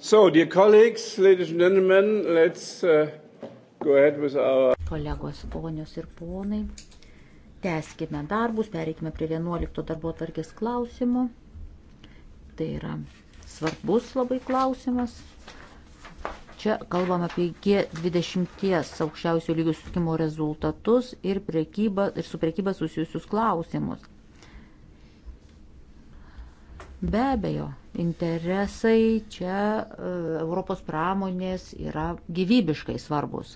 So, dear colleagues, ladies and gentlemen, let's uh, go ahead with our. Kolegos, ponios ir ponai, tęskime darbus, pereikime prie 11 darbo tvarkės klausimų. Tai yra svarbus labai klausimas. Čia kalbam apie G20 aukščiausių lygių sutikimo rezultatus ir, prekyba, ir su prekyba susijusius klausimus. Be abejo, interesai čia e, Europos pramonės yra gyvybiškai svarbus.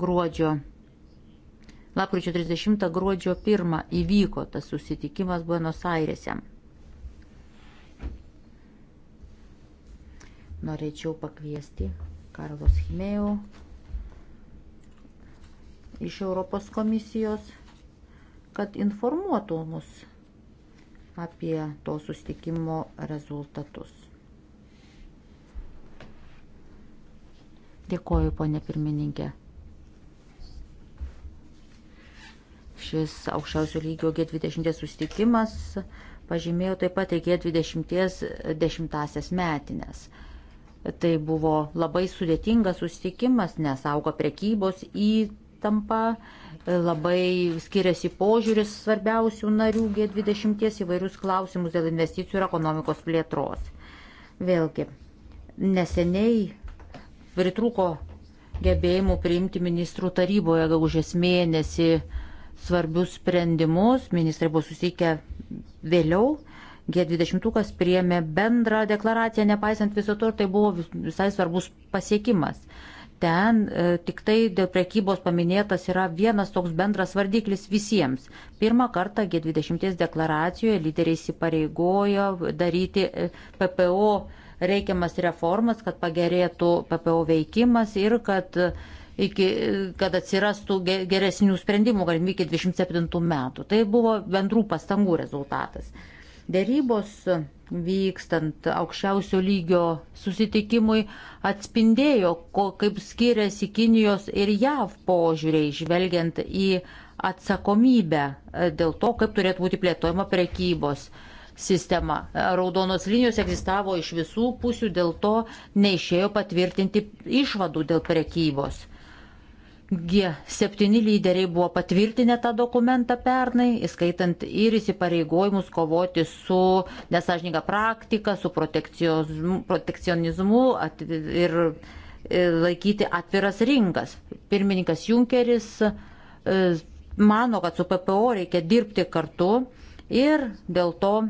Gruodžio. Lapkričio 30 gruodžio 1 įvyko tas susitikimas Buenos Airėse. Norėčiau pakviesti Karlos Chimėjų iš Europos komisijos kad informuotų mus apie to sustikimo rezultatus. Dėkoju, ponė pirmininkė. Šis aukščiausio lygio G20 sustikimas pažymėjo taip pat G20 dešimtasias metinės. Tai buvo labai sudėtingas sustikimas, nes auga prekybos įtampa labai skiriasi požiūris svarbiausių narių G20 įvairius klausimus dėl investicijų ir ekonomikos plėtros. Vėlgi, neseniai pritruko gebėjimų priimti ministrų taryboje gaužės mėnesį svarbius sprendimus, ministrai buvo susitikę vėliau. G20 priėmė bendrą deklaraciją, nepaisant viso to, ir tai buvo visai svarbus pasiekimas ten e, tik tai dėl prekybos paminėtas yra vienas toks bendras vardiklis visiems. Pirmą kartą G20 deklaracijoje lyderiai įsipareigojo daryti e, PPO reikiamas reformas, kad pagerėtų PPO veikimas ir kad, e, iki, e, kad atsirastų geresnių sprendimų galimybė iki 27 metų. Tai buvo bendrų pastangų rezultatas. Dėrybos vykstant aukščiausio lygio susitikimui atspindėjo, ko, kaip skiriasi Kinijos ir JAV požiūriai, žvelgiant į atsakomybę e, dėl to, kaip turėtų būti plėtojama prekybos sistema. Raudonos linijos egzistavo iš visų pusių, dėl to neišėjo patvirtinti išvadų dėl prekybos. G7 lyderiai buvo patvirtinę tą dokumentą pernai, įskaitant ir įsipareigojimus kovoti su nesažininga praktika, su protekcionizmu ir e, laikyti atviras rinkas. Pirmininkas Junkeris e, mano, kad su PPO reikia dirbti kartu ir dėl to e,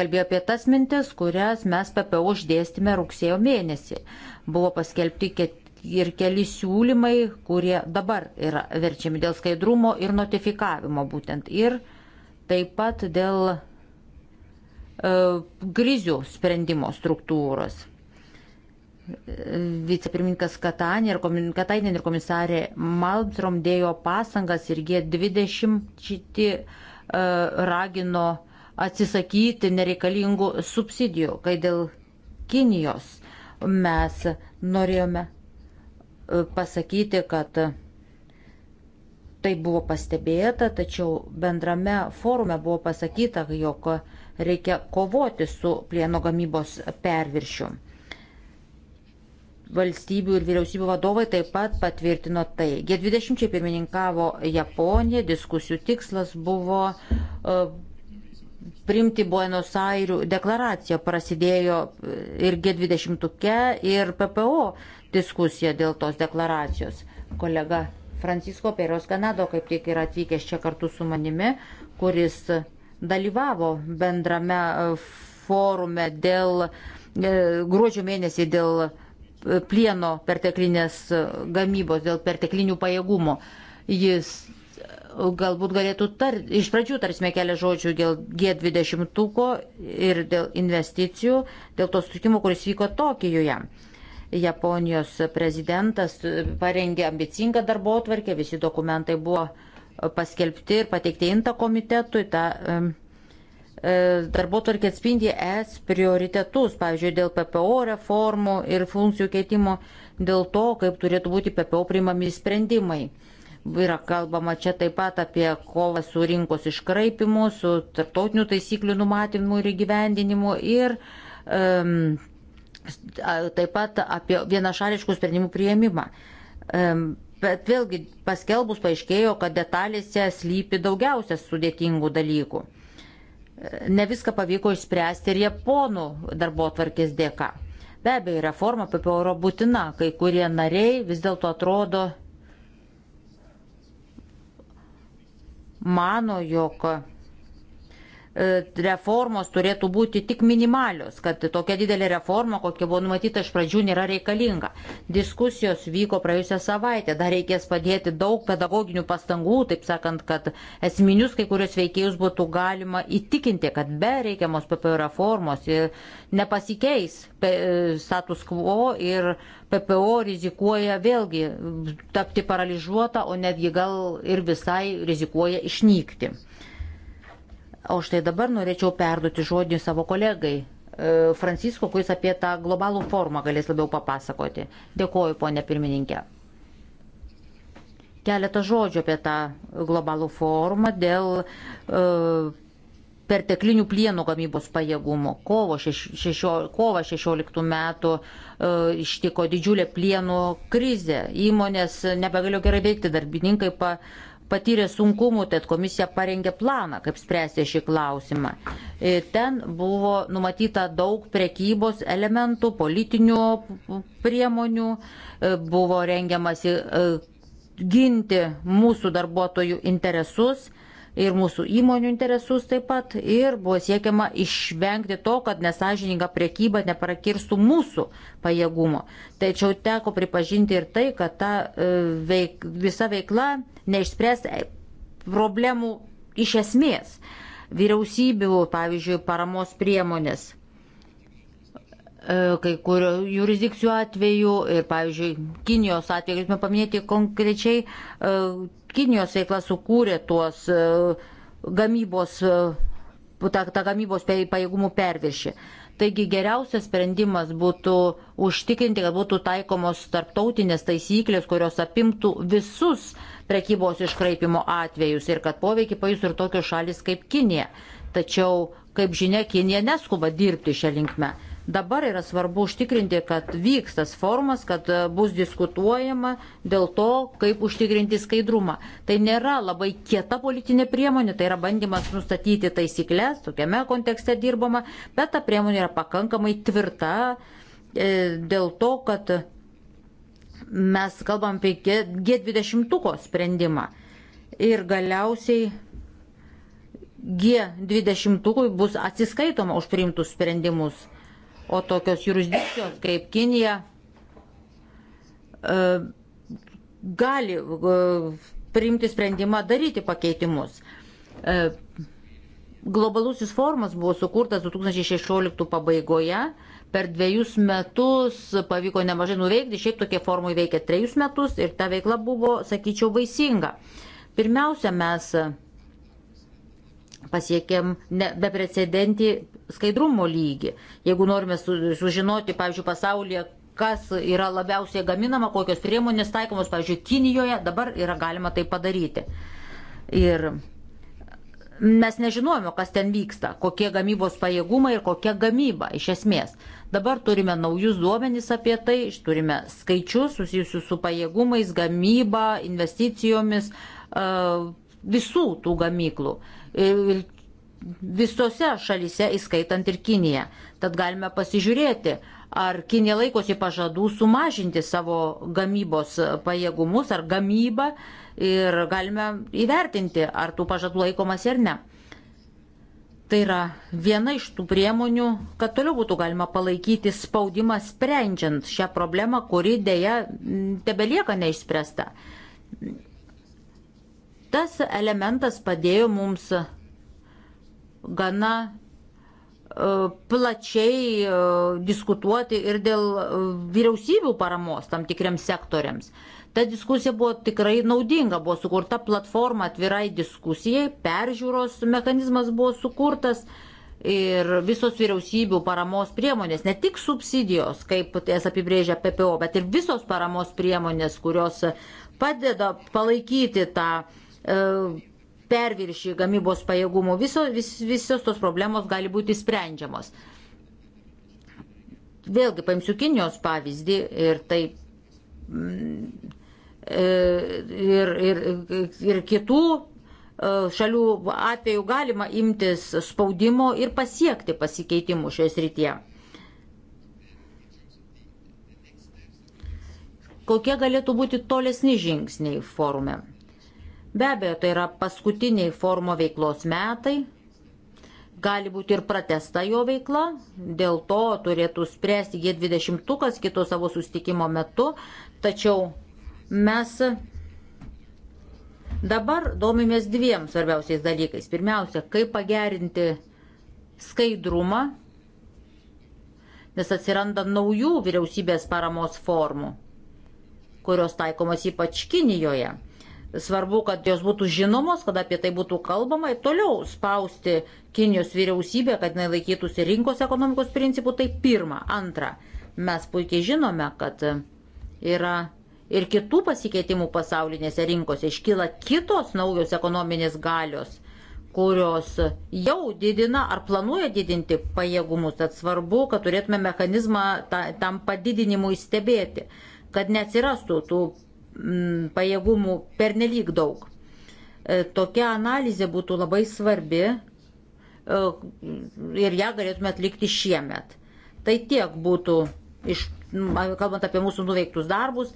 kalbėjo apie tas mintis, kurias mes PPO uždėstime rugsėjo mėnesį. Buvo paskelbti keti ir keli siūlymai, kurie dabar yra verčiami dėl skaidrumo ir notifikavimo būtent. Ir taip pat dėl e, grizių sprendimo struktūros. Vicepirmininkas Katainė ir, komis, Katainė ir komisarė Malmstrom dėjo pasangas ir G20 šitį e, ragino atsisakyti nereikalingų subsidijų, kai dėl Kinijos mes norėjome pasakyti, kad tai buvo pastebėta, tačiau bendrame forume buvo pasakyta, jog reikia kovoti su plieno gamybos perviršiu. Valstybių ir vyriausybių vadovai taip pat patvirtino tai. G20 pirmininkavo Japonija, diskusijų tikslas buvo uh, e, priimti Buenos Airių deklaraciją prasidėjo ir G20 ir PPO diskusiją dėl tos deklaracijos. Kolega Francisko Peros Kanado kaip tik yra atvykęs čia kartu su manimi, kuris dalyvavo bendrame e, forume dėl e, gruodžio mėnesį dėl e, plieno perteklinės gamybos, dėl perteklinių pajėgumų. Jis galbūt galėtų tar, iš pradžių tarsime kelią žodžių dėl G20 ir dėl investicijų, dėl to sutikimo, kuris vyko Tokijoje. Japonijos prezidentas parengė ambicingą darbo atvarkę, visi dokumentai buvo paskelbti ir pateikti INTA komitetui. Ta, e, Darbo tvarkė atspindi es prioritetus, pavyzdžiui, dėl PPO reformų ir funkcijų keitimo, dėl to, kaip turėtų būti PPO priimami sprendimai. Yra kalbama čia taip pat apie kovą su rinkos iškraipimu, su tarptautinių taisyklių numatymu ir įgyvendinimu ir um, taip pat apie vienašališkų sprendimų prieimimą. Bet vėlgi paskelbus paaiškėjo, kad detalėse slypi daugiausia sudėtingų dalykų. Ne viską pavyko išspręsti ir japonų darbo tvarkės dėka. Be abejo, reforma PPO yra būtina, kai kurie nariai vis dėlto atrodo mano, jog E, reformos turėtų būti tik minimalios, kad tokia didelė reforma, kokia buvo numatyta iš pradžių, nėra reikalinga. Diskusijos vyko praėjusią savaitę, dar reikės padėti daug pedagoginių pastangų, taip sakant, kad esminius kai kurios veikėjus būtų galima įtikinti, kad be reikiamos PPO reformos e, nepasikeis e, status quo ir PPO rizikuoja vėlgi tapti paralyžiuota, o netgi gal ir visai rizikuoja išnykti. O štai dabar norėčiau perduoti žodį savo kolegai e, Francisko, kuris apie tą globalų formą galės labiau papasakoti. Dėkoju, ponė pirmininkė. Keletą žodžių apie tą globalų formą dėl uh, perteklinių plieno gamybos pajėgumo. Kovo šeš, šešio, kova 16 metų uh, ištiko didžiulė plieno krizė. Įmonės nebegalėjo gerai veikti, darbininkai pa, uh, patyrė sunkumų, tad komisija parengė planą, kaip spręsti šį klausimą. E, ten buvo numatyta daug prekybos elementų, politinių priemonių, e, buvo rengiamasi e, ginti mūsų darbuotojų interesus ir mūsų įmonių interesus taip pat. Ir buvo siekiama išvengti to, kad nesažininga priekyba neprakirstų mūsų pajėgumo. Tačiau teko pripažinti ir tai, kad ta e, veik, visa veikla neišspręs e, problemų iš esmės. Vyriausybių, pavyzdžiui, paramos priemonės e, kai kurio jurisdikcijų atveju ir, pavyzdžiui, Kinijos atveju, galėtume paminėti konkrečiai Kinijos veikla sukūrė tuos e, gamybos, e, tą, tą gamybos pajėgumų perviršį. Taigi geriausias sprendimas būtų užtikrinti, kad būtų taikomos tarptautinės taisyklės, kurios apimtų visus prekybos iškraipimo atvejus ir kad poveikį pajus ir tokios šalis kaip Kinija. Tačiau, kaip žinia, Kinija neskuba dirbti šią linkmę. Dabar yra svarbu užtikrinti, kad vyks tas formas, kad e, bus diskutuojama dėl to, kaip užtikrinti skaidrumą. Tai nėra labai kieta politinė priemonė, tai yra bandymas nustatyti taisyklės, tokiame kontekste dirbama, bet ta priemonė yra pakankamai tvirta e, dėl to, kad mes kalbam apie G20 sprendimą. Ir galiausiai G20 bus atsiskaitoma už priimtus sprendimus o tokios jurisdikcijos kaip Kinija e, gali e, priimti sprendimą daryti pakeitimus. E, globalusis formas buvo sukurtas 2016 pabaigoje. Per dviejus metus pavyko nemažai nuveikti, šiaip tokie formai veikia trejus metus ir ta veikla buvo, sakyčiau, vaisinga. Pirmiausia, mes pasiekėm beprecedentį skaidrumo lygį. Jeigu norime sužinoti, pavyzdžiui, pasaulyje, kas yra labiausiai gaminama, kokios priemonės taikomos, pavyzdžiui, Kinijoje, dabar yra galima tai padaryti. Ir mes nežinojome, kas ten vyksta, kokie gamybos pajėgumai ir kokia gamyba iš esmės. Dabar turime naujus duomenys apie tai, turime skaičius susijusius su pajėgumais, gamyba, investicijomis visų tų gamyklų visose šalise, įskaitant ir Kiniją. Tad galime pasižiūrėti, ar Kinė laikosi pažadų sumažinti savo gamybos pajėgumus ar gamybą ir galime įvertinti, ar tų pažadų laikomasi ar ne. Tai yra viena iš tų priemonių, kad toliau būtų galima palaikyti spaudimą sprendžiant šią problemą, kuri dėja tebelieka neišspręsta. Tas elementas padėjo mums gana e, plačiai e, diskutuoti ir dėl e, vyriausybių paramos tam tikriams sektoriams. Ta diskusija buvo tikrai naudinga, buvo sukurta platforma atvirai diskusijai, peržiūros mechanizmas buvo sukurtas ir visos vyriausybių paramos priemonės, ne tik subsidijos, kaip jas apibrėžia PPO, bet ir visos paramos priemonės, kurios padeda palaikyti tą e, perviršį gamybos pajėgumų. Visos, vis, visos tos problemos gali būti sprendžiamos. Vėlgi, paimsiu Kinijos pavyzdį ir tai. Mm, e, ir, ir, ir kitų e, šalių atveju galima imtis spaudimo ir pasiekti pasikeitimų šioje srityje. Kokie galėtų būti tolesni žingsniai forume? Be abejo, tai yra paskutiniai forumo veiklos metai. Gali būti ir pratesta jo veikla, dėl to turėtų spręsti G20 kito savo sustikimo metu, tačiau mes dabar domimės dviem svarbiausiais dalykais. Pirmiausia, kaip pagerinti skaidrumą, nes atsiranda naujų vyriausybės paramos formų, kurios taikomas ypač Kinijoje. Svarbu, kad jos būtų žinomos, kad apie tai būtų kalbama ir toliau spausti Kinijos vyriausybę, kad jinai laikytųsi rinkos ekonomikos principų. Tai pirma. Antra, mes puikiai žinome, kad yra ir kitų pasikeitimų pasaulinėse rinkose. Iškyla kitos naujos ekonominės galios kurios jau didina ar planuoja didinti pajėgumus. Tad svarbu, kad turėtume mechanizmą tam padidinimui stebėti, kad neatsirastų tų Mm, pajėgumų pernelyg daug. E, tokia analizė būtų labai svarbi e, ir ją galėtume atlikti šiemet. Tai tiek būtų, iš, kalbant apie mūsų nuveiktus darbus.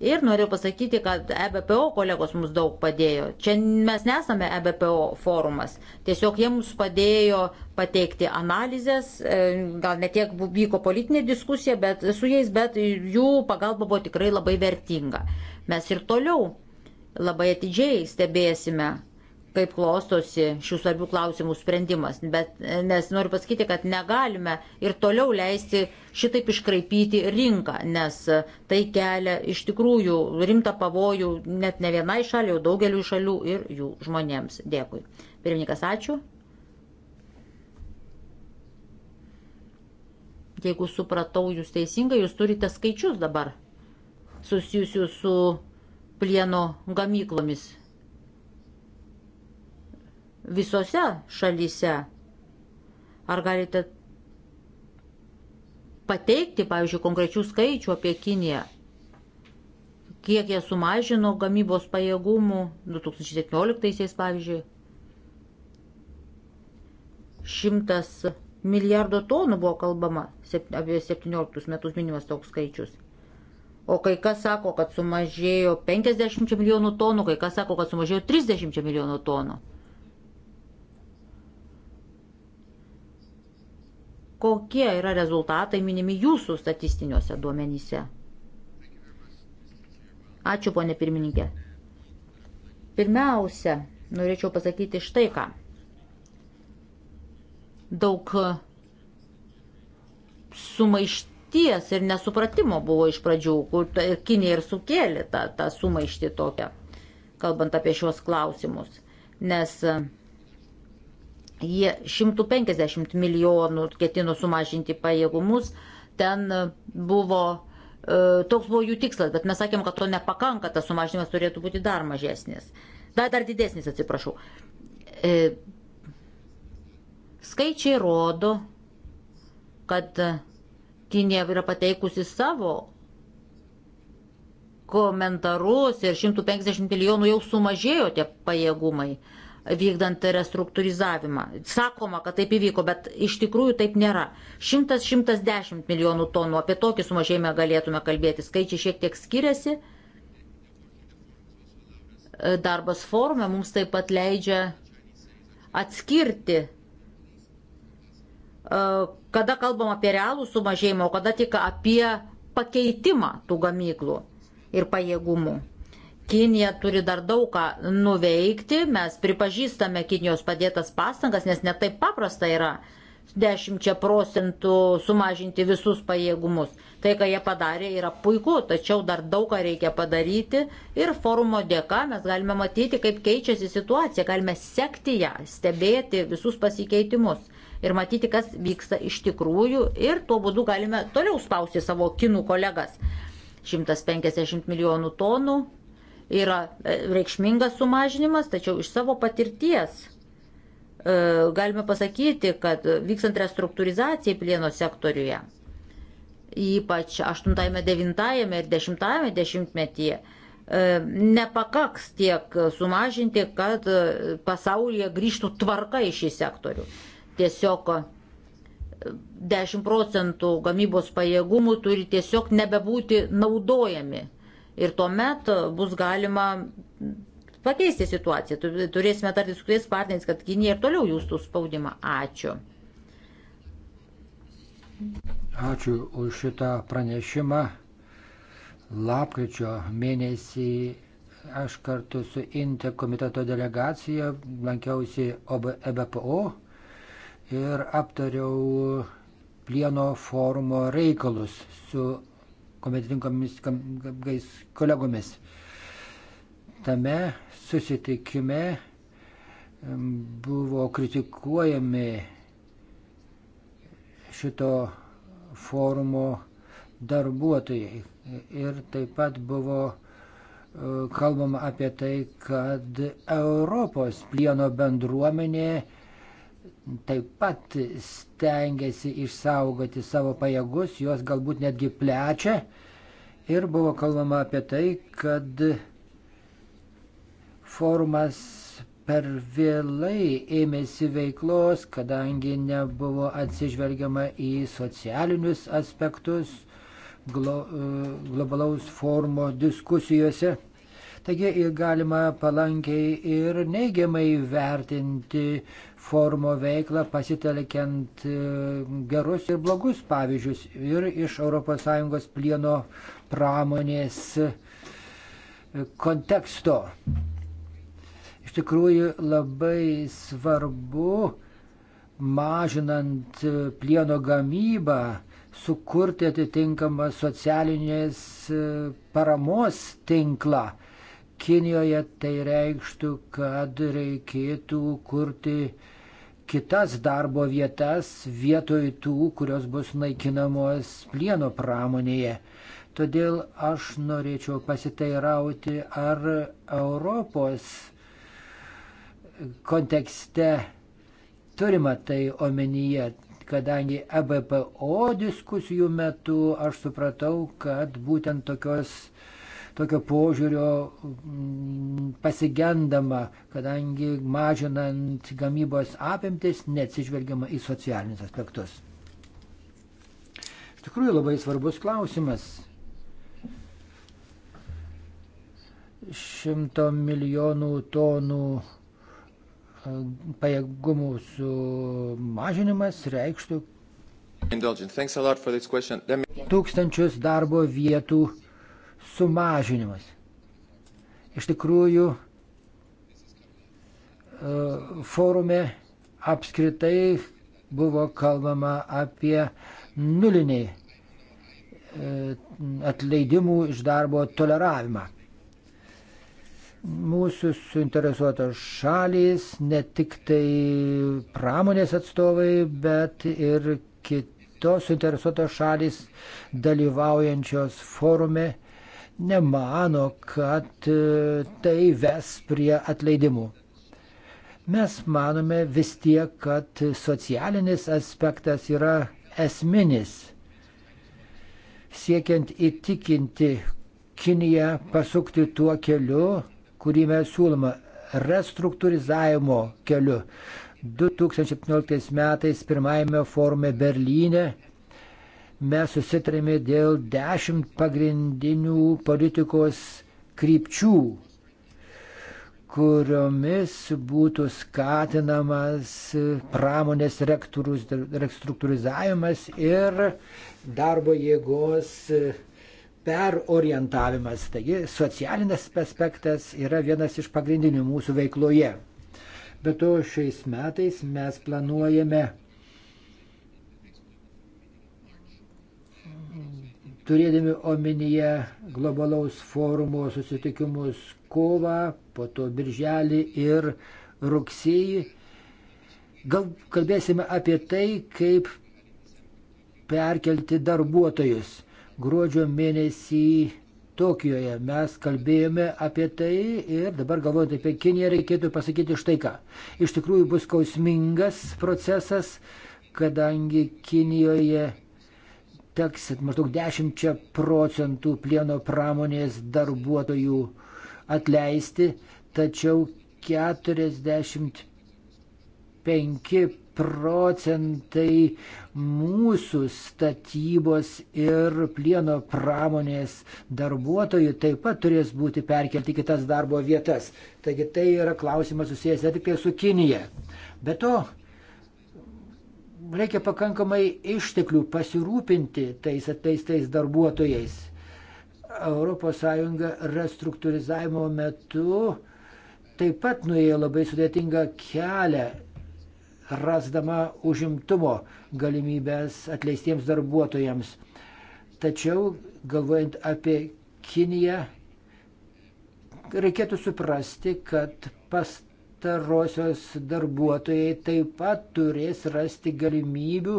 Ir noriu pasakyti, kad EBPO kolegos mums daug padėjo. Čia mes nesame EBPO forumas. Tiesiog jie mums padėjo pateikti analizės. E, gal ne tiek vyko politinė diskusija bet, su jais, bet jų pagalba buvo tikrai labai vertinga. Mes ir toliau labai atidžiai stebėsime, kaip klostosi šių svarbių klausimų sprendimas. Bet, e, nes noriu pasakyti, kad negalime ir toliau leisti šitaip iškraipyti rinką, nes e, tai kelia iš tikrųjų rimtą pavojų net ne vienai šaliai, o daugeliu šalių ir jų žmonėms. Dėkui. Pirmininkas, ačiū. Jeigu supratau jūs teisingai, jūs turite skaičius dabar susijusių su plieno gamyklomis visose šalyse? Ar galite pateikti, pavyzdžiui, konkrečių skaičių apie Kiniją? Kiek jie sumažino gamybos pajėgumų 2017-aisiais, pavyzdžiui? Šimtas milijardo tonų buvo kalbama, apie 17 metus minimas toks skaičius o kai kas sako, kad sumažėjo 50 milijonų tonų, kai kas sako, kad sumažėjo 30 milijonų tonų. Kokie yra rezultatai minimi jūsų statistiniuose duomenyse? Ačiū, ponė pirmininkė. Pirmiausia, norėčiau pasakyti štai ką. Daug sumaišti nežinties ir nesupratimo buvo iš pradžių, kur Kinė ir sukėlė tą, tą sumaištį tokią, kalbant apie šios klausimus. Nes e, jie 150 milijonų ketino sumažinti pajėgumus, ten e, buvo, e, toks buvo jų tikslas, bet mes sakėm, kad to nepakanka, tas sumažinimas turėtų būti dar mažesnis. Dar, dar didesnis, atsiprašau. Skaičiai rodo, kad Kinė yra pateikusi savo komentarus ir 150 milijonų jau sumažėjo tie pajėgumai vykdant restruktūrizavimą. Sakoma, kad taip įvyko, bet iš tikrųjų taip nėra. 100-110 milijonų tonų, apie tokį sumažėjimą galėtume kalbėti. Skaičiai šiek tiek skiriasi. Darbas forume mums taip pat leidžia atskirti kada kalbam apie realų sumažėjimą, o kada tik apie pakeitimą tų gamyklų ir pajėgumų. Kinija turi dar daug ką nuveikti, mes pripažįstame Kinijos padėtas pastangas, nes netaip paprasta yra 10 procentų sumažinti visus pajėgumus. Tai, ką jie padarė, yra puiku, tačiau dar daug ką reikia padaryti ir forumo dėka mes galime matyti, kaip keičiasi situacija, galime sekti ją, stebėti visus pasikeitimus ir matyti, kas vyksta iš tikrųjų ir tuo būdu galime toliau spausti savo kinų kolegas. 150 milijonų tonų yra e, reikšmingas sumažinimas, tačiau iš savo patirties e, galime pasakyti, kad vykstant restruktūrizacijai plieno sektoriuje, ypač 8, 9 ir 10 dešimtmetyje, e, nepakaks tiek sumažinti, kad pasaulyje grįžtų tvarka į šį sektorių tiesiog 10 e, procentų gamybos pajėgumų turi tiesiog nebebūti naudojami. Ir tuomet e, bus galima pakeisti situaciją. Turėsime tartis su kitais partneriais, kad Kinija ir toliau jūsų spaudimą. Ačiū. Ačiū už šitą pranešimą. Lapkričio mėnesį aš kartu su INTE komiteto delegacija lankiausi EBPO. Ob e ir aptariau plieno forumo reikalus su kompetinkomis kolegomis. Tame susitikime buvo kritikuojami šito forumo darbuotojai. Ir taip pat buvo e, kalbama apie tai, kad Europos plieno bendruomenė taip pat stengiasi išsaugoti savo pajėgus, juos galbūt netgi plečia. Ir buvo kalbama apie tai, kad forumas per vėlai ėmėsi veiklos, kadangi nebuvo atsižvelgiama į socialinius aspektus glo, e, globalaus forumo diskusijose. Taigi galima palankiai ir neigiamai vertinti forumo veiklą pasitelkiant e, gerus ir blogus pavyzdžius ir iš ES plieno pramonės e, konteksto. Iš tikrųjų labai svarbu, mažinant e, plieno gamybą, sukurti atitinkamą socialinės paramos tinklą. Kinijoje tai reikštų, kad reikėtų kurti kitas darbo vietas vietoj tų, kurios bus naikinamos plieno pramonėje. Todėl aš norėčiau pasiteirauti, ar Europos kontekste turima tai omenyje, kadangi EBPO diskusijų metu aš supratau, kad būtent tokios tokio požiūrio mm, pasigendama, kadangi mažinant gamybos apimtis neatsižvelgiama į socialinius aspektus. Iš tikrųjų labai svarbus klausimas. Šimto milijonų tonų e, pajėgumų sumažinimas reikštų tūkstančius darbo vietų sumažinimas. Iš tikrųjų, e, forume apskritai buvo kalbama apie nulinį e, atleidimų iš darbo toleravimą. Mūsų suinteresuotos šalys, ne tik tai pramonės atstovai, bet ir kitos suinteresuotos šalys dalyvaujančios forume nemano, kad e, tai ves prie atleidimų. Mes manome vis tiek, kad socialinis aspektas yra esminis, siekiant įtikinti Kiniją pasukti tuo keliu, kurį mes siūloma restruktūrizavimo keliu. 2017 metais pirmajame forume Berlyne mes susitarėme dėl dešimt pagrindinių politikos krypčių, kuriomis būtų skatinamas pramonės restruktūrizavimas ir darbo jėgos perorientavimas. Taigi socialinis aspektas yra vienas iš pagrindinių mūsų veikloje. Be to šiais metais mes planuojame turėdami omenyje globalaus forumo susitikimus kovą, po to birželį ir rugsėjį. Gal kalbėsime apie tai, kaip perkelti darbuotojus. Gruodžio mėnesį Tokijoje mes kalbėjome apie tai ir dabar galvojant apie Kiniją reikėtų pasakyti štai ką. Iš tikrųjų bus kausmingas procesas, kadangi Kinijoje teks maždaug 10 procentų plieno pramonės darbuotojų atleisti, tačiau 45 procentai mūsų statybos ir plieno pramonės darbuotojų taip pat turės būti perkelti kitas darbo vietas. Taigi tai yra klausimas susijęs ne tik tai su Kinija. Be to, reikia pakankamai išteklių pasirūpinti tais atleistais darbuotojais. ES restruktūrizavimo metu taip pat nuėjo labai sudėtingą kelią, rasdama užimtumo galimybės atleistiems darbuotojams. Tačiau, galvojant apie Kiniją, reikėtų suprasti, kad pas pastarosios darbuotojai taip pat turės rasti galimybių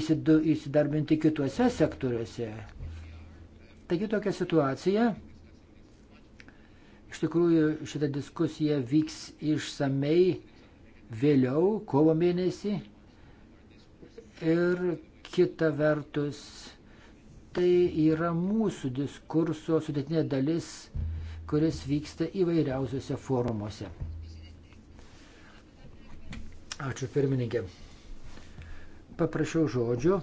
įsidarbinti kituose sektoriuose. Taigi tokia situacija. Iš tikrųjų, šita diskusija vyks išsamei vėliau, kovo mėnesį. Ir kita vertus, tai yra mūsų diskurso sudėtinė dalis, kuris vyksta įvairiausiose forumuose. Ačiū pirmininkė. Paprašiau žodžio,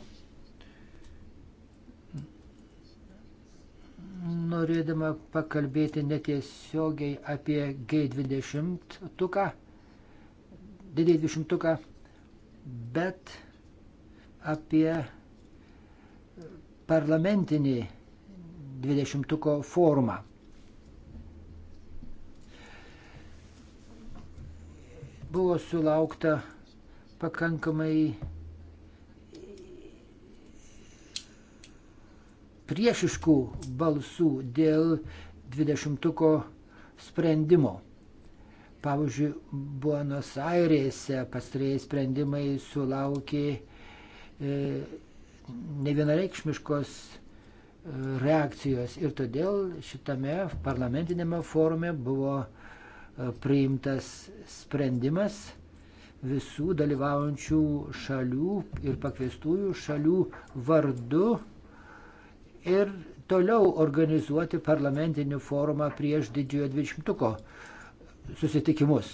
norėdama pakalbėti netiesiogiai apie G20 tuką, didį 20 tuką, bet apie parlamentinį 20 forumą. buvo sulaukta pakankamai priešiškų balsų dėl 20-ko sprendimo. Pavyzdžiui, Buenos Airėse pastarėjai sprendimai sulaukė e, nevienareikšmiškos e, reakcijos ir todėl šitame parlamentinėme forume buvo priimtas sprendimas visų dalyvaujančių šalių ir pakviestųjų šalių vardu ir toliau organizuoti parlamentinį forumą prieš didžiojo dvidešimtuko susitikimus.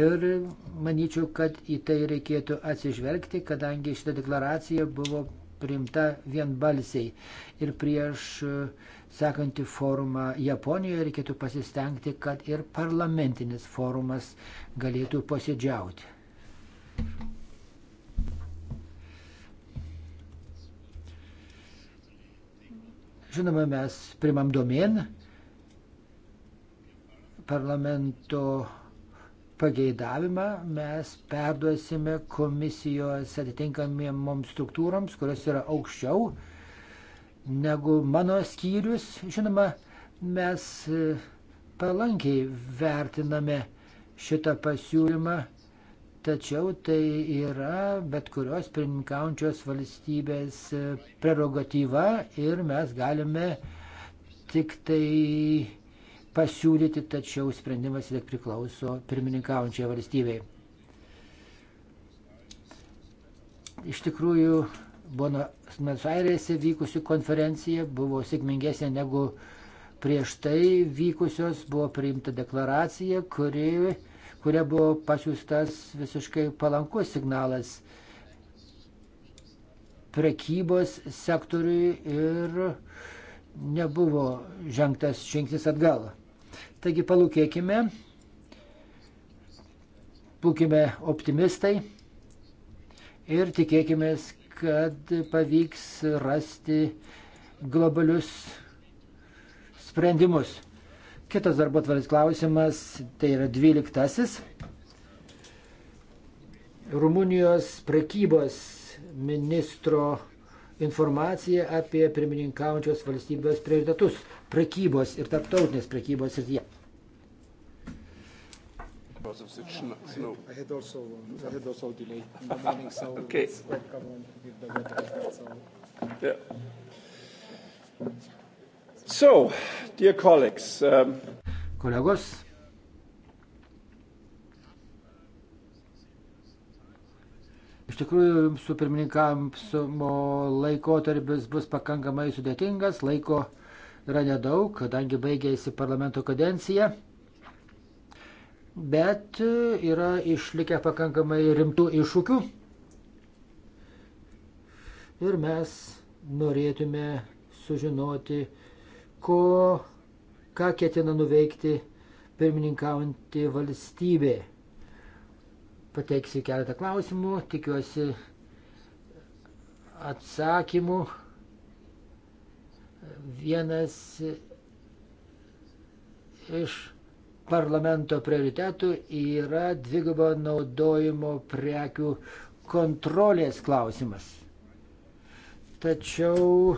Ir manyčiau, kad į tai reikėtų atsižvelgti, kadangi šita deklaracija buvo priimta vienbalsiai. Ir prieš e, sekantį forumą Japonijoje reikėtų pasistengti, kad ir parlamentinis forumas galėtų posėdžiauti. Žinoma, mes primam domen parlamento pageidavimą mes perduosime komisijos atitinkamiems struktūroms, kurios yra aukščiau negu mano skyrius. Žinoma, mes e, palankiai vertiname šitą pasiūlymą, tačiau tai yra bet kurios pirmininkaujančios valstybės e, prerogatyva ir mes galime tik tai pasiūlyti, tačiau sprendimas liek priklauso pirmininkaujančiai valstybei. Iš tikrųjų, Buenos Airėse vykusi konferencija buvo sėkmingesnė negu prieš tai vykusios, buvo priimta deklaracija, kuri, kuria buvo pasiūstas visiškai palankus signalas prekybos sektoriui ir uh, nebuvo žengtas žingsnis atgal. Taigi palūkėkime, būkime optimistai ir tikėkime, kad pavyks rasti globalius sprendimus. Kitas darbo tvarės klausimas, tai yra dvyliktasis. Rumunijos prekybos ministro informaciją apie pirmininkaujančios valstybės prioritetus prekybos ir tarptautinės prekybos srityje. Because of the snow. snow. I had also I had also delay in the morning, so okay. it's quite common with the weather. So. Yeah. So, dear colleagues. Um, Kolegos. Iš tikrųjų, su pirmininkavimo laikotarpis bus pakankamai sudėtingas, laiko yra nedaug, kadangi baigėsi parlamento kadencija, bet yra išlikę pakankamai rimtų iššūkių. Ir mes norėtume sužinoti, ko, ką ketina nuveikti pirmininkaujantį valstybę pateiksiu keletą klausimų, tikiuosi atsakymų. Vienas iš parlamento prioritetų yra dvigubo naudojimo prekių kontrolės klausimas. Tačiau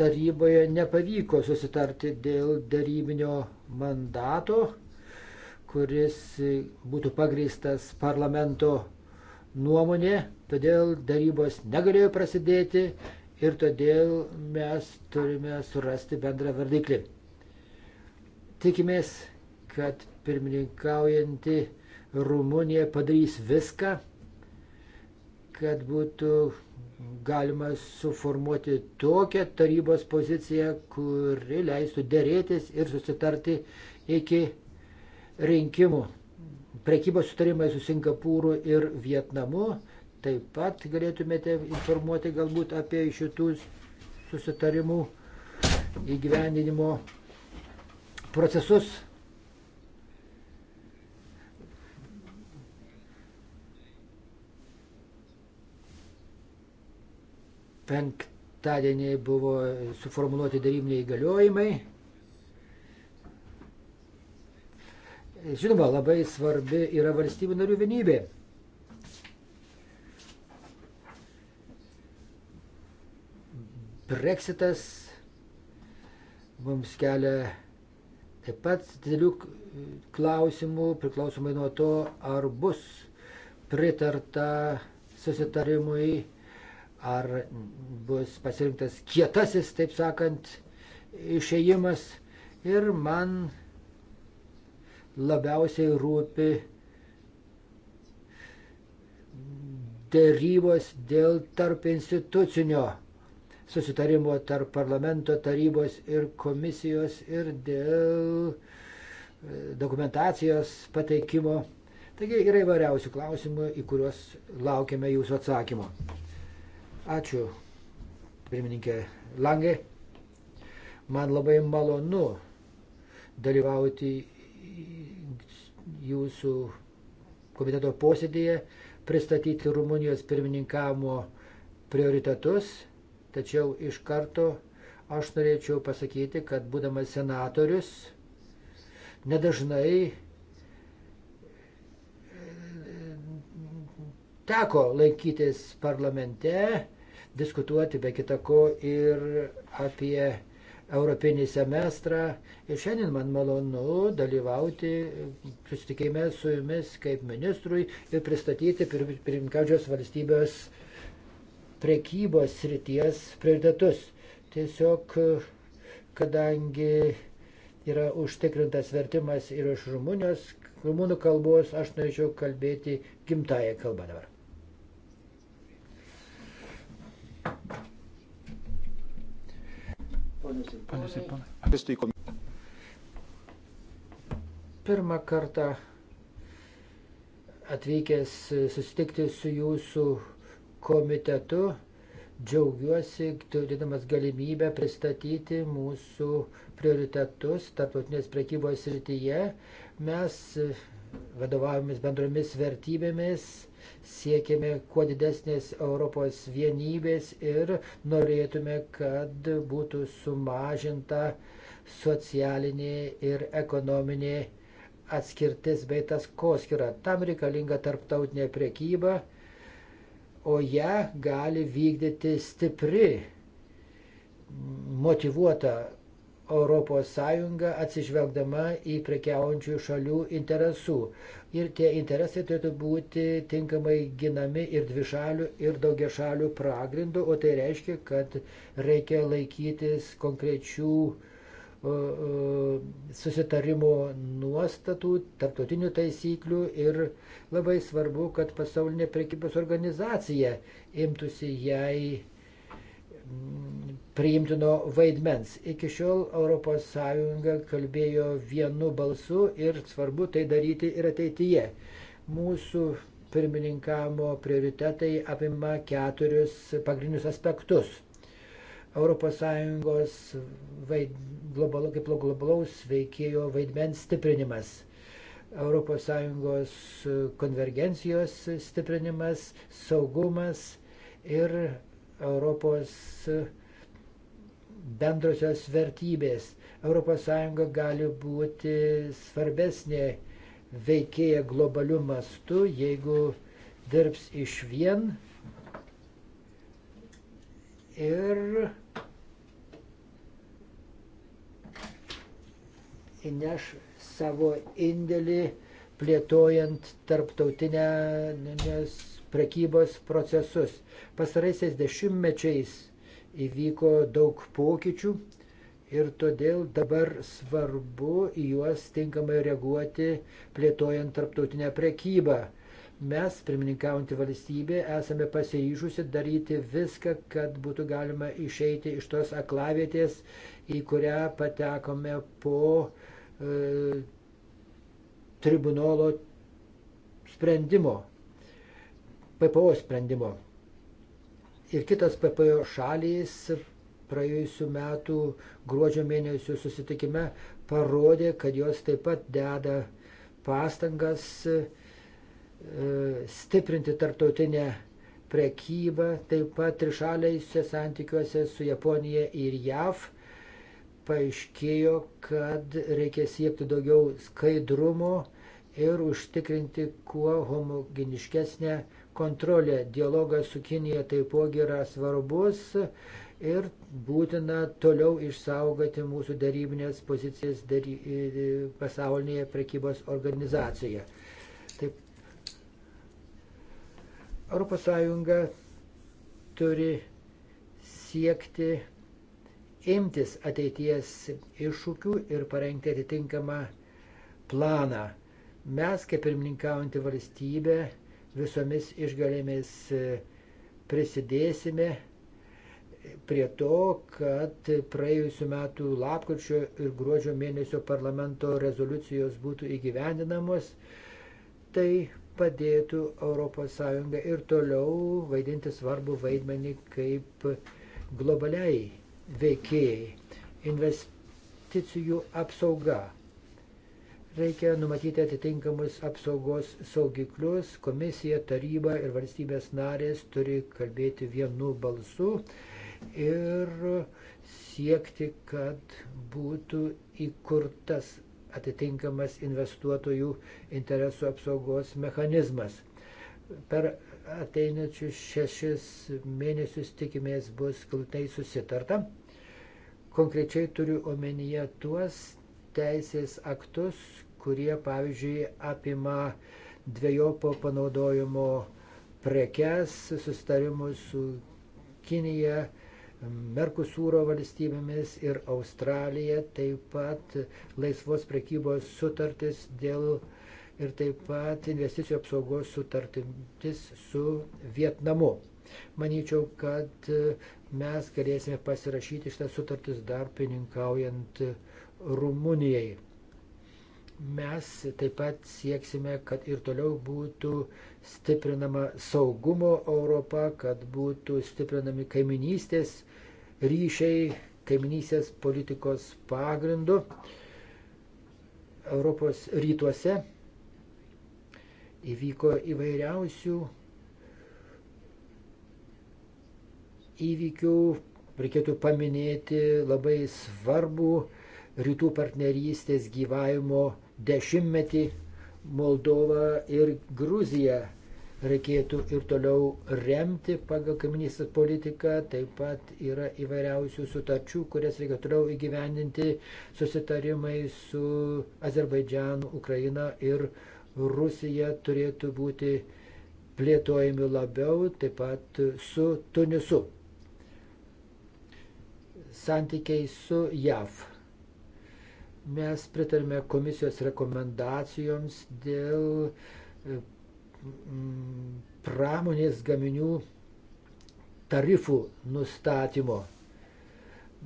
taryboje nepavyko susitarti dėl darybinio mandato kuris būtų pagrįstas parlamento nuomonė, todėl darybos negalėjo prasidėti ir todėl mes turime surasti bendrą vardiklį. Tikimės, kad pirmininkaujanti Rumunija padarys viską, kad būtų galima suformuoti tokią tarybos poziciją, kuri leistų dėrėtis ir susitarti iki rinkimų. Prekybos sutarimai su Singapūru ir Vietnamu. Taip pat galėtumėte informuoti galbūt apie šitų susitarimų įgyvendinimo procesus. Penktadienį buvo suformuoluoti darybiniai įgaliojimai. Žinoma, labai svarbi yra valstybių narių vienybė. Brexitas mums kelia taip pat didelių klausimų, priklausomai nuo to, ar bus pritarta susitarimui, ar bus pasirinktas kietasis, taip sakant, išėjimas. Ir man labiausiai rūpi dėrybos dėl tarp institucinio susitarimo tarp parlamento tarybos ir komisijos ir dėl e, dokumentacijos pateikimo. Taigi yra įvairiausių klausimų, į kuriuos laukiame jūsų atsakymo. Ačiū, pirmininkė Langė. Man labai malonu dalyvauti jūsų komiteto posėdėje pristatyti Rumunijos pirmininkamo prioritetus, tačiau iš karto aš norėčiau pasakyti, kad būdamas senatorius, nedažnai e, teko lankytis parlamente, diskutuoti be kitako ir apie europinį semestrą. Ir šiandien man malonu dalyvauti susitikime su jumis kaip ministrui ir pristatyti pirmininkaujančios valstybės prekybos srities prioritetus. Tiesiog, kadangi yra užtikrintas vertimas ir iš rumunijos, rumunų kalbos, aš norėčiau kalbėti gimtają kalbą dabar. Ponios ir ponai. Pirmą kartą atvykęs susitikti su jūsų komitetu, džiaugiuosi turėdamas galimybę pristatyti mūsų prioritetus tarptautinės prekybos srityje. Mes vadovavimis bendromis vertybėmis, siekime kuo didesnės Europos vienybės ir norėtume, kad būtų sumažinta socialinė ir ekonominė atskirtis bei tas koskira. Tam reikalinga tarptautinė prekyba, o ją gali vykdyti stipri, motivuota ES atsižvelgdama į prekiaujančių šalių interesų. Ir tie interesai turėtų būti tinkamai ginami ir dvišalių, ir daugiašalių pragrindų, o tai reiškia, kad reikia laikytis konkrečių susitarimo nuostatų, tarptautinių taisyklių ir labai svarbu, kad pasaulinė prekybos organizacija imtųsi jai priimtino vaidmens. Iki šiol ES kalbėjo vienu balsu ir svarbu tai daryti ir ateityje. Mūsų pirmininkamo prioritetai apima keturis pagrindinius aspektus. ES vaid, global, kaip globalaus veikėjo vaidmens stiprinimas. ES konvergencijos stiprinimas, saugumas ir Europos bendrosios vertybės. ES gali būti svarbesnė veikėja globaliu mastu, jeigu dirbs iš vien ir įneš savo indėlį plėtojant tarptautinę nes prekybos procesus. Pastaraisiais dešimtmečiais įvyko daug pokyčių ir todėl dabar svarbu į juos tinkamai reaguoti, plėtojant tarptautinę prekybą. Mes, pirmininkaujantį valstybę, esame pasiryžusi daryti viską, kad būtų galima išeiti iš tos aklavietės, į kurią patekome po e, tribunolo sprendimo PPO sprendimo. Ir kitos PPO šalys praėjusiu metu gruodžio mėnesio susitikime parodė, kad jos taip pat deda pastangas e, stiprinti tarptautinę prekybą, taip pat trišaliaisiuose santykiuose su Japonija ir JAV paaiškėjo, kad reikia siekti daugiau skaidrumo ir užtikrinti kuo homogeniškesnę kontrolė. Dialogas su Kinija taipogi yra svarbus ir būtina toliau išsaugoti mūsų darybinės pozicijas dary, pasaulinėje prekybos organizacijoje. Taip, ES turi siekti imtis ateities iššūkių ir parengti atitinkamą planą. Mes, kaip pirmininkaujantį valstybę, visomis išgalėmis e, prisidėsime prie to, kad praėjusiu metu lapkričio ir gruodžio mėnesio parlamento rezoliucijos būtų įgyvendinamos, tai padėtų ES ir toliau vaidinti svarbu vaidmenį kaip globaliai veikėjai. Investicijų apsauga Reikia numatyti atitinkamus apsaugos saugiklius. Komisija, taryba ir valstybės narės turi kalbėti vienu balsu ir siekti, kad būtų įkurtas atitinkamas investuotojų interesų apsaugos mechanizmas. Per ateinačius šešis mėnesius tikimės bus kiltai susitarta. Konkrečiai turiu omenyje tuos teisės aktus, kurie, pavyzdžiui, apima dviejopo panaudojimo prekes, sustarimus su Kinija, Merkusūro valstybėmis ir Australija, taip pat laisvos prekybos sutartis dėl ir taip pat investicijų apsaugos sutartis su Vietnamu. Manyčiau, kad mes galėsime pasirašyti šitą sutartis dar pininkaujant uh, Rumunijai. Mes taip pat sieksime, kad ir toliau būtų stiprinama saugumo Europa, kad būtų stiprinami kaiminystės ryšiai, kaiminystės politikos pagrindu Europos rytuose. Įvyko įvairiausių įvykių, reikėtų paminėti labai svarbų rytų partnerystės gyvavimo dešimtmetį Moldovą ir Gruziją reikėtų ir toliau remti pagal kaiminystės politiką. Taip pat yra įvairiausių sutarčių, kurias reikia toliau įgyvendinti susitarimai su Azerbaidžianu, Ukraina ir Rusija turėtų būti plėtojami labiau, taip pat su Tunisu santykiai su JAV. Mes pritarime komisijos rekomendacijoms dėl e, mm, pramonės gaminių tarifų nustatymo.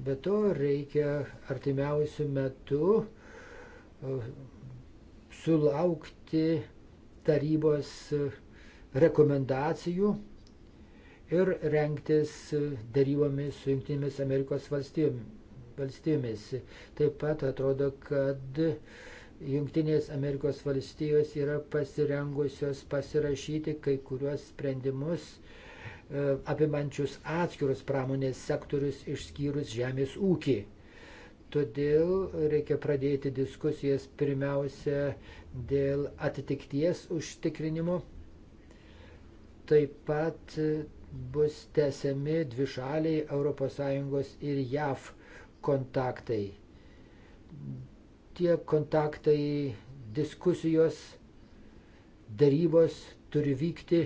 Be to reikia artimiausių metų e, sulaukti tarybos e, rekomendacijų ir rengtis darybomis su Junktinėmis Amerikos valstybėmis valstybėmis. Taip pat atrodo, kad Junktinės Amerikos valstijos yra pasirengusios pasirašyti kai kuriuos sprendimus e, apimančius atskirus pramonės sektorius išskyrus žemės ūkį. Todėl reikia pradėti diskusijas pirmiausia dėl atitikties užtikrinimo. Taip pat bus tesiami dvišaliai ES ir JAV kontaktai. Tie kontaktai, diskusijos, darybos turi vykti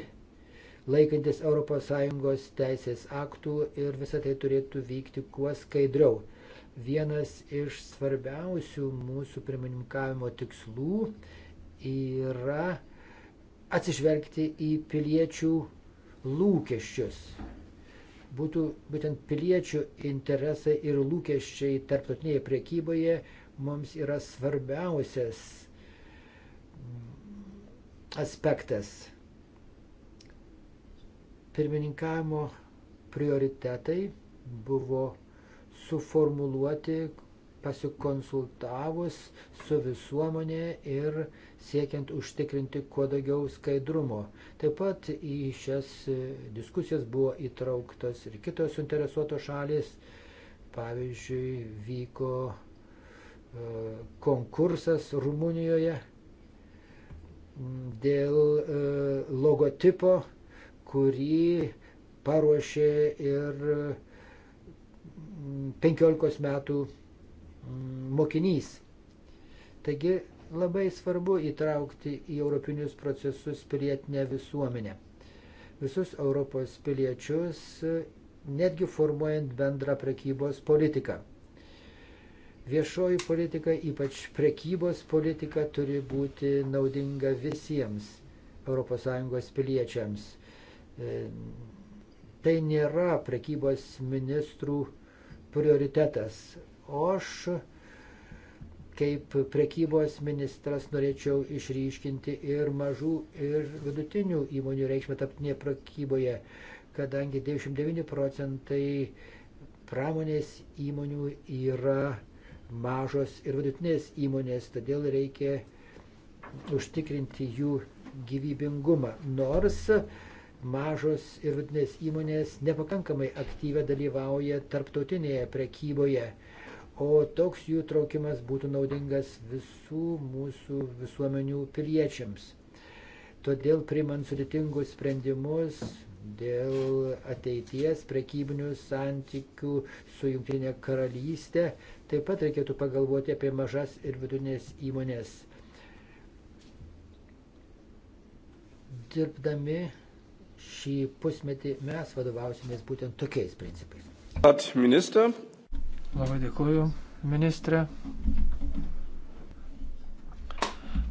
laikantis ES teisės aktų ir visą tai turėtų vykti kuo skaidriau. Vienas iš svarbiausių mūsų pirmininkavimo tikslų yra atsižvelgti į piliečių lūkesčius būtų būtent piliečių interesai ir lūkesčiai tarptautinėje priekyboje mums yra svarbiausias mm, aspektas. Pirmininkavimo prioritetai buvo suformuluoti pasikonsultavus su visuomenė ir siekiant užtikrinti kuo daugiau skaidrumo. Taip pat į šias e, diskusijas buvo įtrauktas ir kitos suinteresuotos šalis. Pavyzdžiui, vyko e, konkursas Rumunijoje dėl e, logotipo, kurį paruošė ir 15 metų mokinys. Taigi labai svarbu įtraukti į europinius procesus pilietinę visuomenę. Visus Europos piliečius, netgi formuojant bendrą prekybos politiką. Viešoji politika, ypač prekybos politika, turi būti naudinga visiems ES piliečiams. E, tai nėra prekybos ministrų prioritetas. O aš kaip prekybos ministras norėčiau išryškinti ir mažų ir vidutinių įmonių reikšmę taptinėje prekyboje, kadangi 99 procentai pramonės įmonių yra mažos ir vidutinės įmonės, todėl reikia užtikrinti jų gyvybingumą. Nors mažos ir vidutinės įmonės nepakankamai aktyviai dalyvauja tarptautinėje prekyboje o toks jų traukimas būtų naudingas visų mūsų visuomenių piliečiams. Todėl primant sudėtingus sprendimus dėl ateities prekybinių santykių su Junktinė karalystė, taip pat reikėtų pagalvoti apie mažas ir vidutinės įmonės. Dirbdami šį pusmetį mes vadovausimės būtent tokiais principais. At minister, Labai dėkuoju, ministrė.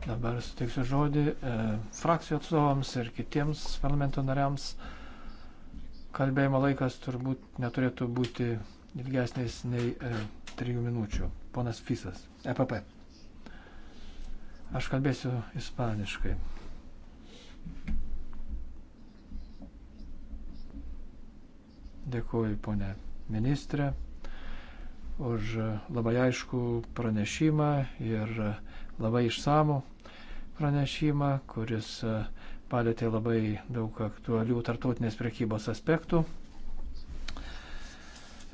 Dabar suteiksiu žodį e, frakcijų atstovams ir kitiems parlamento nariams. Kalbėjimo laikas turbūt neturėtų būti ilgesnis nei e, trijų minučių. Ponas Fisas, EPP. Aš kalbėsiu ispaniškai. Dėkuoju, ponė ministrė už labai aišku pranešimą ir labai išsamų pranešimą, kuris palėtė labai daug aktualių tartautinės prekybos aspektų.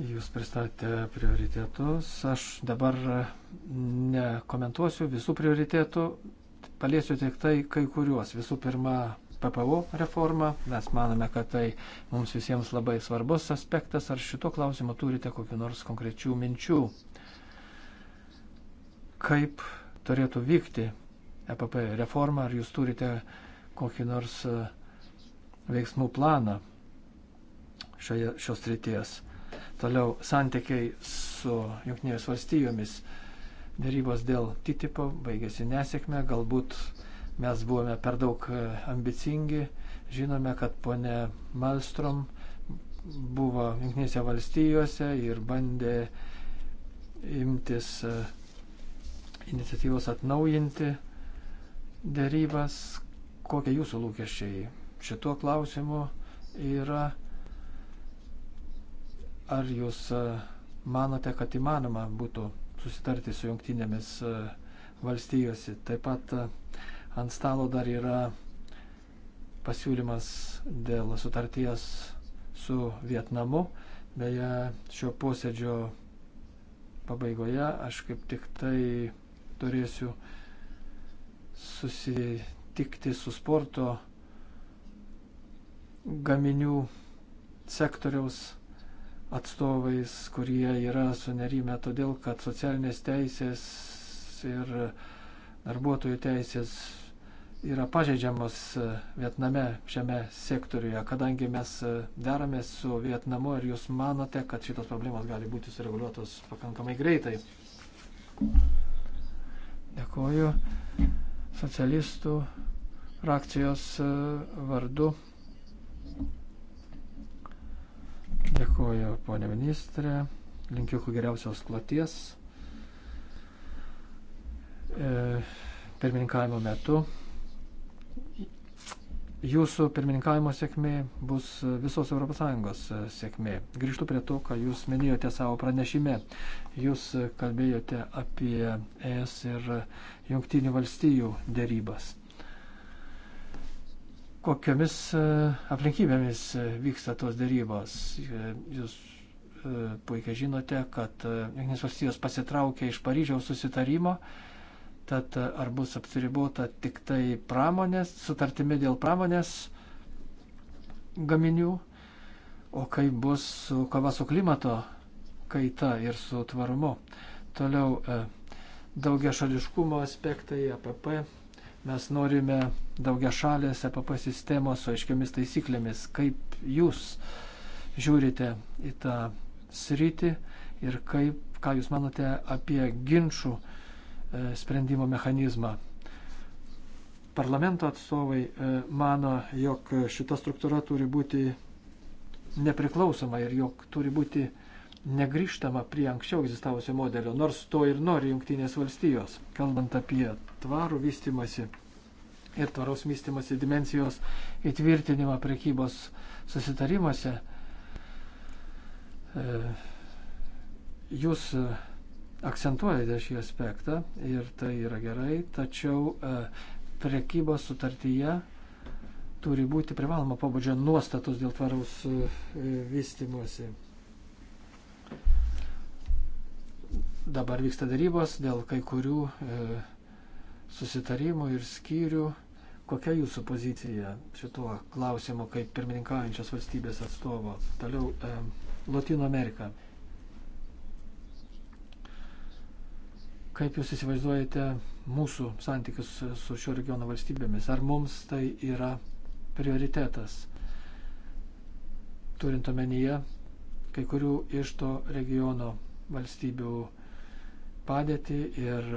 Jūs pristatėte prioritetus. Aš dabar nekomentuosiu visų prioritetų, paliesiu tik tai kai kuriuos. Visų pirma, PPO reformą. Mes manome, kad tai mums visiems labai svarbus aspektas. Ar šito klausimo turite kokiu nors konkrečių minčių? Kaip turėtų vykti EPP reforma? Ar jūs turite kokį nors e, veiksmų planą šioje, šios ryties? Toliau santykiai su Junktinėmis valstijomis. Dėrybos dėl TTIP baigėsi nesėkme, galbūt uh, Mes buvome per daug e, ambicingi. Žinome, kad ponė Malstrom buvo Junktinėse valstijose ir bandė imtis e, iniciatyvos atnaujinti dėrybas. Kokie jūsų lūkesčiai šituo klausimu yra? Ar jūs e, manote, kad įmanoma būtų susitarti su jungtinėmis valstijosi? Taip pat Ant stalo dar yra pasiūlymas dėl sutarties su Vietnamu. Beje, šio posėdžio pabaigoje aš kaip tik tai turėsiu susitikti su sporto gaminių sektoriaus atstovais, kurie yra sunerime todėl, kad socialinės teisės ir darbuotojų teisės yra pažeidžiamos e, Vietname šiame sektoriuje, kadangi mes e, deramės su Vietnamu ir jūs manote, kad šitos problemos gali būti sureguliuotos pakankamai greitai. Dėkuoju socialistų frakcijos e, vardu. Dėkuoju, ponė ministrė. Linkiu kuo geriausios kloties. E, pirmininkavimo metu jūsų pirmininkavimo sėkmė bus visos ES sėkmė. Grįžtu prie to, ką jūs minėjote savo pranešime. Jūs kalbėjote apie ES ir Junktinių valstijų dėrybas. Kokiamis e, aplinkybėmis vyksta tos dėrybos? Jūs e, puikiai žinote, kad e, Junktinės valstijos pasitraukė iš Paryžiaus susitarimo Tad e, ar bus apsiribota tik tai pramonės, sutartimi dėl pramonės gaminių, o kaip bus su kova su klimato kaita ir su tvarumu. Toliau e, daugia šališkumo aspektai APP. Mes norime daugia šalės APP sistemos su aiškiamis taisyklėmis. Kaip jūs žiūrite į tą sritį ir kaip, ką jūs manote apie ginčių E, sprendimo mechanizmą. Parlamento atstovai e, mano, jog šita struktūra turi būti nepriklausoma ir jog turi būti negryžtama prie anksčiau egzistavusio modelio, nors to ir nori Junktinės valstijos, kalbant apie tvarų vystimasi ir tvaraus vystimasi dimensijos įtvirtinimą prekybos susitarimuose. E, jūs akcentuojate šį aspektą ir tai yra gerai, tačiau e, prekybos sutartyje turi būti privaloma pabudžio nuostatos dėl tvaraus e, vystimuose. Dabar vyksta darybos dėl kai kurių e, susitarimų ir skyrių. Kokia jūsų pozicija šituo klausimu kaip pirmininkaujančios valstybės atstovo? Toliau Latino Amerika. Kaip Jūs įsivaizduojate mūsų santykius su šio regiono valstybėmis? Ar mums tai yra prioritetas, turint omenyje kai kurių iš to regiono valstybių padėtį ir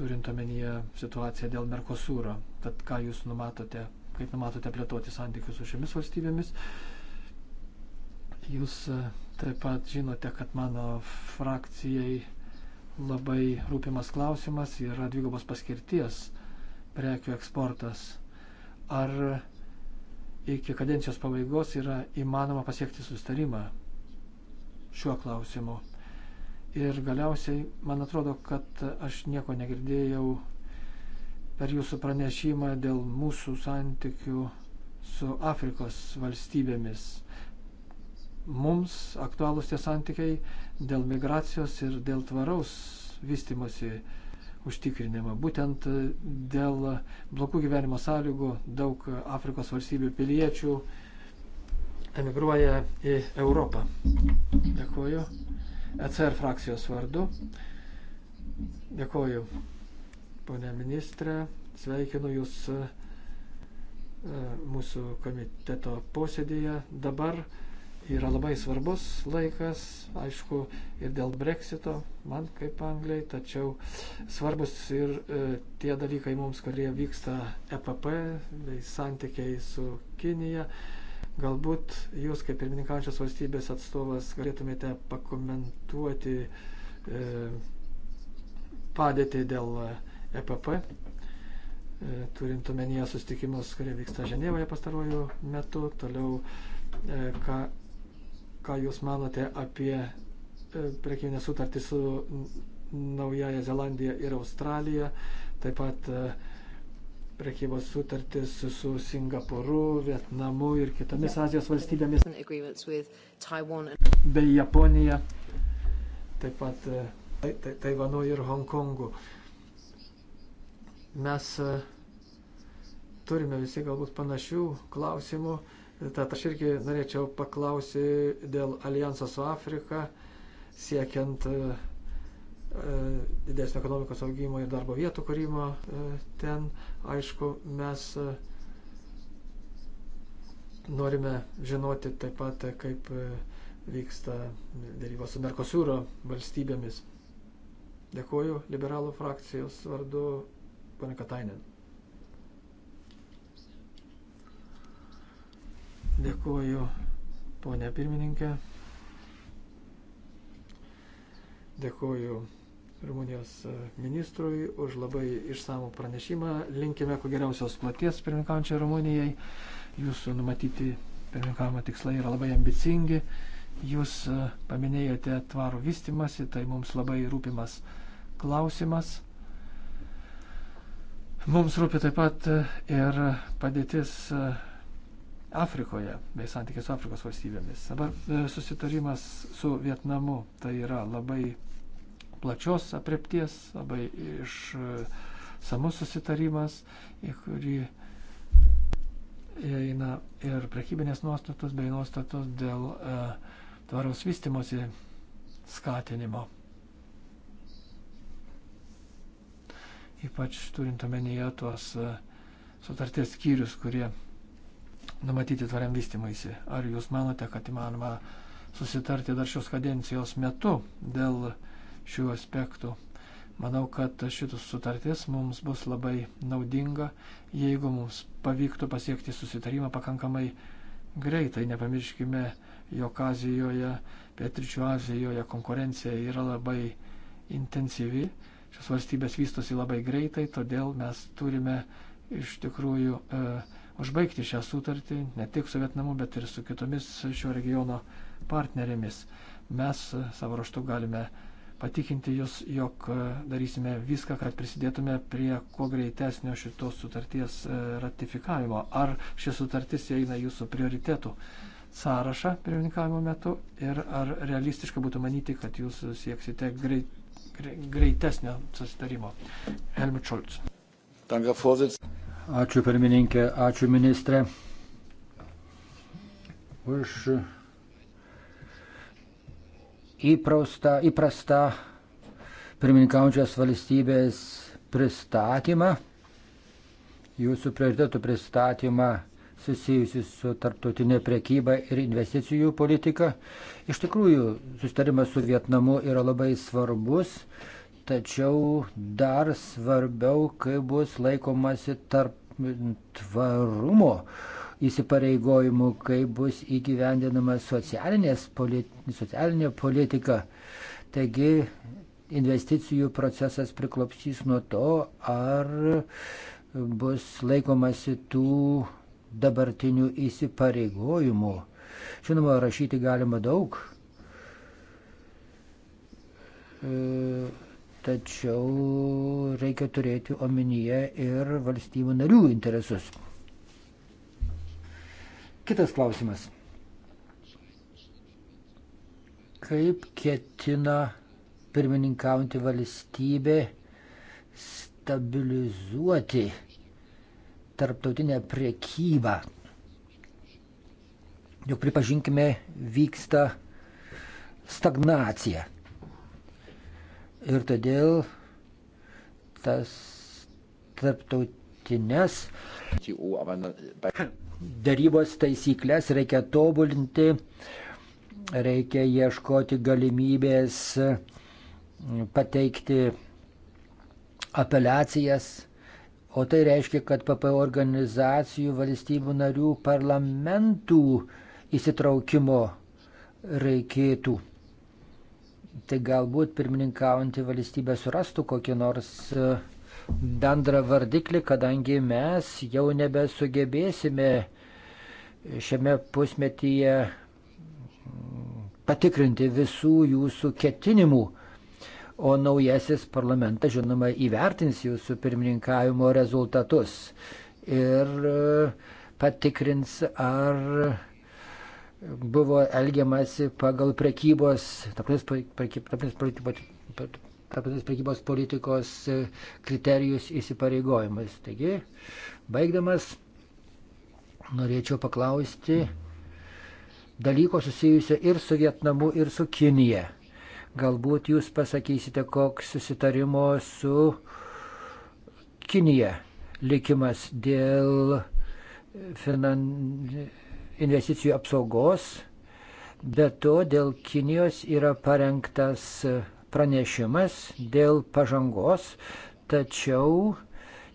turint omenyje situaciją dėl Merkosūro. Tad ką Jūs numatote, kaip numatote plėtoti santykius su šiomis valstybėmis? Jūs e, taip pat žinote, kad mano frakcijai labai rūpimas klausimas yra dvigubos paskirties prekių eksportas. Ar iki kadencijos pabaigos yra įmanoma pasiekti sustarimą šiuo klausimu? Ir galiausiai, man atrodo, kad aš nieko negirdėjau per jūsų pranešimą dėl mūsų santykių su Afrikos valstybėmis mums aktualūs tie santykiai dėl migracijos ir dėl tvaraus vystimosi užtikrinimo. Būtent e, dėl blokų gyvenimo sąlygų daug Afrikos valstybių piliečių emigruoja į Europą. Dėkuoju. ECR frakcijos vardu. Dėkuoju, ponė ministrė. Sveikinu Jūs e, mūsų komiteto posėdėje. Dabar yra labai svarbus laikas, aišku, ir dėl breksito, man kaip angliai, tačiau svarbus ir e, tie dalykai mums, kurie vyksta EPP, bei tai santykiai su Kinija. Galbūt jūs, kaip pirmininkančios valstybės atstovas, galėtumėte pakomentuoti e, padėtį dėl EPP, e, e, turint omenyje sustikimus, kurie vyksta Ženevoje pastaruoju metu, toliau e, ką ką Jūs manote apie e, prekinę sutartį su Naujaja Zelandija ir Australija, taip pat e, prekybos sutartis su Singapūru, Vietnamu ir kitomis Azijos valstybėmis, bei Japonija, taip pat e, tai, tai, Taivanu ir Hongkongu. Mes turime visi galbūt panašių klausimų Tad aš irgi norėčiau paklausti dėl alijanso su Afrika, siekiant e, e, didesnio ekonomikos augimo ir darbo vietų kūrimo e, ten. Aišku, mes norime žinoti taip pat, kaip vyksta dėrybos su Merkosūro valstybėmis. Dėkuoju liberalų frakcijos vardu, pane Katainen. Dėkuoju, ponė pirmininkė. Dėkuoju Rumunijos ministrui už labai išsamų pranešimą. Linkime kuo geriausios platies pirmininkaujančiai Rumunijai. Jūsų numatyti pirmininkavimo tikslai yra labai ambicingi. Jūs e, paminėjote tvarų vystimasi, tai mums labai rūpimas klausimas. Mums rūpi taip pat e, ir padėtis e, Afrikoje bei santykiai su Afrikos valstybėmis. Dabar e, susitarimas su Vietnamu tai yra labai plačios apriepties, labai išsamus e, susitarimas, į kurį įeina ir prekybinės nuostatos bei nuostatos dėl e, tvaraus vystimosi skatinimo. Ypač turint omenyje tuos e, sutarties skyrius, kurie numatyti tvariam vystimaisi. Ar jūs manote, kad įmanoma susitarti dar šios kadencijos metu dėl šių aspektų? Manau, kad šitas sutartis mums bus labai naudinga, jeigu mums pavyktų pasiekti susitarimą pakankamai greitai. Nepamirškime, jog Azijoje, Pietričių Azijoje konkurencija yra labai intensyvi, šios valstybės vystosi labai greitai, todėl mes turime iš tikrųjų e, užbaigti šią sutartį ne tik su Vietnamu, bet ir su kitomis šio regiono partnerėmis. Mes savo raštu galime patikinti jūs, jog e, darysime viską, kad prisidėtume prie kuo greitesnio šitos sutarties e, ratifikavimo. Ar ši sutartis įeina jūsų prioritetų sąrašą pirmininkavimo metu ir ar realistiška būtų manyti, kad jūs sieksite greit, greit, greitesnio susitarimo? Helmut Schulz. Danke, Ačiū pirmininkė, ačiū ministrė už įprastą, įprastą pirmininkaujančios valstybės pristatymą, jūsų prioritetų pristatymą susijusi su tarptautinė prekyba ir investicijų politika. Iš tikrųjų, sustarimas su Vietnamu yra labai svarbus, tačiau dar svarbiau, kai bus laikomasi tarp tvarumo įsipareigojimų, kaip bus įgyvendinama politi socialinė politika. Taigi investicijų procesas priklopsys nuo to, ar bus laikomasi tų dabartinių įsipareigojimų. Žinoma, rašyti galima daug. E tačiau reikia turėti omenyje ir valstybių narių interesus. Kitas klausimas. Kaip ketina pirmininkaujanti valstybė stabilizuoti tarptautinę priekybą? Juk pripažinkime, vyksta stagnacija. Ir todėl tas tarptautinės darybos taisyklės reikia tobulinti, reikia ieškoti galimybės pateikti apeliacijas, o tai reiškia, kad PP organizacijų valstybių narių parlamentų įsitraukimo reikėtų tai galbūt pirmininkaujantį valstybę surastų kokį nors e, bendrą vardiklį, kadangi mes jau nebesugebėsime šiame pusmetyje mm, patikrinti visų jūsų ketinimų. O naujasis parlamentas, žinoma, įvertins jūsų pirmininkavimo rezultatus ir e, patikrins, ar buvo elgiamasi pagal prekybos, tarptautinės prekybos politikos e, kriterijus įsipareigojimus. Taigi, baigdamas, norėčiau paklausti dalyko susijusio ir su Vietnamu, ir su Kinija. Galbūt jūs pasakysite, koks susitarimo su Kinija likimas dėl finan investicijų apsaugos, bet to dėl Kinijos yra parengtas pranešimas dėl pažangos, tačiau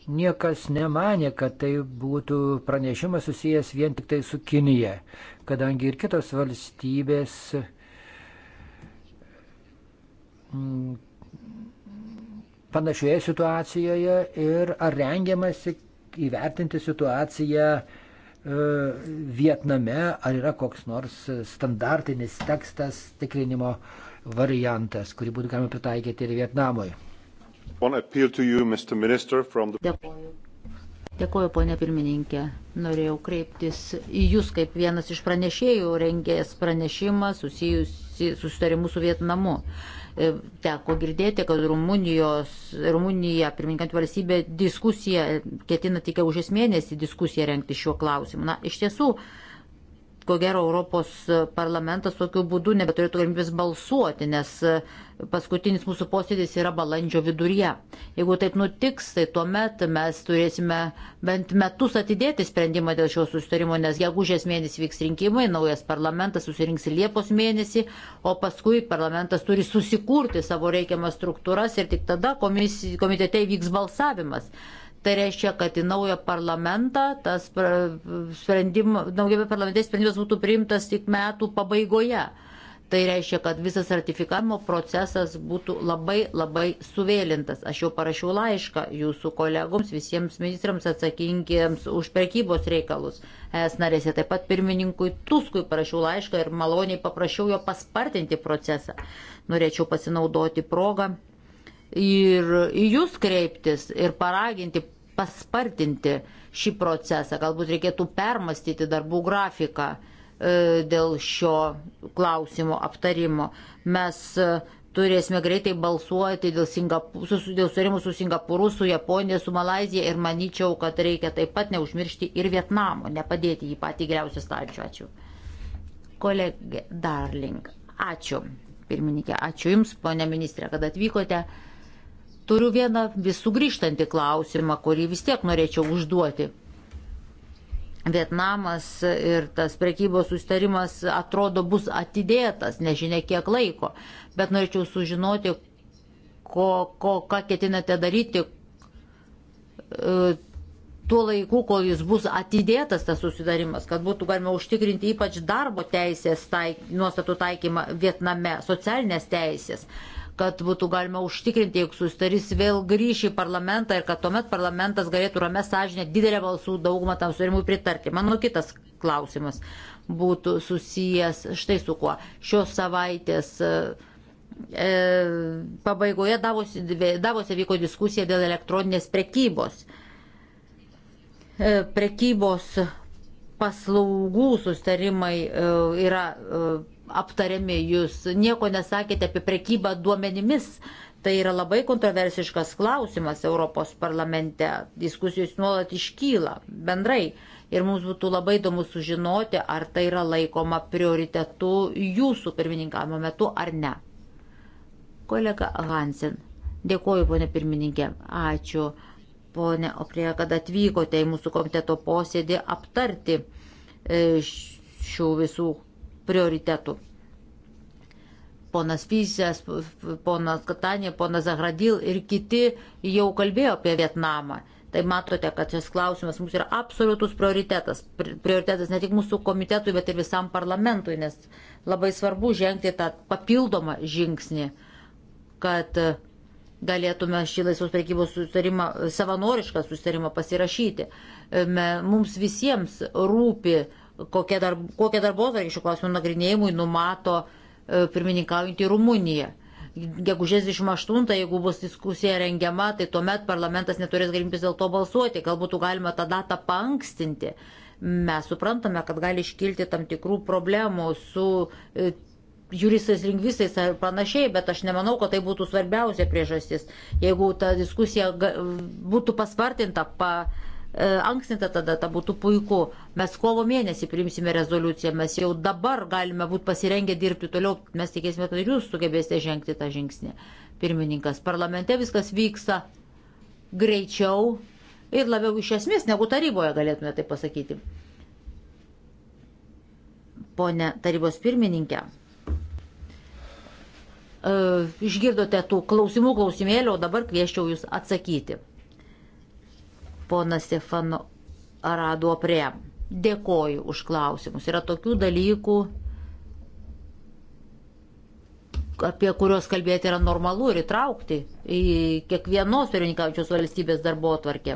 niekas nemanė, kad tai būtų pranešimas susijęs vien tik tai su Kinija, kadangi ir kitos valstybės mm, panašioje situacijoje ir ar rengiamasi įvertinti situaciją E, Vietname, ar yra koks nors standartinis tekstas tikrinimo variantas, kurį būtų galima pritaikyti ir Vietnamui. You, Minister, the... Dėkuoju. Dėkuoju, ponė pirmininkė. Norėjau kreiptis į Jūs kaip vienas iš pranešėjų rengėjęs pranešimą susijusi susitarimu su Vietnamu. Uh, E, teko girdėti, kad Rumunijos, Rumunija, pirminkant valstybė, diskusiją ketina tik už esmėnesį diskusiją renkti šiuo klausimu. Na, iš tiesų, uh, ko gero Europos parlamentas tokiu būdu nebeturėtų galimybės balsuoti, nes paskutinis mūsų posėdis yra balandžio viduryje. Jeigu taip nutiks, tai tuomet mes turėsime bent metus atidėti sprendimą dėl šio susitarimo, nes gegužės mėnesį vyks rinkimai, naujas parlamentas susirinks Liepos mėnesį, o paskui parlamentas turi susikurti savo reikiamas struktūras ir tik tada komitete vyks balsavimas. Tai reiškia, kad į naują parlamentą tas sprendimas, naujame parlamente sprendimas būtų priimtas tik metų pabaigoje. Tai reiškia, kad visas ratifikavimo procesas būtų labai labai suvėlintas. Aš jau parašiau laišką jūsų kolegoms, visiems ministrams atsakingiems už prekybos reikalus. Es narėse taip pat pirmininkui Tuskui parašiau laišką ir maloniai paprašiau jo paspartinti procesą. Norėčiau pasinaudoti progą ir į jūs kreiptis ir paraginti paspartinti šį procesą, galbūt reikėtų permastyti darbų grafiką e, dėl šio klausimo aptarimo. Mes e, turėsime greitai balsuoti dėl, Singapūrų, dėl surimų su Singapūru, su Japonija, su Malazija ir manyčiau, kad reikia taip pat neužmiršti ir Vietnamo, nepadėti jį patį geriausią stalčių. Ačiū. Kolegė Darling, ačiū. Pirmininkė, ačiū Jums, ponė ministrė, kad atvykote. Turiu vieną visų grįžtantį klausimą, kurį vis tiek norėčiau užduoti. Vietnamas ir tas prekybos sustarimas atrodo bus atidėtas, nežinia kiek laiko, bet norėčiau sužinoti, ko, ko, ką ketinate daryti e, tuo laiku, kol jis bus atidėtas tas susidarimas, kad būtų galima užtikrinti ypač darbo teisės taik, nuostatų taikymą Vietname, socialinės teisės. Uh, kad būtų galima užtikrinti, jog sustaris vėl grįš į parlamentą ir kad tuomet parlamentas galėtų ramę sąžinę didelę balsų daugumą tam sutarimui pritarti. Mano kitas klausimas būtų susijęs štai su kuo. Šios savaitės e, e pabaigoje davose, davose vyko diskusija dėl elektroninės prekybos. E, prekybos paslaugų sustarimai e, yra. E, aptariami, jūs nieko nesakėte apie prekybą duomenimis. Tai yra labai kontroversiškas klausimas Europos parlamente. Diskusijos nuolat iškyla bendrai. Ir mums būtų labai įdomu sužinoti, ar tai yra laikoma prioritetu jūsų pirmininkavimo metu ar ne. Kolega Hansen, dėkoju, ponė pirmininkė. Ačiū, ponė Oprie, kad atvykote į mūsų komiteto posėdį aptarti e, šių visų prioritetų. Ponas Fysės, ponas Katanė, ponas Zahradil ir kiti jau kalbėjo apie Vietnamą. Tai matote, kad šis klausimas mums yra absoliutus prioritetas. Prioritetas ne tik mūsų komitetui, bet ir visam parlamentui, nes labai svarbu žengti tą papildomą žingsnį, kad galėtume šį laisvos prekybos sustarimą, savanorišką sustarimą pasirašyti. Mums visiems rūpi kokią dar, darbo atvarkį šių klausimų nagrinėjimui numato e, pirmininkaujantį Rumuniją. Gegužės 28, jeigu bus diskusija rengiama, tai tuomet parlamentas neturės galimybės dėl to balsuoti, galbūt galima tą datą pankstinti. Mes suprantame, kad gali iškilti tam tikrų problemų su e, juristais, lingvistais ar panašiai, bet aš nemanau, kad tai būtų svarbiausia priežastis. Jeigu ta diskusija būtų paspartinta, pa, E, ankstinta tada, ta būtų puiku. Mes kovo mėnesį priimsime rezoliuciją, mes jau dabar galime būti pasirengę dirbti toliau, mes tikėsime, kad jūs sugebėsite žengti tą žingsnį. Pirmininkas, parlamente viskas vyksta greičiau ir labiau iš esmės negu taryboje galėtume tai pasakyti. Pone tarybos pirmininkė, e, išgirdote tų klausimų klausimėlių, o dabar kvieščiau jūs atsakyti ponas Stefano Arado prie. Dėkoju už klausimus. Yra tokių dalykų, apie kuriuos kalbėti yra normalu ir įtraukti į kiekvienos pirmininkaujančios valstybės darbo atvarkę.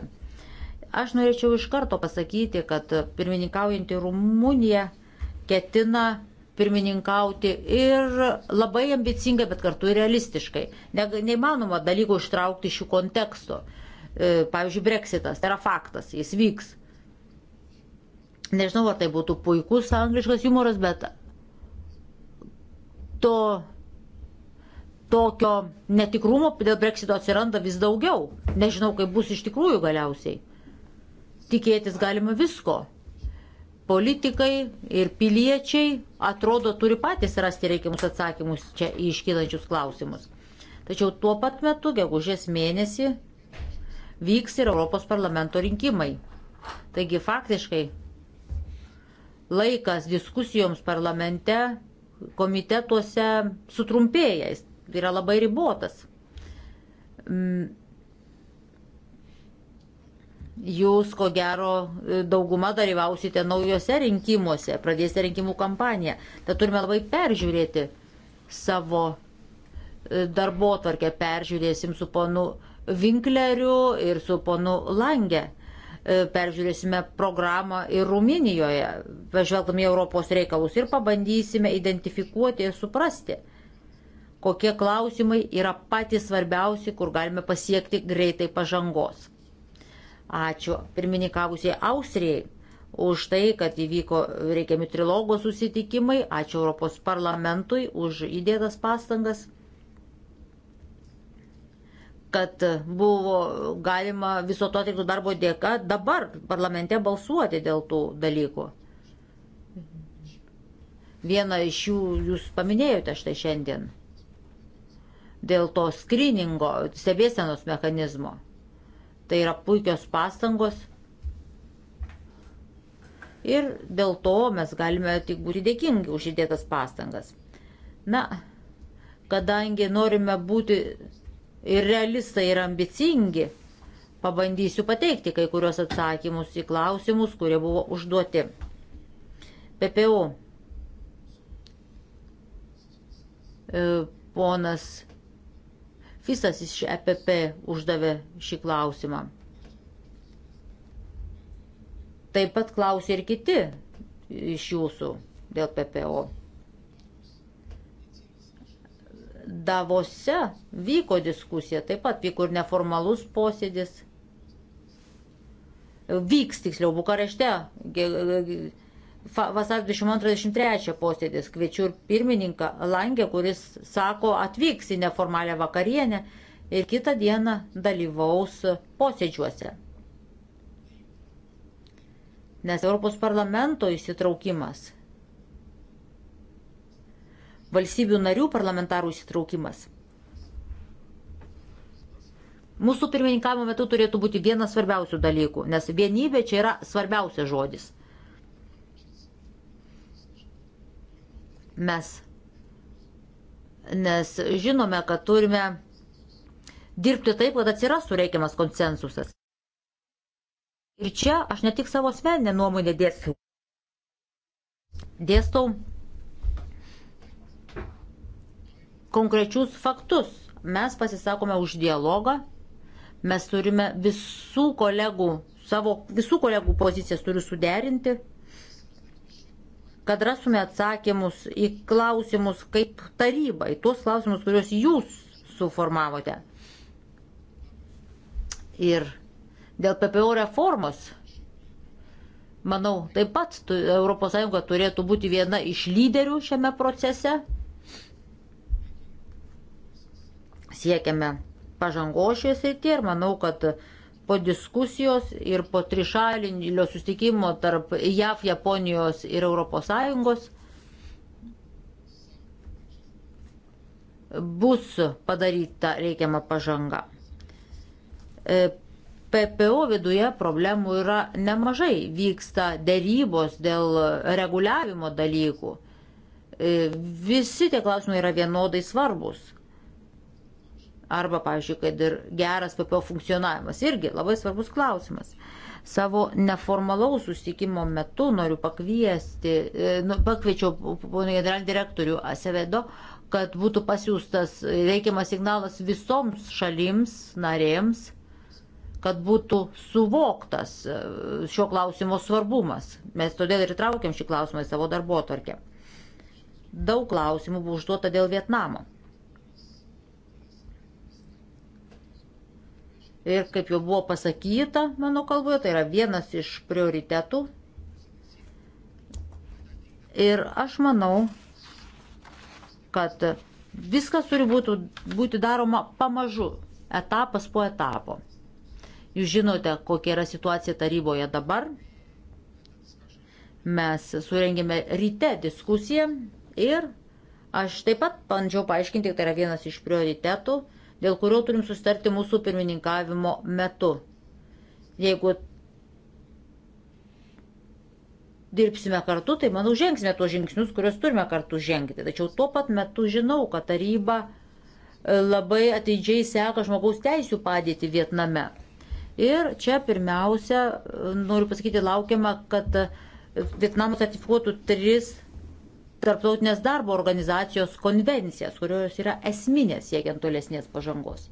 Aš norėčiau iš karto pasakyti, kad pirmininkaujantį Rumuniją ketina pirmininkauti ir labai ambicingai, bet kartu ir realistiškai. Ne, neįmanoma dalykų ištraukti iš jų konteksto. E, pavyzdžiui, breksitas tai yra faktas, jis vyks. Nežinau, ar tai būtų puikus angliškas humoras, bet to tokio netikrumo dėl breksito atsiranda vis daugiau. Nežinau, kaip bus iš tikrųjų galiausiai. Tikėtis galima visko. Politikai ir piliečiai atrodo turi patys rasti reikiamus atsakymus čia į iškylančius klausimus. Tačiau tuo pat metu, gegužės mėnesį, vyks ir Europos parlamento rinkimai. Taigi faktiškai laikas diskusijoms parlamente, komitetuose sutrumpėja, jis yra labai ribotas. Mm. Jūs, ko gero, dauguma dalyvausite naujose rinkimuose, pradėsite rinkimų kampaniją. Tad turime labai peržiūrėti savo e, darbo tvarkę, peržiūrėsim su ponu Vinkleriu ir su ponu Lange. E, peržiūrėsime programą ir Ruminijoje, pažvelgdami Europos reikalus ir pabandysime identifikuoti ir suprasti, kokie klausimai yra patys svarbiausi, kur galime pasiekti greitai pažangos. Ačiū pirmininkavusiai Austrijai už tai, kad įvyko reikiami trilogo susitikimai. Ačiū Europos parlamentui už įdėtas pastangas kad buvo galima viso to atlikto darbo dėka dabar parlamente balsuoti dėl tų dalykų. Vieną iš jų jūs paminėjote štai šiandien. Dėl to skriningo, stebėsenos mechanizmo. Tai yra puikios pastangos. Ir dėl to mes galime tik būti dėkingi už įdėtas pastangas. Na, kadangi norime būti ir realistai ir ambicingi. Pabandysiu pateikti kai kurios atsakymus į klausimus, kurie buvo užduoti. PPO. E, ponas Fisas iš EPP uždavė šį klausimą. Taip pat klausė ir kiti iš jūsų dėl PPO. Davose vyko diskusija, taip pat vyko ir neformalus posėdis. Vyks tiksliau Bukarešte vasar 22-23 posėdis. Kviečiu ir pirmininką Langę, kuris sako atvyks į neformalią vakarienę ir kitą dieną dalyvaus posėdžiuose. Nes Europos parlamento įsitraukimas valstybių narių parlamentarų įsitraukimas. Mūsų pirmininkavimo metu turėtų būti vienas svarbiausių dalykų, nes vienybė čia yra svarbiausias žodis. Mes, nes žinome, kad turime dirbti taip, kad atsirastų reikiamas konsensusas. Ir čia aš ne tik savo asmeninę nuomonę dėsiu. Dėstau konkrečius faktus. Mes pasisakome už dialogą, mes turime visų kolegų, savo visų kolegų pozicijas turiu suderinti, kad rastume atsakymus į klausimus kaip taryba, į tuos klausimus, kuriuos jūs suformavote. Ir dėl PPO reformos Manau, taip pat ES turėtų būti viena iš lyderių šiame procese. siekiame pažangos šioje srityje ir manau, kad po diskusijos ir po trišalinio sustikimo tarp JAV, Japonijos ir ES bus padaryta reikiama pažanga. E, PPO viduje problemų yra nemažai, vyksta dėrybos dėl reguliavimo dalykų. E, visi tie klausimai yra vienodai svarbus arba, pavyzdžiui, kad ir geras PPO funkcionavimas. Irgi labai svarbus klausimas. Savo neformalaus susitikimo metu noriu pakviesti, e, nu, pakviečiau ponų generalinį direktorių Asevedo, kad būtų pasiūstas reikiamas signalas visoms šalims narėms, kad būtų suvoktas e, šio klausimo svarbumas. Mes todėl ir įtraukėm šį klausimą į savo darbo atvarkę. Daug klausimų buvo užduota dėl Vietnamo. Ir kaip jau buvo pasakyta mano kalboje, tai yra vienas iš prioritetų. Ir aš manau, kad viskas turi būti, būti daroma pamažu, etapas po etapo. Jūs žinote, kokia yra situacija taryboje dabar. Mes surengėme ryte diskusiją ir aš taip pat bandžiau paaiškinti, kad tai yra vienas iš prioritetų dėl kurio turim sustarti mūsų pirmininkavimo metu. Jeigu dirbsime kartu, tai manau žengsime tuos žingsnius, kuriuos turime kartu žengti. Tačiau tuo pat metu žinau, kad taryba e, labai atidžiai seka žmogaus teisų padėti Vietname. Ir čia pirmiausia, e, noriu pasakyti, laukiama, kad Vietnamas ratifikuotų tris tarptautinės darbo organizacijos konvencijas, kurios yra esminės siekiant tolesnės pažangos.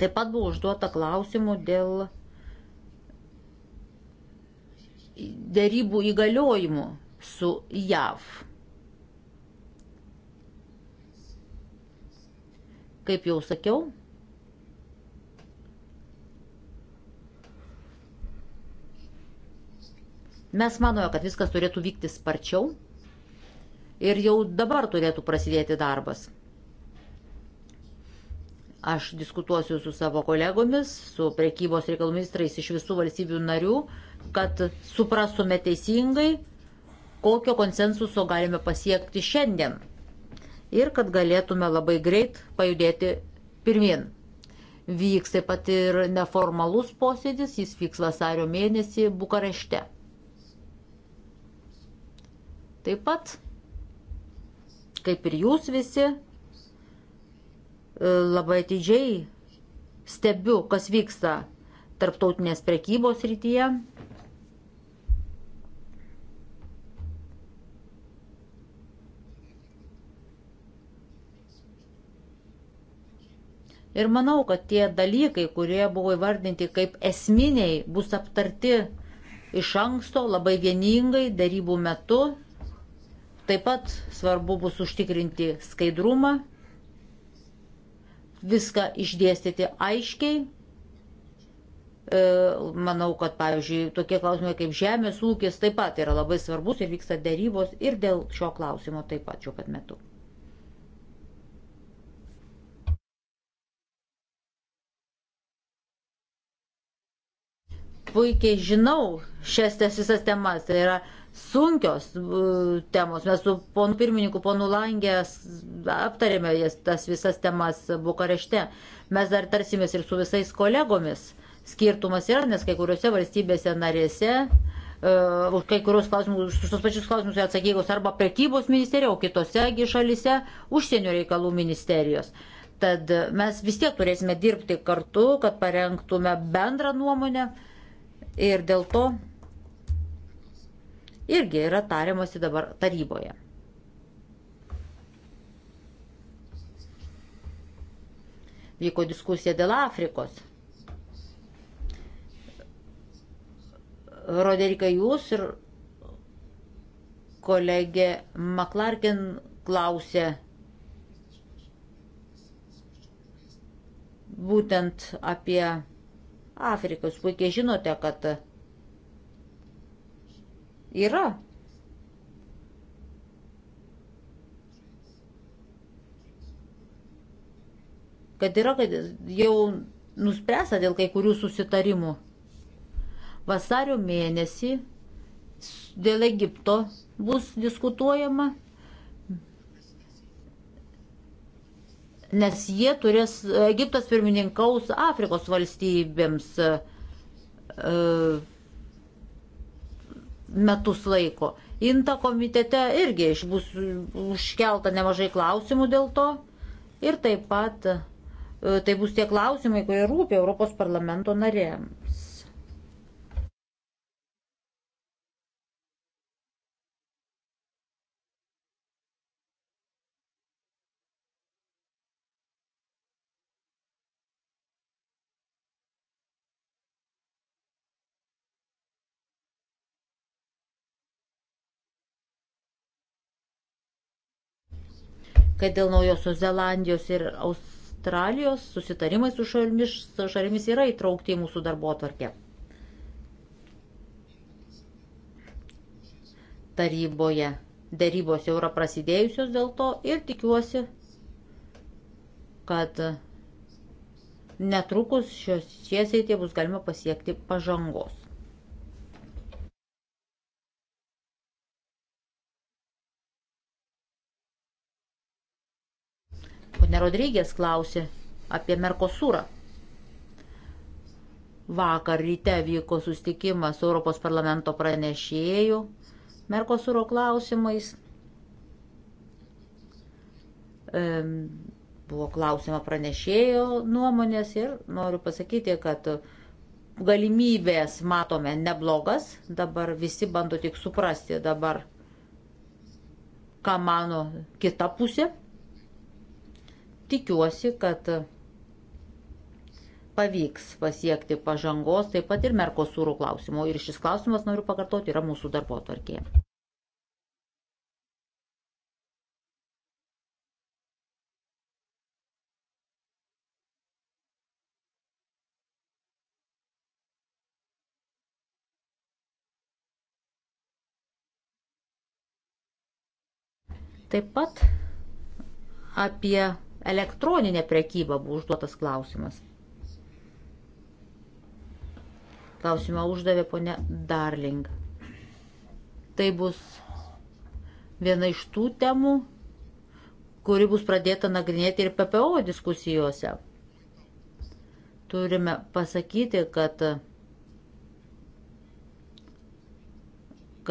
Taip pat buvo užduota klausimų dėl dėrybų įgaliojimų su JAV. Kaip jau sakiau, Mes manome, kad viskas turėtų vykti sparčiau ir jau dabar turėtų prasidėti darbas. Aš diskutuosiu su savo kolegomis, su prekybos reikalų ministrais iš visų valstybių narių, kad suprastume teisingai, kokio konsensuso galime pasiekti šiandien ir kad galėtume labai greit pajudėti pirmin. Vyks taip pat ir neformalus posėdis, jis vyks vasario mėnesį Bukarešte. Taip pat, kaip ir jūs visi, e, labai atidžiai stebiu, kas vyksta tarptautinės prekybos rytyje. Ir manau, kad tie dalykai, kurie buvo įvardinti kaip esminiai, bus aptarti iš anksto labai vieningai darybų metu Taip pat svarbu bus užtikrinti skaidrumą, viską išdėstyti aiškiai. E, manau, kad, pavyzdžiui, tokie klausimai kaip žemės ūkis taip pat yra labai svarbus ir vyksta dėrybos ir dėl šio klausimo taip pat šiuo pat metu. Puikiai žinau šias visas temas. Tai yra sunkios temos. Mes su ponu pirmininku, ponu Langė aptarėme jas, tas visas temas Bukarešte. Mes dar tarsimės ir su visais kolegomis. Skirtumas yra, nes kai kuriuose valstybėse narėse uh, už kai kurios klausimus, už tos pačius klausimus yra atsakingos arba prekybos ministerija, o kitosegi šalise užsienio reikalų ministerijos. Tad mes vis tiek turėsime dirbti kartu, kad parengtume bendrą nuomonę ir dėl to irgi yra tariamasi dabar taryboje. Vyko diskusija dėl Afrikos. Roderika, jūs ir kolegė Maklarkin klausė būtent apie Afriką. Jūs puikiai žinote, kad yra. Kad yra, kad jau nuspręsta dėl kai kurių susitarimų. Vasario mėnesį dėl Egipto bus diskutuojama, nes jie turės, Egiptas pirmininkaus Afrikos valstybėms. E, metus laiko. Inta komitete irgi bus užkelta nemažai klausimų dėl to. Ir taip pat e, tai bus tie klausimai, kurie rūpia Europos parlamento narėm. kad dėl Naujosios Zelandijos ir Australijos susitarimai su šalimis, šalimis yra įtraukti į mūsų darbo atvarkę. Taryboje dėrybos jau yra prasidėjusios dėl to ir tikiuosi, kad netrukus šios siejaitė bus galima pasiekti pažangos. Agne Rodrygės klausė apie Merkosūrą. Vakar ryte vyko sustikimas su Europos parlamento pranešėjų Merkosūro klausimais. E, buvo klausima pranešėjo nuomonės ir noriu pasakyti, kad galimybės matome neblogas, dabar visi bando tik suprasti dabar, ką mano kita pusė. Tikiuosi, kad pavyks pasiekti pažangos taip pat ir Merkosūro klausimo. Ir šis klausimas, noriu pakartoti, yra mūsų darbo atvarkėje. Taip pat apie elektroninė prekyba buvo užduotas klausimas. Klausimą uždavė ponė Darling. Tai bus viena iš tų temų, kuri bus pradėta nagrinėti ir PPO diskusijose. Turime pasakyti, kad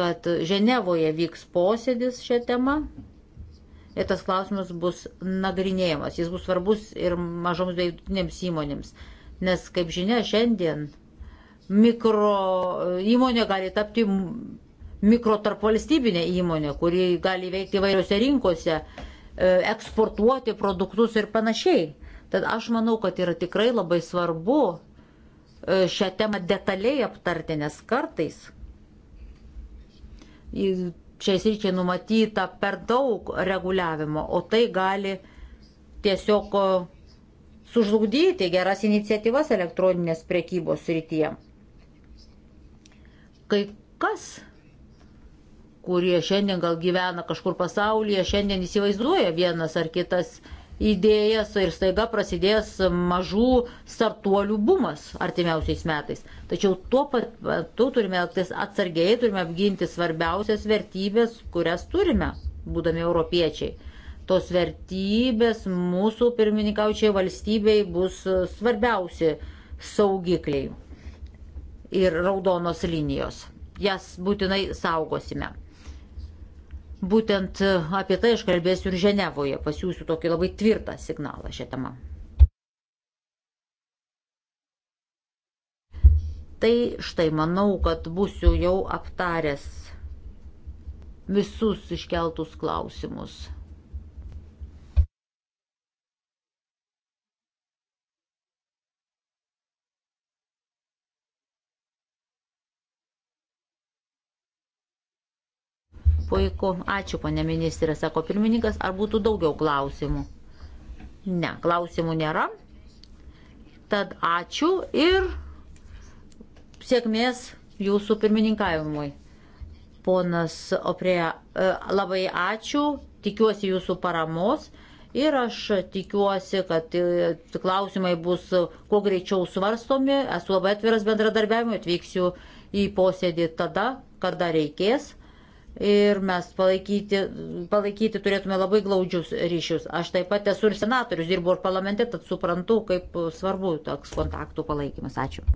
kad Ženevoje vyks posėdis šią temą tas klausimas bus nagrinėjamas. Jis bus svarbus ir mažoms bei vidutinėms įmonėms. Nes, kaip žinia, šiandien mikro įmonė gali tapti mikro tarpvalstybinė įmonė, kuri gali veikti įvairiose rinkose, e, eksportuoti produktus ir panašiai. Tad aš manau, kad yra tikrai labai svarbu e, šią temą detaliai aptarti, nes kartais šiais ryčiai numatyta per daug reguliavimo, o tai gali tiesiog sužlugdyti geras iniciatyvas elektroninės prekybos rytyje. Kai kas, kurie šiandien gal gyvena kažkur pasaulyje, šiandien įsivaizduoja vienas ar kitas idėjas ir staiga prasidės mažų startuolių bumas artimiausiais metais. Tačiau tuo pat metu turime elgtis atsargiai, turime apginti svarbiausias vertybės, kurias turime, būdami europiečiai. Tos vertybės mūsų pirmininkaučiai valstybei bus svarbiausi saugikliai ir raudonos linijos. Jas būtinai saugosime. Būtent e, apie tai aš kalbėsiu ir Ženevoje, pasiūsiu tokį labai tvirtą signalą šią temą. Tai štai manau, kad būsiu jau aptaręs visus iškeltus klausimus. Puiku, ačiū, ponė ministrė, sako pirmininkas, ar būtų daugiau klausimų? Ne, klausimų nėra. Tad ačiū ir sėkmės jūsų pirmininkavimui. Ponas Oprėja, e, labai ačiū, tikiuosi jūsų paramos ir aš tikiuosi, kad e, klausimai bus kuo greičiau svarstomi. Esu labai atviras bendradarbiavimui, atvyksiu į posėdį tada, kada reikės ir mes palaikyti, palaikyti turėtume labai glaudžius ryšius. Aš taip pat esu ir senatorius, dirbu ir parlamente, tad suprantu, kaip svarbu toks kontaktų palaikymas. Ačiū.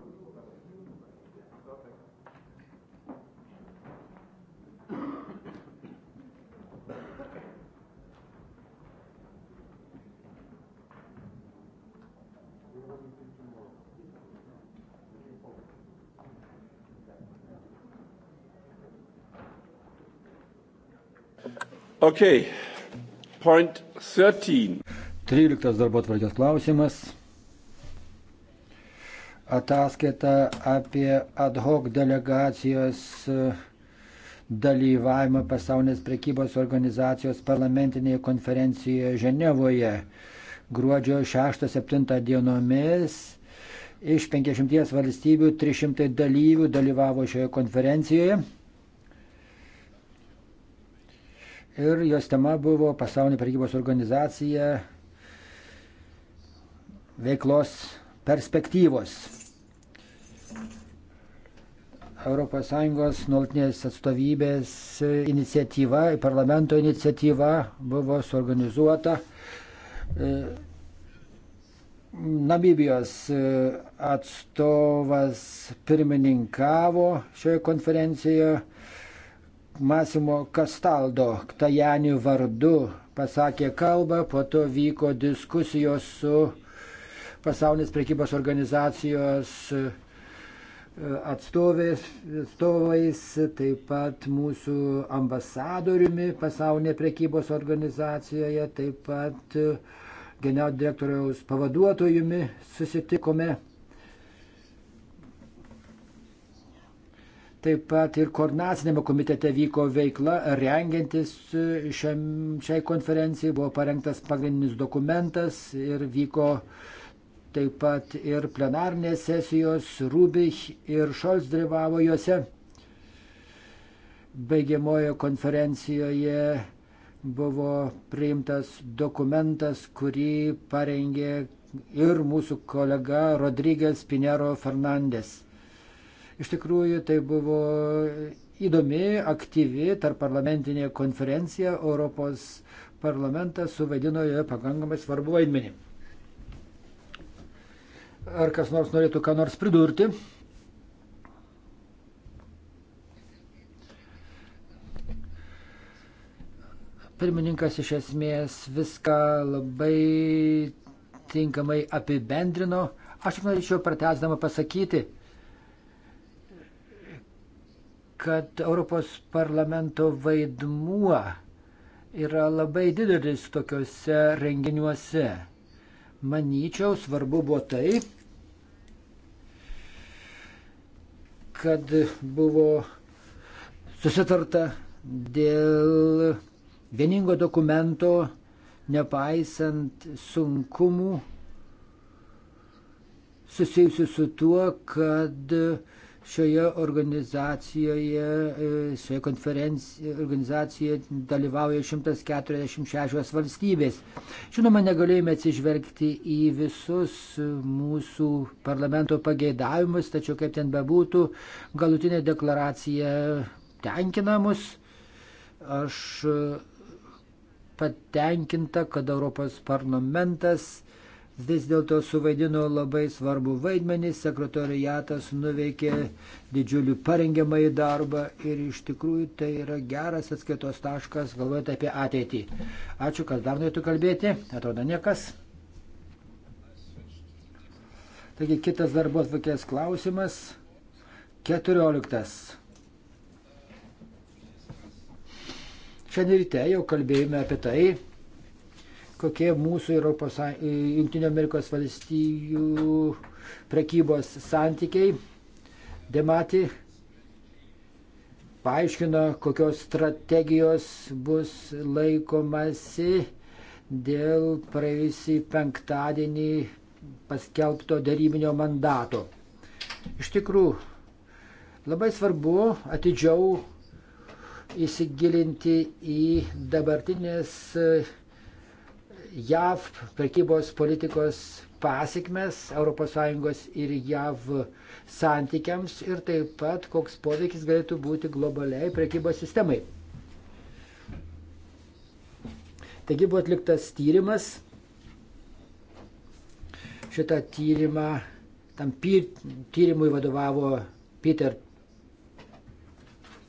Okay. Point 13. 13 darbo atvarkės klausimas. Ataskaita apie ad hoc delegacijos e, dalyvavimą pasaulinės prekybos organizacijos parlamentinėje konferencijoje Ženevoje gruodžio 6-7 dienomis. Iš 50 valstybių 300 dalyvių dalyvavo šioje konferencijoje. ir jos tema buvo pasaulio prekybos organizacija veiklos perspektyvos. ES nuolatinės atstovybės iniciatyva, parlamento iniciatyva buvo suorganizuota e, Namibijos e, atstovas pirmininkavo šioje konferencijoje, Masimo Kastaldo Ktajani vardu pasakė kalbą, po to vyko diskusijos su pasaulinės prekybos organizacijos e, atstovės, atstovais, taip pat mūsų ambasadoriumi pasaulinėje prekybos organizacijoje, taip pat e, generalinio direktoriaus pavaduotojumi susitikome. Taip pat ir koordinacinėme komitete vyko veikla, rengiantis e, šiam, šiai konferencijai buvo parengtas pagrindinis dokumentas ir vyko taip pat ir plenarnės sesijos, Rubich ir Šolz dalyvavo juose. Baigiamojo konferencijoje buvo priimtas dokumentas, kurį parengė ir mūsų kolega Rodrygės Pinero Fernandes. Iš tikrųjų, tai buvo įdomi, aktyvi tarp parlamentinė konferencija. Europos parlamentas suvaidino joje pakankamai svarbu vaidmenį. Ar kas nors norėtų ką nors pridurti? Pirmininkas iš esmės viską labai tinkamai apibendrino. Aš norėčiau pratesdama pasakyti, kad Europos parlamento vaidmuo yra labai didelis tokiuose renginiuose. Manyčiau, svarbu buvo tai, kad buvo susitarta dėl vieningo dokumento, nepaisant sunkumų susijusių su tuo, kad Šioje organizacijoje, e, šioje organizacijoje dalyvauja 146 valstybės. Žinoma, negalėjome atsižvelgti į visus mūsų parlamento pageidavimus, tačiau kaip ten bebūtų, galutinė deklaracija tenkina mus. Aš patenkinta, kad Europos parlamentas vis dėlto suvaidino labai svarbu vaidmenį, sekretorijatas nuveikė didžiulį parengiamąjį darbą ir iš tikrųjų tai yra geras atskaitos taškas, galvojant apie ateitį. Ačiū, kas dar norėtų kalbėti, atrodo niekas. Taigi kitas darbos vakės klausimas, keturioliktas. Šiandien ryte jau kalbėjome apie tai, kokie mūsų Europos, Junktinio Amerikos valstijų prekybos santykiai. Demati paaiškino, kokios strategijos bus laikomasi dėl praėjusį penktadienį paskelbto darybinio mandato. Iš tikrųjų, labai svarbu atidžiau įsigilinti į dabartinės JAV prekybos politikos pasiekmes ES ir JAV santykiams ir taip pat koks poveikis galėtų būti globaliai prekybos sistemai. Taigi buvo atliktas tyrimas. Šitą tyrimą, tam pyr, tyrimui vadovavo Peter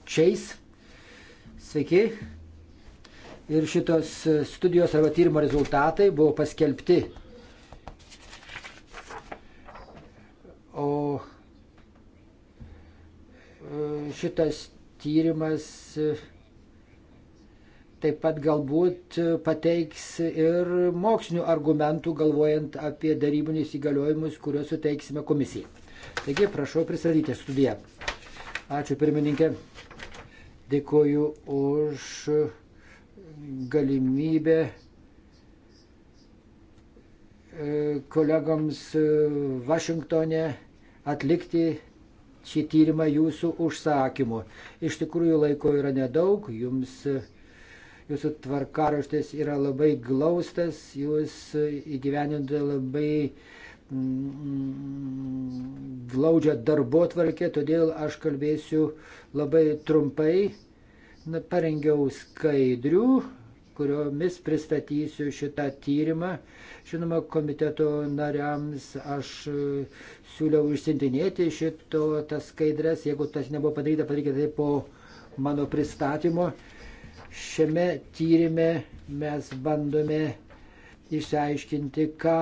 Chase. Sveiki ir šitos studijos arba tyrimo rezultatai buvo paskelbti. O e, šitas tyrimas e, taip pat galbūt pateiks ir mokslinių argumentų, galvojant apie darybinius įgaliojimus, kuriuos suteiksime komisijai. Taigi, prašau pristatyti studiją. Ačiū pirmininkė. Dėkuoju už galimybę e, kolegoms e, Vašingtonė atlikti šį tyrimą jūsų užsakymu. Iš tikrųjų laiko yra nedaug, jums, e, jūsų tvarkaraštis yra labai glaustas, jūs įgyveninate labai mm, glaudžią darbo tvarkę, todėl aš kalbėsiu labai trumpai parengiau skaidrių, kuriomis pristatysiu šitą tyrimą. Žinoma, komiteto nariams aš e, siūliau išsintinėti šito tas skaidrės. Jeigu tas nebuvo padaryta, padarykite tai po mano pristatymo. Šiame tyrimė mes bandome išsiaiškinti, ką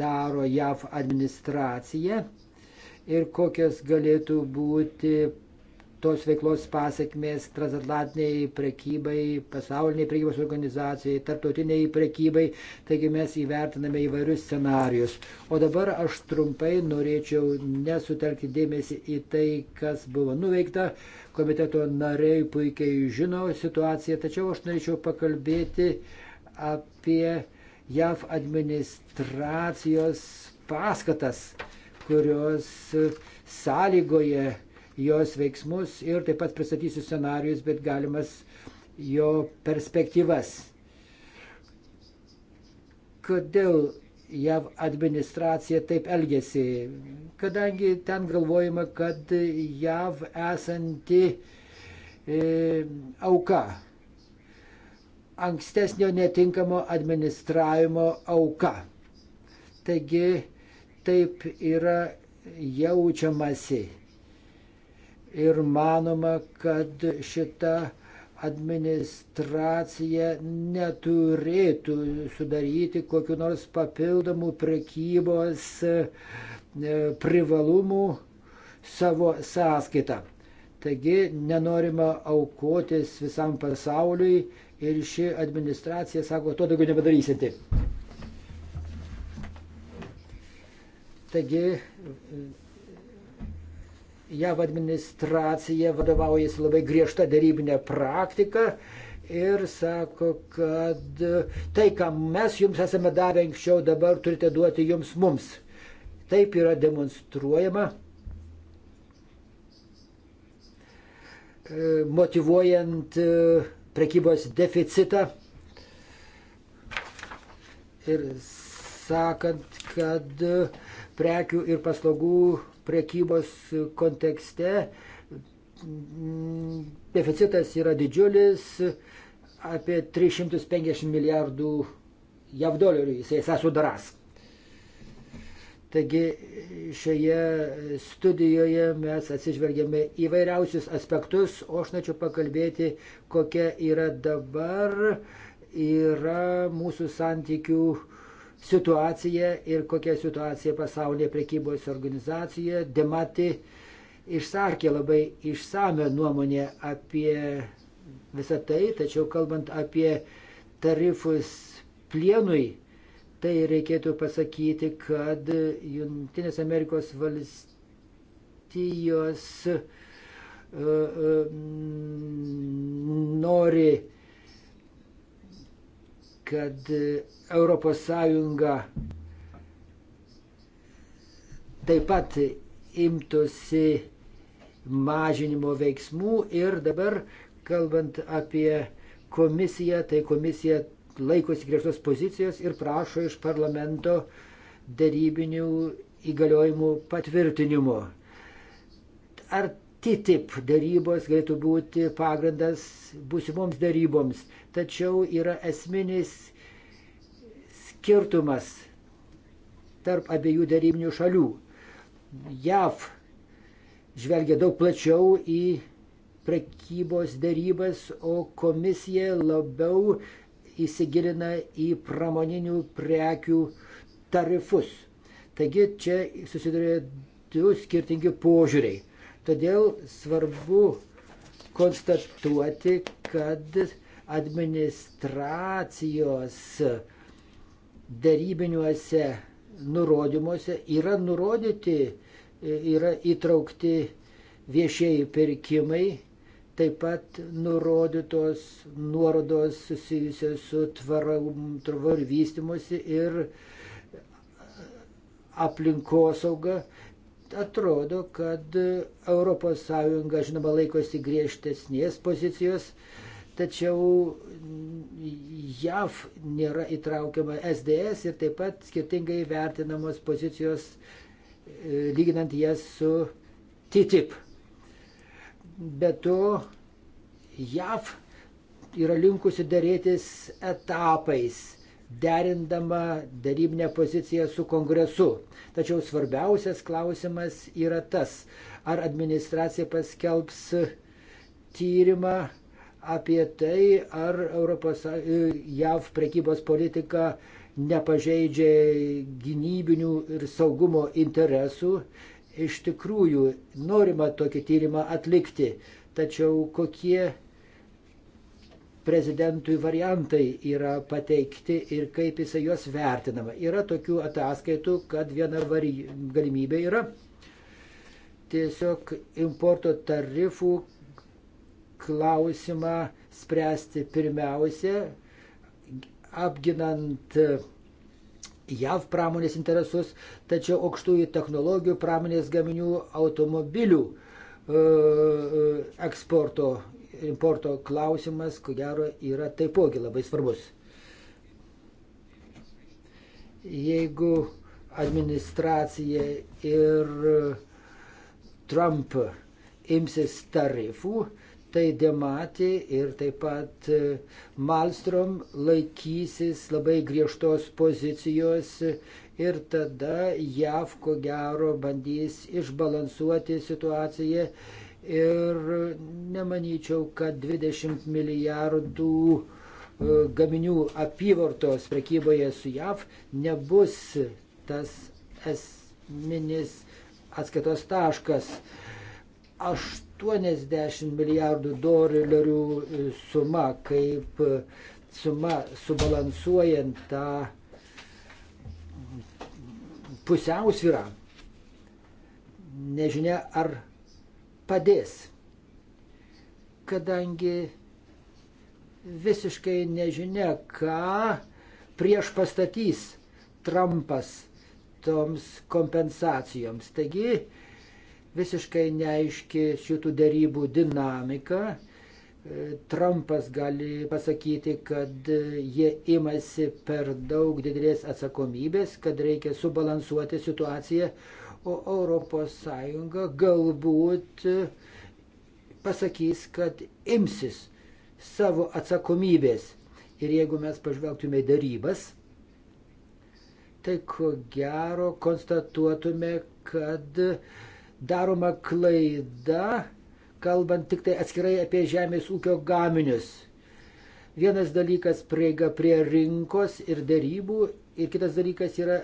daro JAV administracija ir kokios galėtų būti tos veiklos pasiekmės transatlantiniai prekybai, pasauliniai prekybos organizacijai, tarptautiniai prekybai, taigi mes įvertiname įvairius scenarius. O dabar aš trumpai norėčiau nesutelkti dėmesį į tai, kas buvo nuveikta. Komiteto nariai puikiai žino situaciją, tačiau aš norėčiau pakalbėti apie JAV administracijos paskatas, kurios sąlygoje jos veiksmus ir taip pat pristatysiu scenarius, bet galimas jo perspektyvas. Kodėl JAV administracija taip elgesi? Kadangi ten galvojama, kad JAV esanti e, auka, ankstesnio netinkamo administravimo auka. Taigi taip yra jaučiamasi ir manoma, kad šita administracija neturėtų sudaryti kokiu nors papildomų prekybos e, privalumų savo sąskaitą. Taigi nenorima aukotis visam pasauliui ir ši administracija sako, to daugiau nepadarysite. Taigi JAV administracija vadovaujasi labai griežta darybinė praktika ir sako, kad tai, ką mes jums esame davę anksčiau, dabar turite duoti jums mums. Taip yra demonstruojama, motivuojant e, prekybos deficitą ir sakant, kad e, prekių ir paslaugų prekybos kontekste. Deficitas yra didžiulis, apie 350 milijardų jav dolerių jisai esą sudarás. Taigi šioje studijoje mes atsižvelgėme įvairiausius aspektus, o aš norėčiau pakalbėti, kokia yra dabar, yra mūsų santykių uh, situacija ir kokia situacija pasaulyje prekybos organizacijoje. Demati išsakė labai išsame nuomonę apie visą tai, tačiau kalbant apie tarifus plienui, tai reikėtų pasakyti, kad Junktinės Amerikos valstijos uh, uh, nori kad ES taip pat imtųsi mažinimo veiksmų ir dabar, kalbant apie komisiją, tai komisija laikosi griežtos pozicijos ir prašo iš parlamento dėrybinių įgaliojimų patvirtinimo. Ar TTIP darybos galėtų būti pagrindas būsimoms daryboms, tačiau yra esminis skirtumas tarp abiejų darybinių šalių. JAV žvelgia daug plačiau į prekybos darybas, o komisija labiau įsigilina į pramoninių prekių tarifus. Taigi čia susiduria du skirtingi požiūriai. Todėl svarbu konstatuoti, kad administracijos darybiniuose nurodymuose yra nurodyti, yra įtraukti viešieji pirkimai, taip pat nurodytos nuorodos susijusios su tvaru ir vystimusi ir aplinkosauga atrodo, kad ES žinoma laikosi griežtesnės pozicijos, tačiau JAV nėra įtraukiama SDS ir taip pat skirtingai vertinamos pozicijos, e, lyginant jas su TTIP. Be to, JAV yra linkusi dėrėtis etapais derindama darybinę poziciją su kongresu. Tačiau svarbiausias klausimas yra tas, ar administracija paskelbs tyrimą apie tai, ar Europos, JAV prekybos politika nepažeidžia gynybinių ir saugumo interesų. Iš tikrųjų, norima tokį tyrimą atlikti, tačiau kokie prezidentui variantai yra pateikti ir kaip jisai juos vertinama. Yra tokių ataskaitų, kad viena vari... galimybė yra tiesiog importo tarifų klausimą spręsti pirmiausia, apginant JAV pramonės interesus, tačiau aukštųjų technologijų, pramonės gaminių, automobilių e, e, eksporto importo klausimas, ko gero, yra taipogi labai svarbus. Jeigu administracija ir Trump imsis tarifų, tai Dematė ir taip pat Malstrom laikysis labai griežtos pozicijos ir tada JAV ko gero bandys išbalansuoti situaciją ir nemanyčiau, kad 20 milijardų e, gaminių apyvartos prekyboje su JAV nebus tas esminis atskaitos taškas. 80 milijardų dolerių e, suma, kaip e, suma subalansuojant tą pusiausvyrą. Nežinia, ar padės, kadangi visiškai nežinia, ką prieš pastatys Trumpas toms kompensacijoms. Taigi visiškai neaiški šitų dėrybų dinamika. Trumpas gali pasakyti, kad jie imasi per daug didelės atsakomybės, kad reikia subalansuoti situaciją o ES galbūt pasakys, kad imsis savo atsakomybės. Ir jeigu mes pažvelgtume į darybas, tai ko gero konstatuotume, kad daroma klaida, kalbant tik tai atskirai apie žemės ūkio gaminius. Vienas dalykas prieiga prie rinkos ir darybų, ir kitas dalykas yra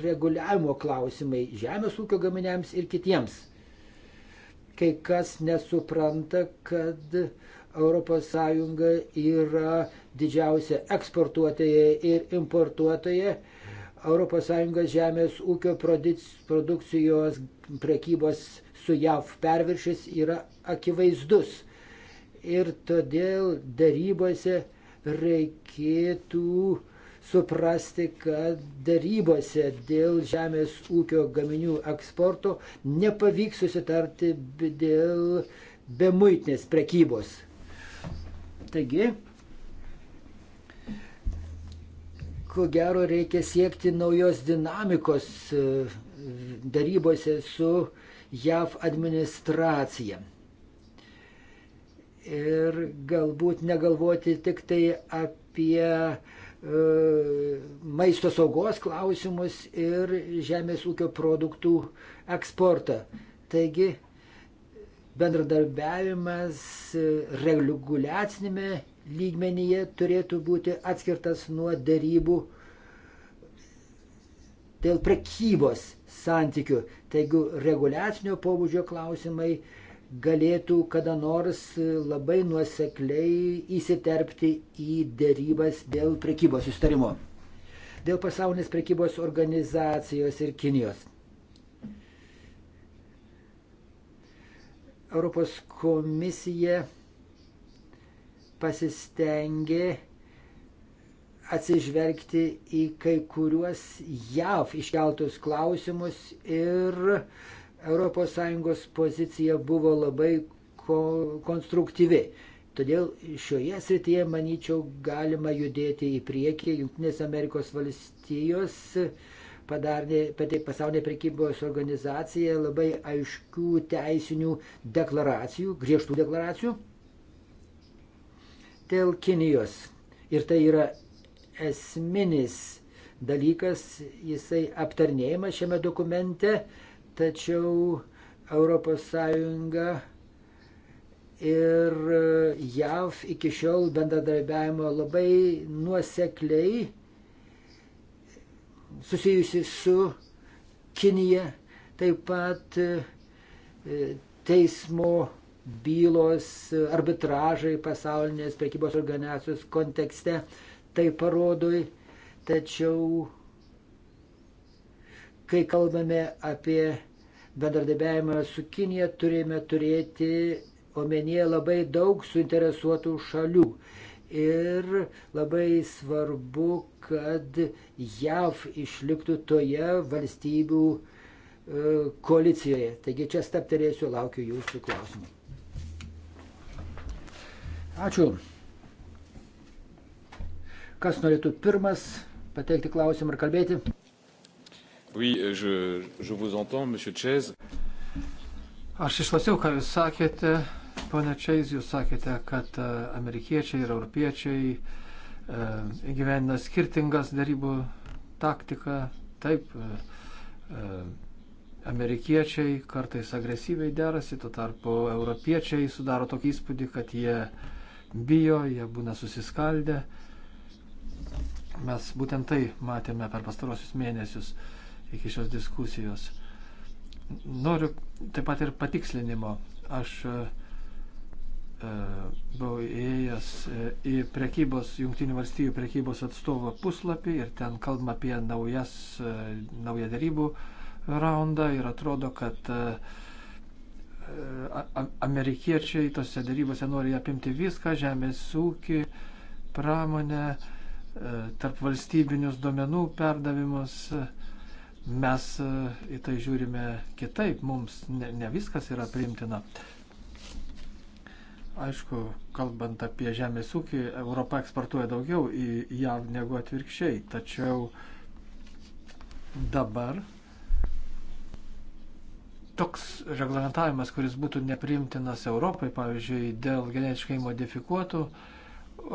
reguliavimo klausimai žemės ūkio gaminiams ir kitiems. Kai kas nesupranta, kad ES yra didžiausia eksportuotoja ir importuotoja. ES žemės ūkio produkcijos prekybos su JAV perviršis yra akivaizdus. Ir todėl darybose reikėtų suprasti, kad darybose dėl žemės ūkio gaminių eksporto nepavyks susitarti dėl bemuitinės prekybos. Taigi, ko gero reikia siekti naujos dinamikos e, darybose su JAV administracija ir galbūt negalvoti tik tai apie E, maisto saugos klausimus ir žemės ūkio produktų eksportą. Taigi bendradarbiavimas e, reguliacinėme lygmenyje turėtų būti atskirtas nuo dėrybų dėl prekybos santykių. Taigi reguliacinio pobūdžio klausimai galėtų kada nors labai nuosekliai įsiterpti į dėrybas dėl prekybos sustarimo, dėl pasaulinės prekybos organizacijos ir Kinijos. Europos komisija pasistengė atsižvelgti į kai kuriuos JAV iškeltus klausimus ir uh, ES pozicija buvo labai ko, konstruktyvi. Todėl šioje srityje, manyčiau, galima judėti į priekį. Junktinės Amerikos valstijos padarė, pati pasaulyje prekybos organizacija labai aiškių teisinių deklaracijų, griežtų deklaracijų dėl Kinijos. Ir tai yra esminis dalykas, jisai aptarnėjimas šiame dokumente tačiau ES ir JAV iki šiol bendradarbiavimo labai nuosekliai susijusi su Kinija, taip pat e, teismo bylos arbitražai pasaulinės prekybos organizacijos kontekste tai parodo, tačiau Kai kalbame apie bendradarbiavimą su Kinija, turime turėti omenyje labai daug suinteresuotų šalių. Ir labai svarbu, kad JAV išliktų toje valstybių e, koalicijoje. Taigi čia stapterėsiu, laukiu jūsų klausimų. Ačiū. Kas norėtų pirmas pateikti klausimą ir kalbėti? Oui, euh, je, je vous entends, monsieur Čez. Aš išklausiau, ką jūs sakėte, ponė Čez, jūs sakėte, kad e, amerikiečiai ir europiečiai e, įgyvendina e, skirtingas darybų taktiką. Taip, e, e, amerikiečiai kartais agresyviai derasi, tuo tarpu europiečiai sudaro tokį įspūdį, kad jie bijo, jie būna susiskaldę. Mes būtent tai matėme per pastarosius mėnesius. E, iki šios diskusijos. Noriu taip pat ir patikslinimo. Aš e, e buvau įėjęs e, į prekybos, Junktinių valstybių prekybos atstovo puslapį ir ten kalbama apie naujas, e, naują darybų raundą ir atrodo, kad e, amerikiečiai tose darybose nori apimti viską - žemės ūkį, pramonę, e, tarp valstybinius duomenų perdavimus. E, mes e, į tai žiūrime kitaip, mums ne, ne viskas yra priimtina. Aišku, kalbant apie žemės ūkį, Europa eksportuoja daugiau į JAV negu atvirkščiai, tačiau dabar toks reglamentavimas, kuris būtų nepriimtinas Europai, pavyzdžiui, dėl genetiškai modifikuotų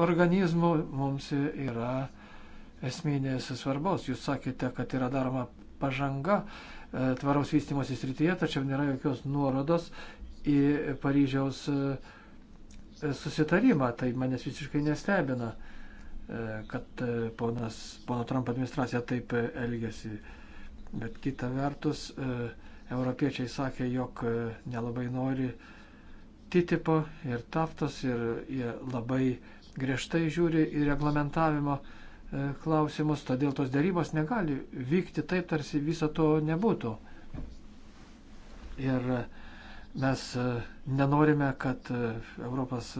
organizmų, mums yra esminės svarbos. Jūs sakėte, kad yra daroma pažanga e, tvaraus vystimosi srityje, tačiau nėra jokios nuorodos į Paryžiaus e, susitarimą. Tai manęs visiškai nestebina, e, kad ponas, pono Trump administracija taip elgesi. Bet kita vertus, europiečiai sakė, jog nelabai nori TTIPO ir TAFTOS ir jie labai griežtai žiūri į reglamentavimo uh, E, klausimus, todėl tos dėrybos negali vykti taip, tarsi viso to nebūtų. Ir e, mes e, nenorime, kad ES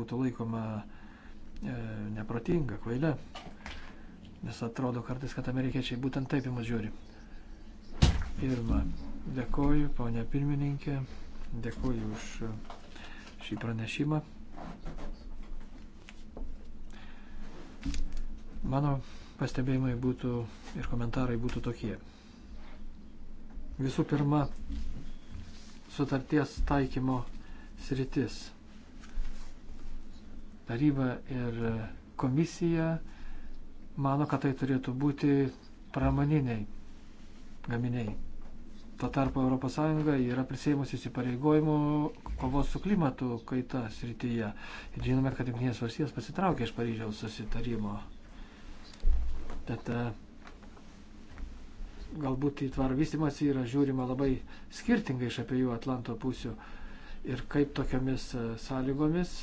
būtų laikoma neprotinga, kvailė. Nes atrodo kartais, kad amerikiečiai būtent taip į mus žiūri. Pirma, dėkoju, ponia pirmininkė, dėkoju už šį pranešimą. Mano pastebėjimai būtų ir komentarai būtų tokie. Visų pirma, sutarties taikymo sritis. Taryba ir komisija mano, kad tai turėtų būti pramoniniai gaminiai. Tuo tarpu ES yra prisėmusi įsipareigojimų kovos su klimatu kaita srityje. Ir žinome, kad Junktinės valstijos pasitraukė iš Paryžiaus susitarimo Tad e, galbūt į tvarų vystimąsi yra žiūrima labai skirtingai iš abiejų Atlanto pusių ir kaip tokiamis e, sąlygomis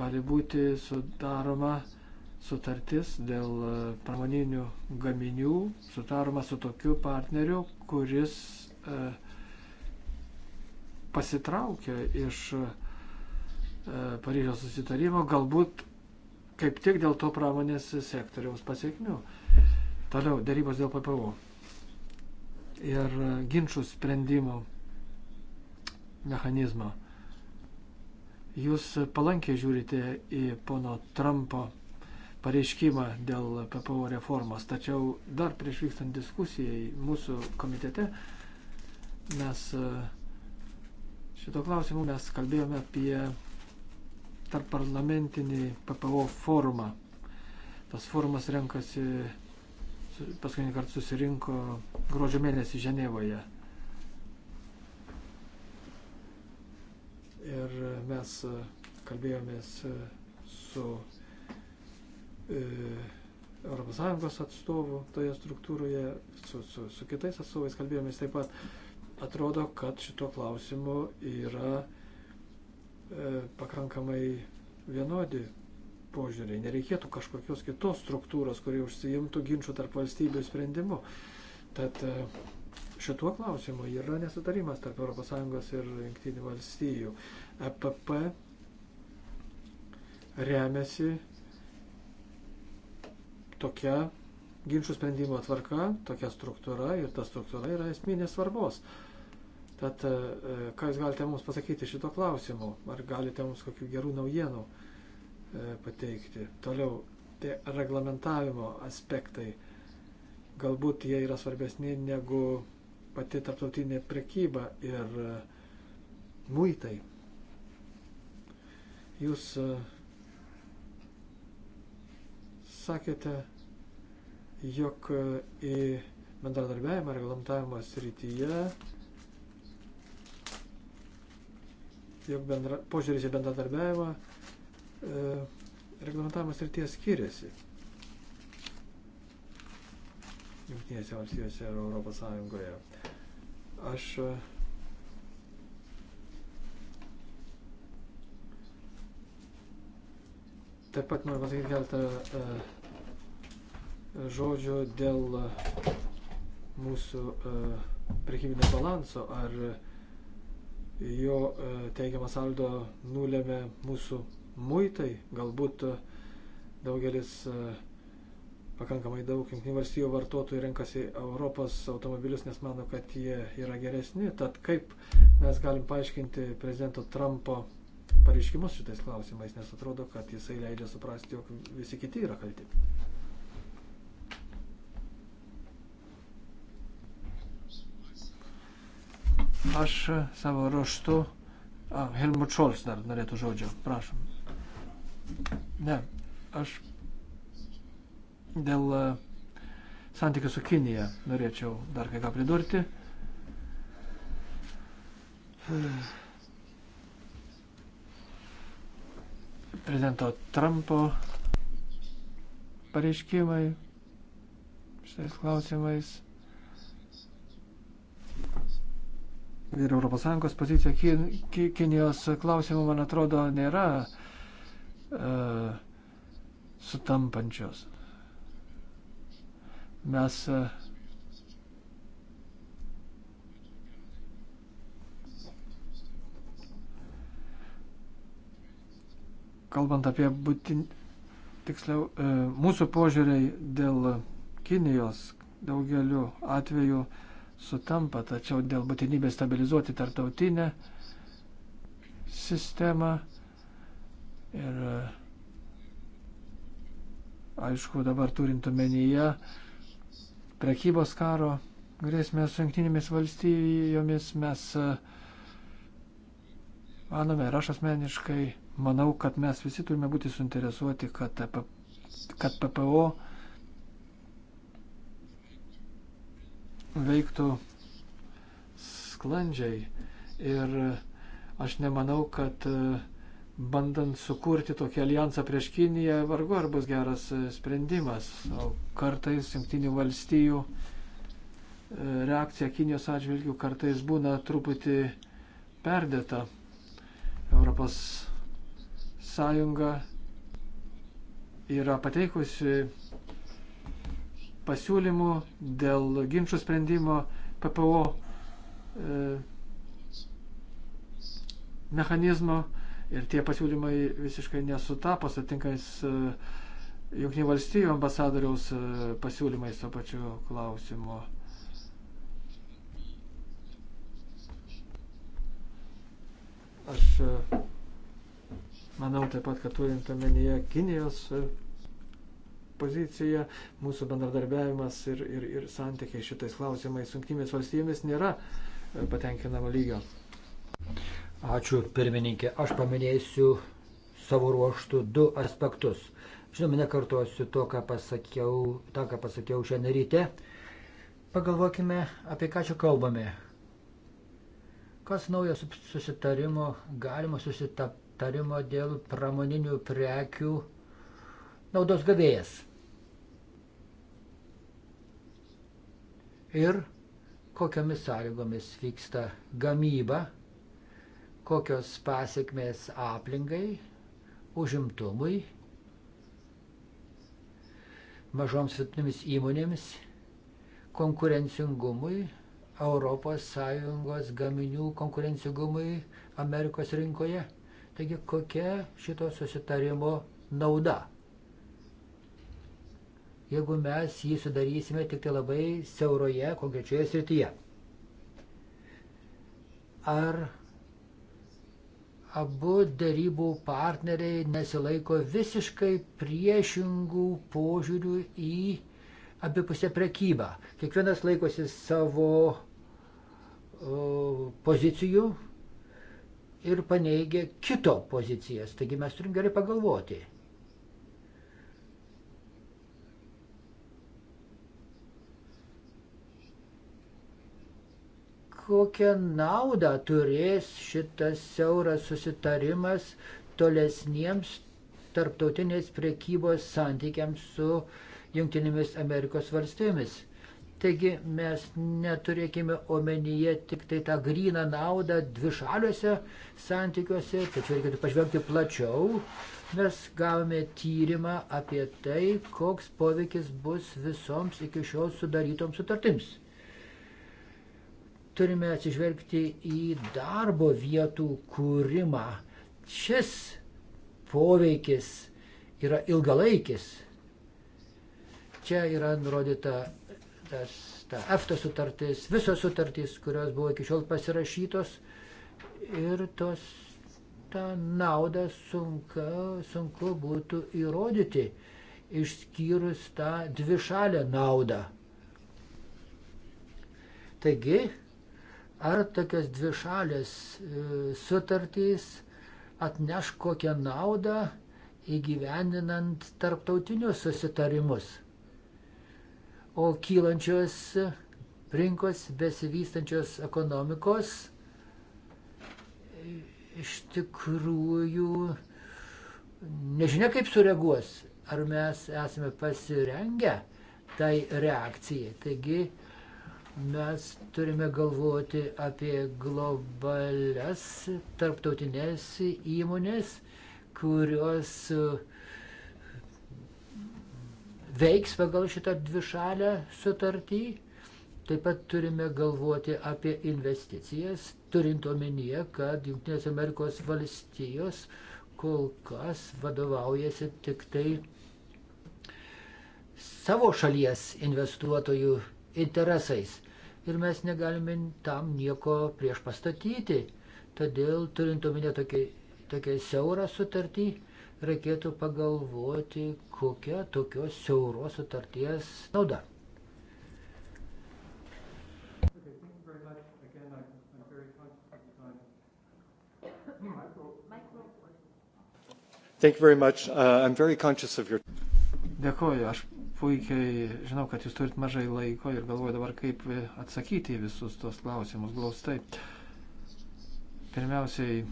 gali būti sudaroma sutartis dėl e, pramoninių gaminių, sudaroma su tokiu partneriu, kuris pasitraukia iš Paryžiaus susitarimo, galbūt kaip tik dėl to pramonės sektoriaus pasiekmių. Toliau darybos dėl PPO ir ginčių sprendimų mechanizmo. Jūs palankiai žiūrite į pono Trumpo pareiškimą dėl PPO reformos, tačiau dar prieš vykstant diskusijai mūsų komitete mes e, šito klausimu mes kalbėjome apie tarp parlamentinį PPO forumą. Tas forumas renkasi, paskutinį kartą susirinko gruodžio mėnesį Ženevoje. Ir mes e, kalbėjomės e, su ES atstovu toje struktūroje, su, su, su kitais atstovais kalbėjomės taip pat. Atrodo, kad šito klausimu yra E, pakankamai vienodi požiūriai. Nereikėtų kažkokios kitos struktūros, kurie užsijimtų ginčių tarp valstybių sprendimu. Tad e, šituo klausimu yra nesutarimas tarp ES ir Junktinių valstybių. EPP remiasi tokia ginčių sprendimo tvarka, tokia struktūra ir ta struktūra yra esminės svarbos. Uh, Tad e, ką jūs galite mums pasakyti šito klausimu? Ar galite mums kokių gerų naujienų e, pateikti? Toliau, tie reglamentavimo aspektai, galbūt jie yra svarbesni negu pati tarptautinė prekyba ir e, muitai. Jūs sakėte, jog į bendradarbiavimą reglamentavimo srityje jog bendra, požiūris į bendradarbiavimą e, reglamentavimas ir tie skiriasi. Junktinėse valstybėse ir Europos Sąjungoje. Aš e, taip pat noriu pasakyti keletą e, žodžių dėl mūsų e, prekybinio balanso. Ar e, jo e, teigiamas saldo nulėmė mūsų muitai. Galbūt e, daugelis e, pakankamai daug jungtinių valstybių vartotojų renkasi Europos automobilius, nes mano, kad jie yra geresni. Tad kaip mes galim paaiškinti prezidento Trumpo pareiškimus šitais klausimais, nes atrodo, kad jisai leidžia suprasti, jog visi kiti yra kalti. Aš e, savo ruoštu. A, Helmut Scholz dar norėtų žodžio. Prašom. Ne, aš dėl e, santykių su Kinija norėčiau dar kai ką pridurti. E, prezidento Trumpo pareiškimai šitais klausimais ir ES pozicija kin, kin, Kinijos klausimų, man atrodo, nėra e, sutampančios. Mes e, kalbant apie būtin, tiksliau, e, mūsų požiūriai dėl Kinijos daugeliu atveju e, sutampa, tačiau dėl būtinybės stabilizuoti tartautinę sistemą ir aišku dabar turint omenyje prekybos karo grėsmę su jungtinėmis valstybėmis mes manome ir aš asmeniškai manau, kad mes visi turime būti suinteresuoti, kad, kad PPO veiktų sklandžiai. Ir aš nemanau, kad e, bandant sukurti tokį alijansą prieš Kiniją, vargu ar bus geras e, sprendimas. O kartais jungtinių valstijų e, reakcija Kinijos atžvilgių kartais būna truputį perdėta. Europos Sąjunga yra pateikusi pasiūlymų dėl ginčių sprendimo PPO e, mechanizmo ir tie pasiūlymai visiškai nesutapo su tinkais e, Junktinių valstybių ambasadoriaus e, pasiūlymais to pačiu klausimu. Aš e, manau taip pat, kad turint omenyje Kinijos e, poziciją. Mūsų bendradarbiavimas ir, ir, ir santykiai šitais klausimais su jungtinėmis valstybėmis nėra e, patenkinama lygio. Ačiū, pirmininkė. Aš paminėsiu savo ruoštų du aspektus. Žinoma, nekartosiu to, ką pasakiau, tą, ką pasakiau šiandien ryte. Pagalvokime, apie ką čia kalbame. Kas naujo susitarimo, galimo susitarimo dėl pramoninių prekių naudos gavėjas. ir kokiamis sąlygomis vyksta gamyba, kokios pasiekmės aplinkai, užimtumui, mažoms vidutinėmis įmonėmis, konkurencingumui, ES gaminių konkurencingumui Amerikos rinkoje. Taigi kokia šito susitarimo nauda? jeigu mes jį sudarysime tik tai labai siauroje konkrečioje srityje. Ar abu darybų partneriai nesilaiko visiškai priešingų požiūrių į abipusę prekybą. Kiekvienas laikosi savo o, pozicijų ir paneigia kito pozicijas. Taigi mes turim gerai pagalvoti. kokią naudą turės šitas siauras susitarimas tolesniems tarptautinės priekybos santykiams su Junktinėmis Amerikos valstybėmis. Taigi mes neturėkime omenyje tik tai tą gryną naudą dvišaliuose santykiuose, tačiau reikėtų pažvelgti plačiau. Mes gavome tyrimą apie tai, koks poveikis bus visoms iki šiol sudarytoms sutartims turime atsižvelgti į darbo vietų kūrimą. Šis poveikis yra ilgalaikis. Čia yra nurodyta tas, ta EFTA sutartis, visos sutartys, kurios buvo iki šiol pasirašytos ir tos tą naudą sunka, sunku būtų įrodyti, išskyrus tą dvišalę naudą. Taigi, Ar tokios dvi šalės e, sutartys atneš kokią naudą įgyvendinant tarptautinius susitarimus? O kylančios rinkos besivystančios ekonomikos iš tikrųjų nežinia kaip sureaguos, ar mes esame pasirengę tai reakcijai. Taigi mes turime galvoti apie globales tarptautinės įmonės, kurios uh, veiks pagal šitą dvišalę sutartį. Taip pat turime galvoti apie investicijas, turint omenyje, kad Junktinės Amerikos valstijos kol kas vadovaujasi tik tai savo šalies investuotojų interesais. Ir mes negalime tam nieko prieš pastatyti. Todėl, turint omenyje tokį, tokią siaurą sutartį, reikėtų pagalvoti, kokia tokios siauros sutarties nauda. Thank you very much. Uh, I'm very conscious of your. Dėkuoju, aš puikiai žinau, kad jūs turit mažai laiko ir galvoju dabar, kaip atsakyti į visus tos klausimus glaustai. Pirmiausiai,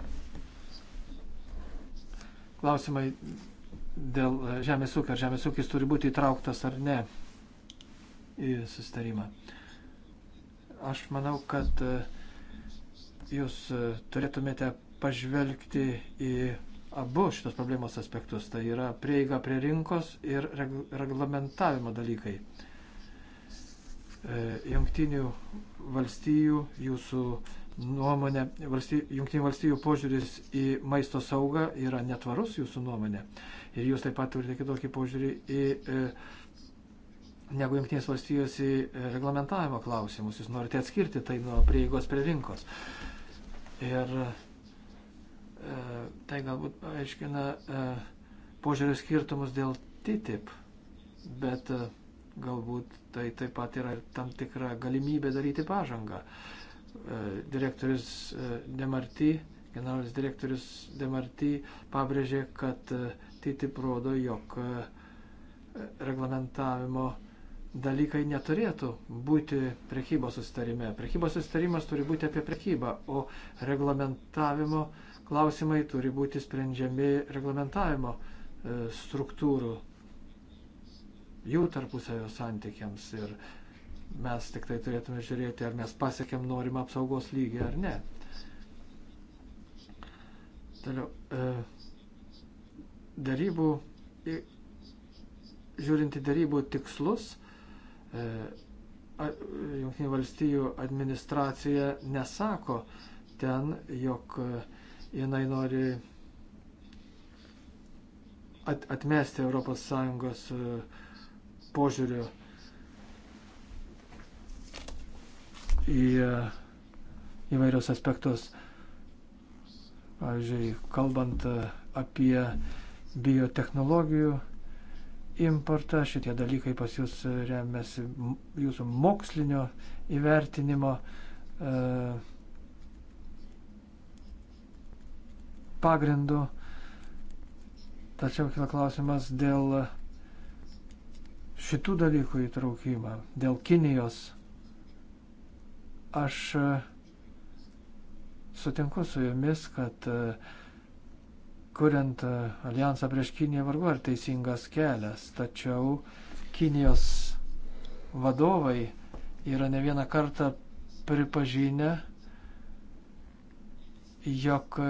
klausimai dėl žemės ūkio, ar žemės ūkis turi būti įtrauktas ar ne į sustarimą. Aš manau, kad e, jūs e, turėtumėte pažvelgti į abu šitos problemos aspektus. Tai yra prieiga prie rinkos ir reglamentavimo dalykai. E, jungtinių valstijų, jūsų nuomonė, valsty, jungtinių valstijų požiūris į maisto saugą yra netvarus jūsų nuomonė. Ir jūs taip pat turite kitokį požiūrį į, e, negu jungtinės valstijos į e, reglamentavimo klausimus. Jūs norite atskirti tai nuo prieigos prie rinkos. Ir E, tai galbūt paaiškina e, požiūrių skirtumus dėl TTIP, bet e, galbūt tai taip pat yra tam tikra galimybė daryti pažangą. Direktorius Demarty, generalinis direktorius Demarty pabrėžė, kad TTIP rodo, jog reglamentavimo dalykai neturėtų būti prekybos sustarime. Prekybos sustarimas turi būti apie prekybą, o reglamentavimo uh, klausimai turi būti sprendžiami reglamentavimo e, struktūrų, jų tarpusavio santykiams. Ir mes tik tai turėtume žiūrėti, ar mes pasiekėm norimą apsaugos lygį ar ne. Toliau, e, darybų, žiūrinti darybų tikslus, e, Junktinių valstybių administracija nesako ten, jog e, jinai nori at, atmesti ES e, požiūrių į e, įvairius aspektus. Pavyzdžiui, kalbant e, apie biotehnologijų importą, šitie dalykai pas jūs remiasi jūsų mokslinio įvertinimo. E, pagrindu. Tačiau kila klausimas dėl šitų dalykų įtraukimą, dėl Kinijos. Aš e, sutinku su jumis, kad e, kuriant e, alijansą prieš Kiniją vargu ar teisingas kelias, tačiau Kinijos vadovai yra ne vieną kartą pripažinę, jog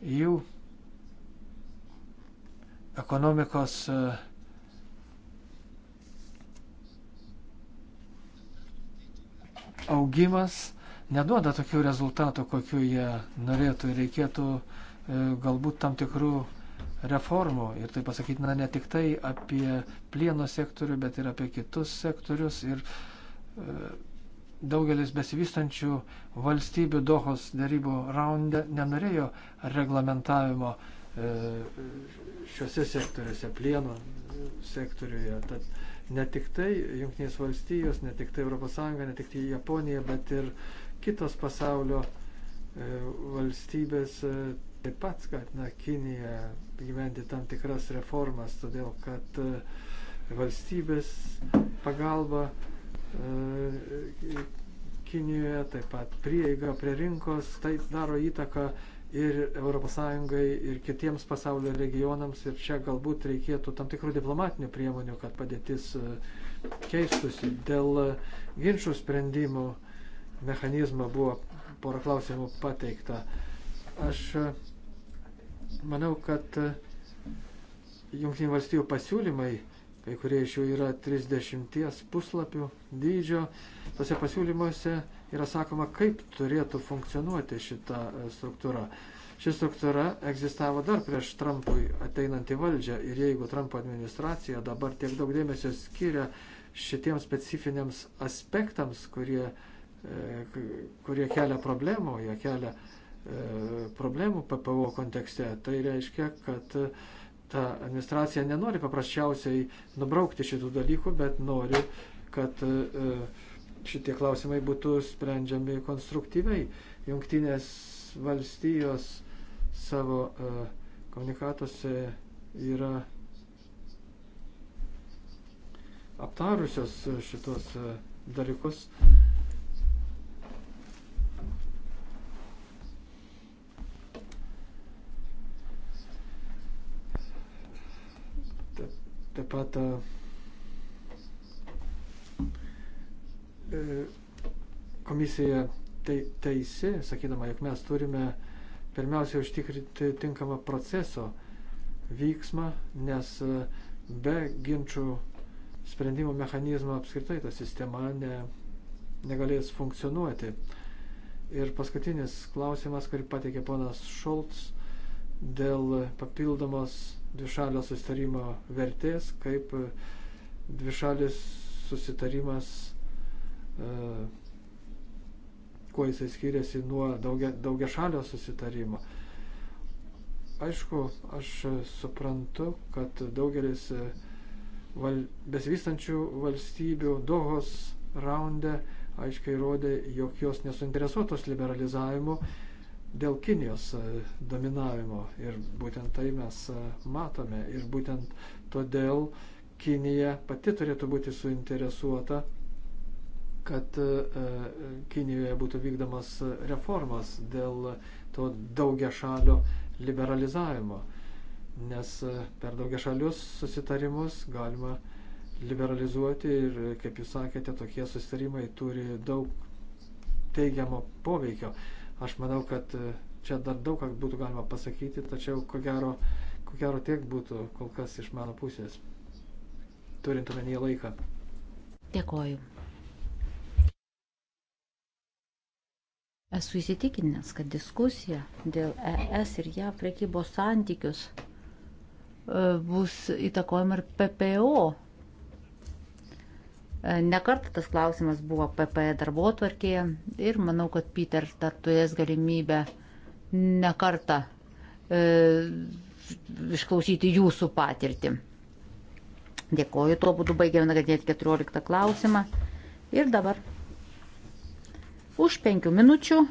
jų ekonomikos e, augimas neduoda tokių rezultatų, kokiu jie norėtų. Reikėtų e, galbūt tam tikrų reformų. Ir tai pasakytina ne tik tai apie plieno sektorių, bet ir apie kitus sektorius. Ir e, daugelis besivystančių valstybių Dohos darybų raunde nenorėjo reglamentavimo e, šiuose sektoriuose, plieno sektoriuje. Tad ne tik tai Junktinės valstijos, ne tik tai ES, ne tik tai Japonija, bet ir kitos pasaulio e, valstybės e, taip pat skatina Kiniją gyventi tam tikras reformas, todėl kad valstybės pagalba E, Kinijoje, taip pat prieiga prie rinkos, tai daro įtaką ir ES, ir kitiems pasaulio regionams. Ir čia galbūt reikėtų tam tikrų diplomatinių priemonių, kad padėtis e, keistusi. Dėl e, ginčių sprendimų mechanizmo buvo porą klausimų pateikta. Aš manau, kad Junktinių valstybių pasiūlymai kai kurie iš jų yra 30 puslapių dydžio. Tose pasiūlymuose yra sakoma, kaip turėtų funkcionuoti šita e, struktūra. Ši struktūra egzistavo dar prieš Trumpui ateinant į valdžią ir jeigu Trumpo administracija dabar tiek daug dėmesio skiria šitiems specifiniams aspektams, kurie, e, kurie kelia problemų, jie kelia e, problemų PPO kontekste, tai reiškia, kad ta administracija nenori paprasčiausiai nubraukti šitų dalykų, bet nori, kad e, šitie klausimai būtų sprendžiami konstruktyviai. Jungtinės valstijos savo e, komunikatuose yra aptarusios šitos e, dalykus Taip pat e, e, komisija teisi, sakydama, jog mes turime pirmiausia užtikrinti tinkamą proceso vyksmą, nes e, be ginčių sprendimo mechanizmo apskritai ta sistema ne, negalės funkcionuoti. Ir paskutinis klausimas, kurį pateikė ponas Šults dėl papildomos dvišalio susitarimo vertės, kaip e, dvišalis susitarimas, e, kuo jisai skiriasi nuo daugia, daugia šalio susitarimo. Aišku, aš suprantu, kad daugelis e, val, besivystančių valstybių Dohos raunde aiškiai rodė, jog jos nesuinteresuotos liberalizavimu dėl Kinijos e, dominavimo. Ir būtent tai mes e, matome. Ir būtent todėl Kinija pati turėtų būti suinteresuota, kad e, Kinijoje būtų vykdomas reformas dėl to daugia šalio liberalizavimo. Nes per daugia šalius susitarimus galima liberalizuoti ir, kaip jūs sakėte, tokie susitarimai turi daug teigiamo poveikio. Aš manau, kad e, čia dar daug ką būtų galima pasakyti, tačiau ko gero, ko gero tiek būtų kol kas iš mano pusės, turint omenyje laiką. Dėkoju. Esu įsitikinęs, kad diskusija dėl ES ir JAV prekybos santykius e, bus įtakojama ir PPO E, nekartą tas klausimas buvo PPE darbo tvarkėje ir manau, kad Peter dar turės galimybę nekartą e, išklausyti jūsų patirtį. Dėkoju, tuo būdu baigėme nagrinėti 14 klausimą. Ir dabar už 5 minučių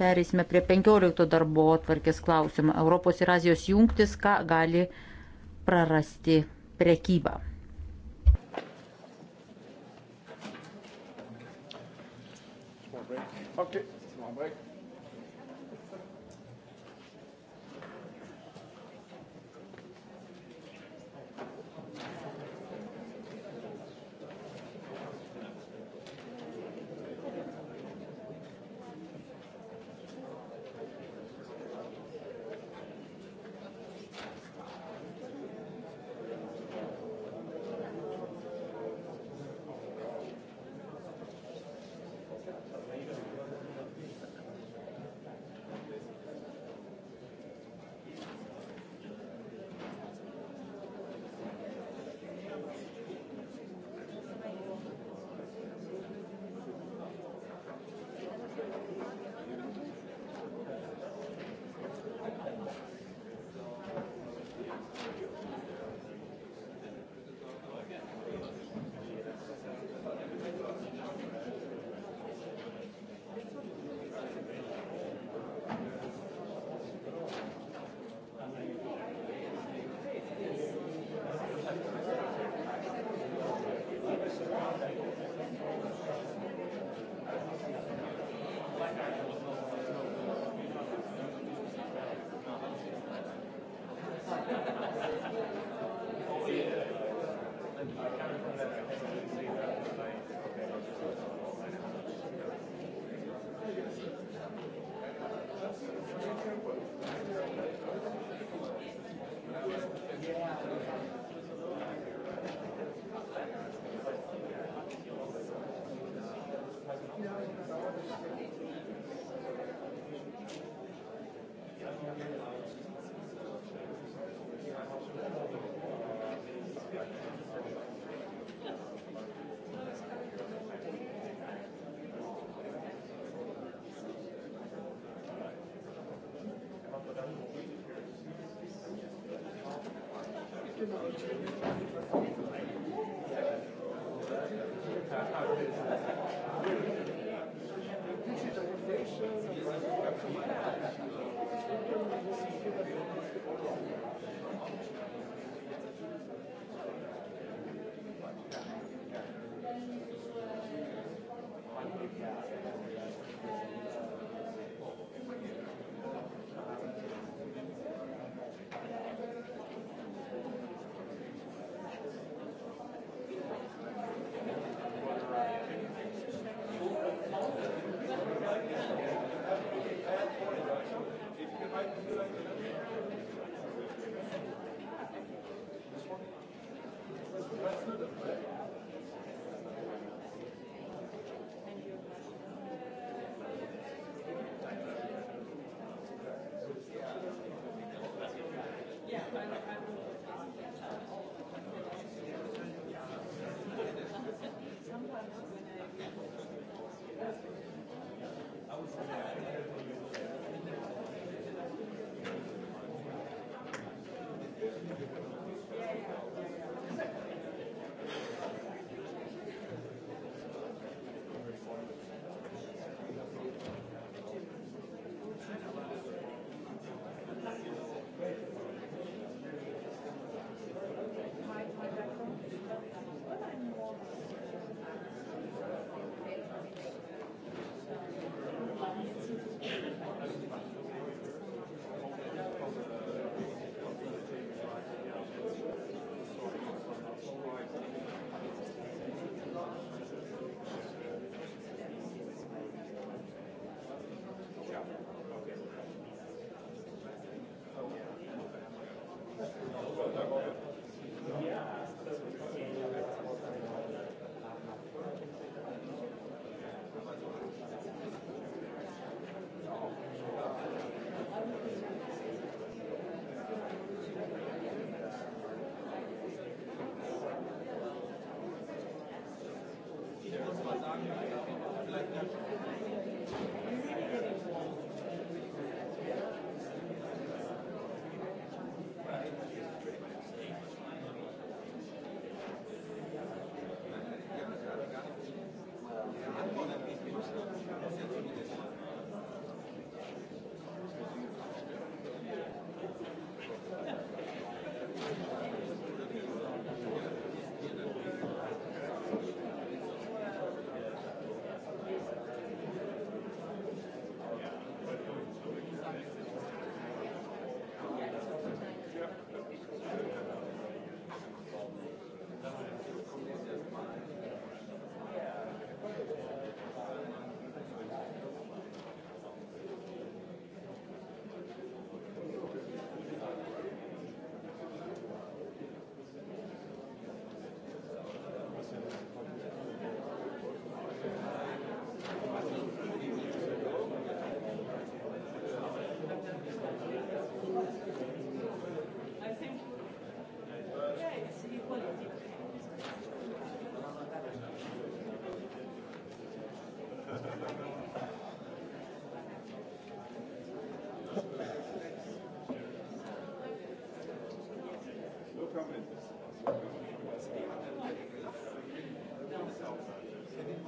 perėsime prie 15 darbo atvarkės klausimą. Europos ir Azijos jungtis, ką gali prarasti prekyba. Okay. Yeah.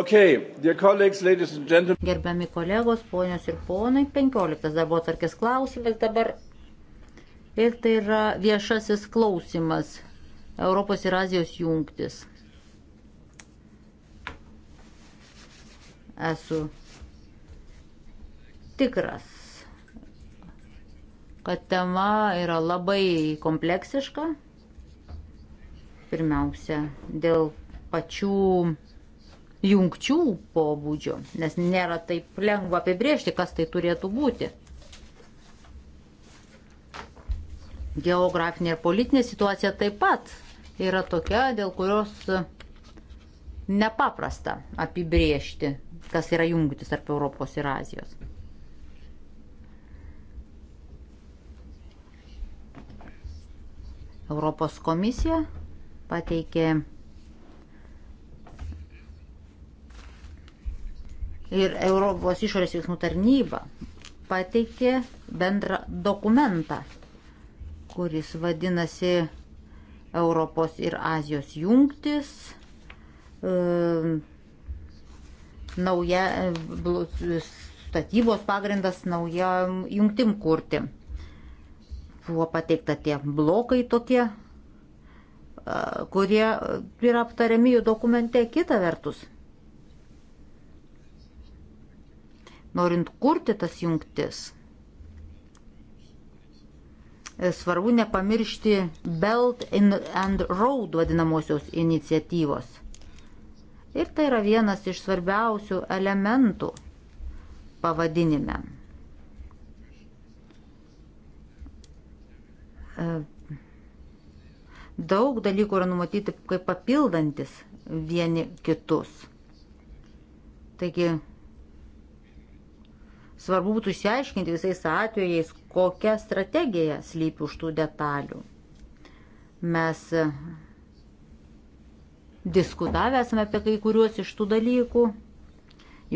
Okay, Gerbiami kolegos, ponios ir ponai, 15 darbo tarkės klausimas dabar. Ir tai yra viešasis klausimas Europos ir Azijos jungtis. Esu tikras, kad tema yra labai kompleksiška. Pirmiausia, dėl pačių jungčių pobūdžio, nes nėra taip lengva apibriežti, kas tai turėtų būti. Geografinė ir politinė situacija taip pat yra tokia, dėl kurios nepaprasta apibriežti, kas yra jungtis tarp Europos ir Azijos. Europos komisija pateikė ir Europos išorės veiksmų tarnyba pateikė bendrą dokumentą, kuris vadinasi Europos ir Azijos jungtis, e, nauja e, statybos pagrindas nauja jungtim kurti. Buvo pateikta tie blokai tokie, e, kurie yra aptariami jų dokumente kita vertus norint kurti tas jungtis, e, svarbu nepamiršti Belt and Road vadinamosios iniciatyvos. Ir tai yra vienas iš svarbiausių elementų pavadinime. E, daug dalykų yra numatyti kaip papildantis vieni kitus. Taigi Svarbu būtų išsiaiškinti visais atvejais, kokia strategija slypi už tų detalių. Mes e, diskutavę esame apie kai kuriuos iš tų dalykų.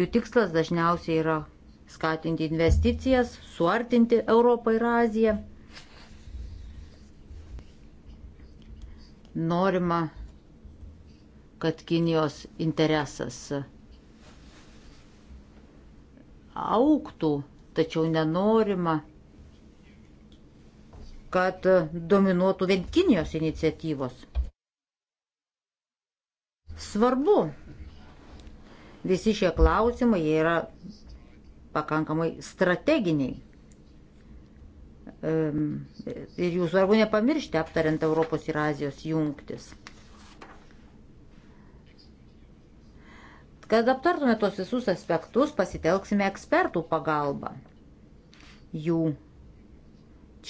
Jų tikslas dažniausiai yra skatinti investicijas, suartinti Europą ir Aziją. Norima, kad Kinijos interesas auktų, tačiau nenorima, kad dominuotų vien Kinijos iniciatyvos. Svarbu. Visi šie klausimai yra pakankamai strateginiai. Ir jų svarbu nepamiršti aptariant Europos ir Azijos jungtis. Kad aptartume tos visus aspektus, pasitelksime ekspertų pagalbą. Jų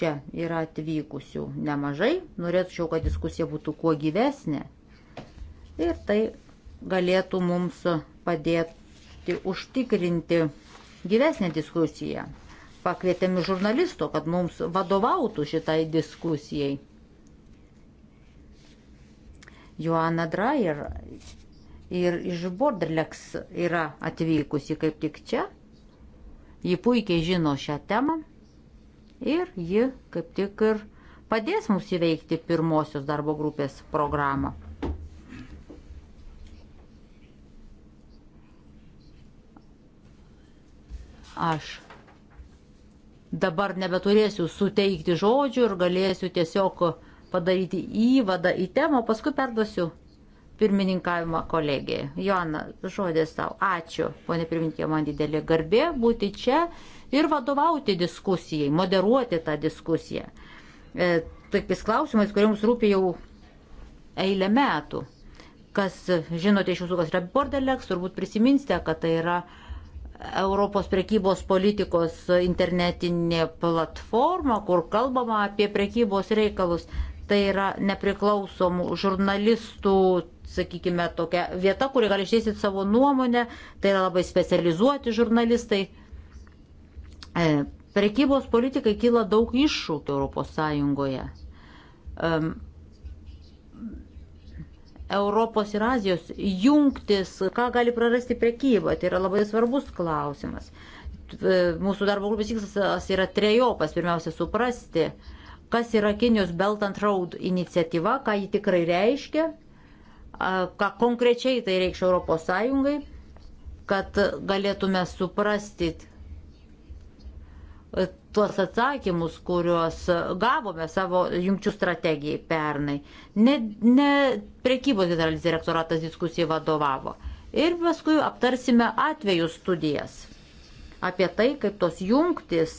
čia yra atvykusių nemažai, norėčiau, kad diskusija būtų kuo gyvesnė. Ir tai galėtų mums padėti užtikrinti gyvesnę diskusiją. Pakvietėme žurnalisto, kad mums vadovautų šitai diskusijai. Joana Drayer ir iš Borderlex yra atvykusi kaip tik čia. Ji puikiai žino šią temą ir ji kaip tik ir padės mums įveikti pirmosios darbo grupės programą. Aš dabar nebeturėsiu suteikti žodžių ir galėsiu tiesiog padaryti įvadą į temą, paskui perduosiu pirmininkavimą kolegijai. Joana, žodis tau. Ačiū, ponė pirmininkė, man didelė garbė būti čia ir vadovauti diskusijai, moderuoti tą diskusiją. E, Tokiais klausimais, kuriems rūpi jau eilę metų. Kas žinote iš jūsų, kas yra Bordeleks, turbūt prisiminsite, kad tai yra Europos prekybos politikos internetinė platforma, kur kalbama apie prekybos reikalus tai yra nepriklausomų žurnalistų, sakykime, tokia vieta, kuri gali išdėstyti savo nuomonę, tai yra labai specializuoti žurnalistai. E, prekybos politikai kyla daug iššūkių Europos Sąjungoje. Um, Europos ir Azijos jungtis, ką gali prarasti prekyba, tai yra labai svarbus klausimas. E, mūsų darbo grupės tikslas yra trejopas, pirmiausia, suprasti, uh, kas yra Kinijos Belt and Road iniciatyva, ką ji tikrai reiškia, ką konkrečiai tai reikš Europos Sąjungai, kad galėtume suprasti tuos atsakymus, kuriuos gavome savo jungčių strategijai pernai. Ne, ne prekybos generalinis direktoratas diskusijai vadovavo. Ir paskui aptarsime atvejų studijas apie tai, kaip tos jungtis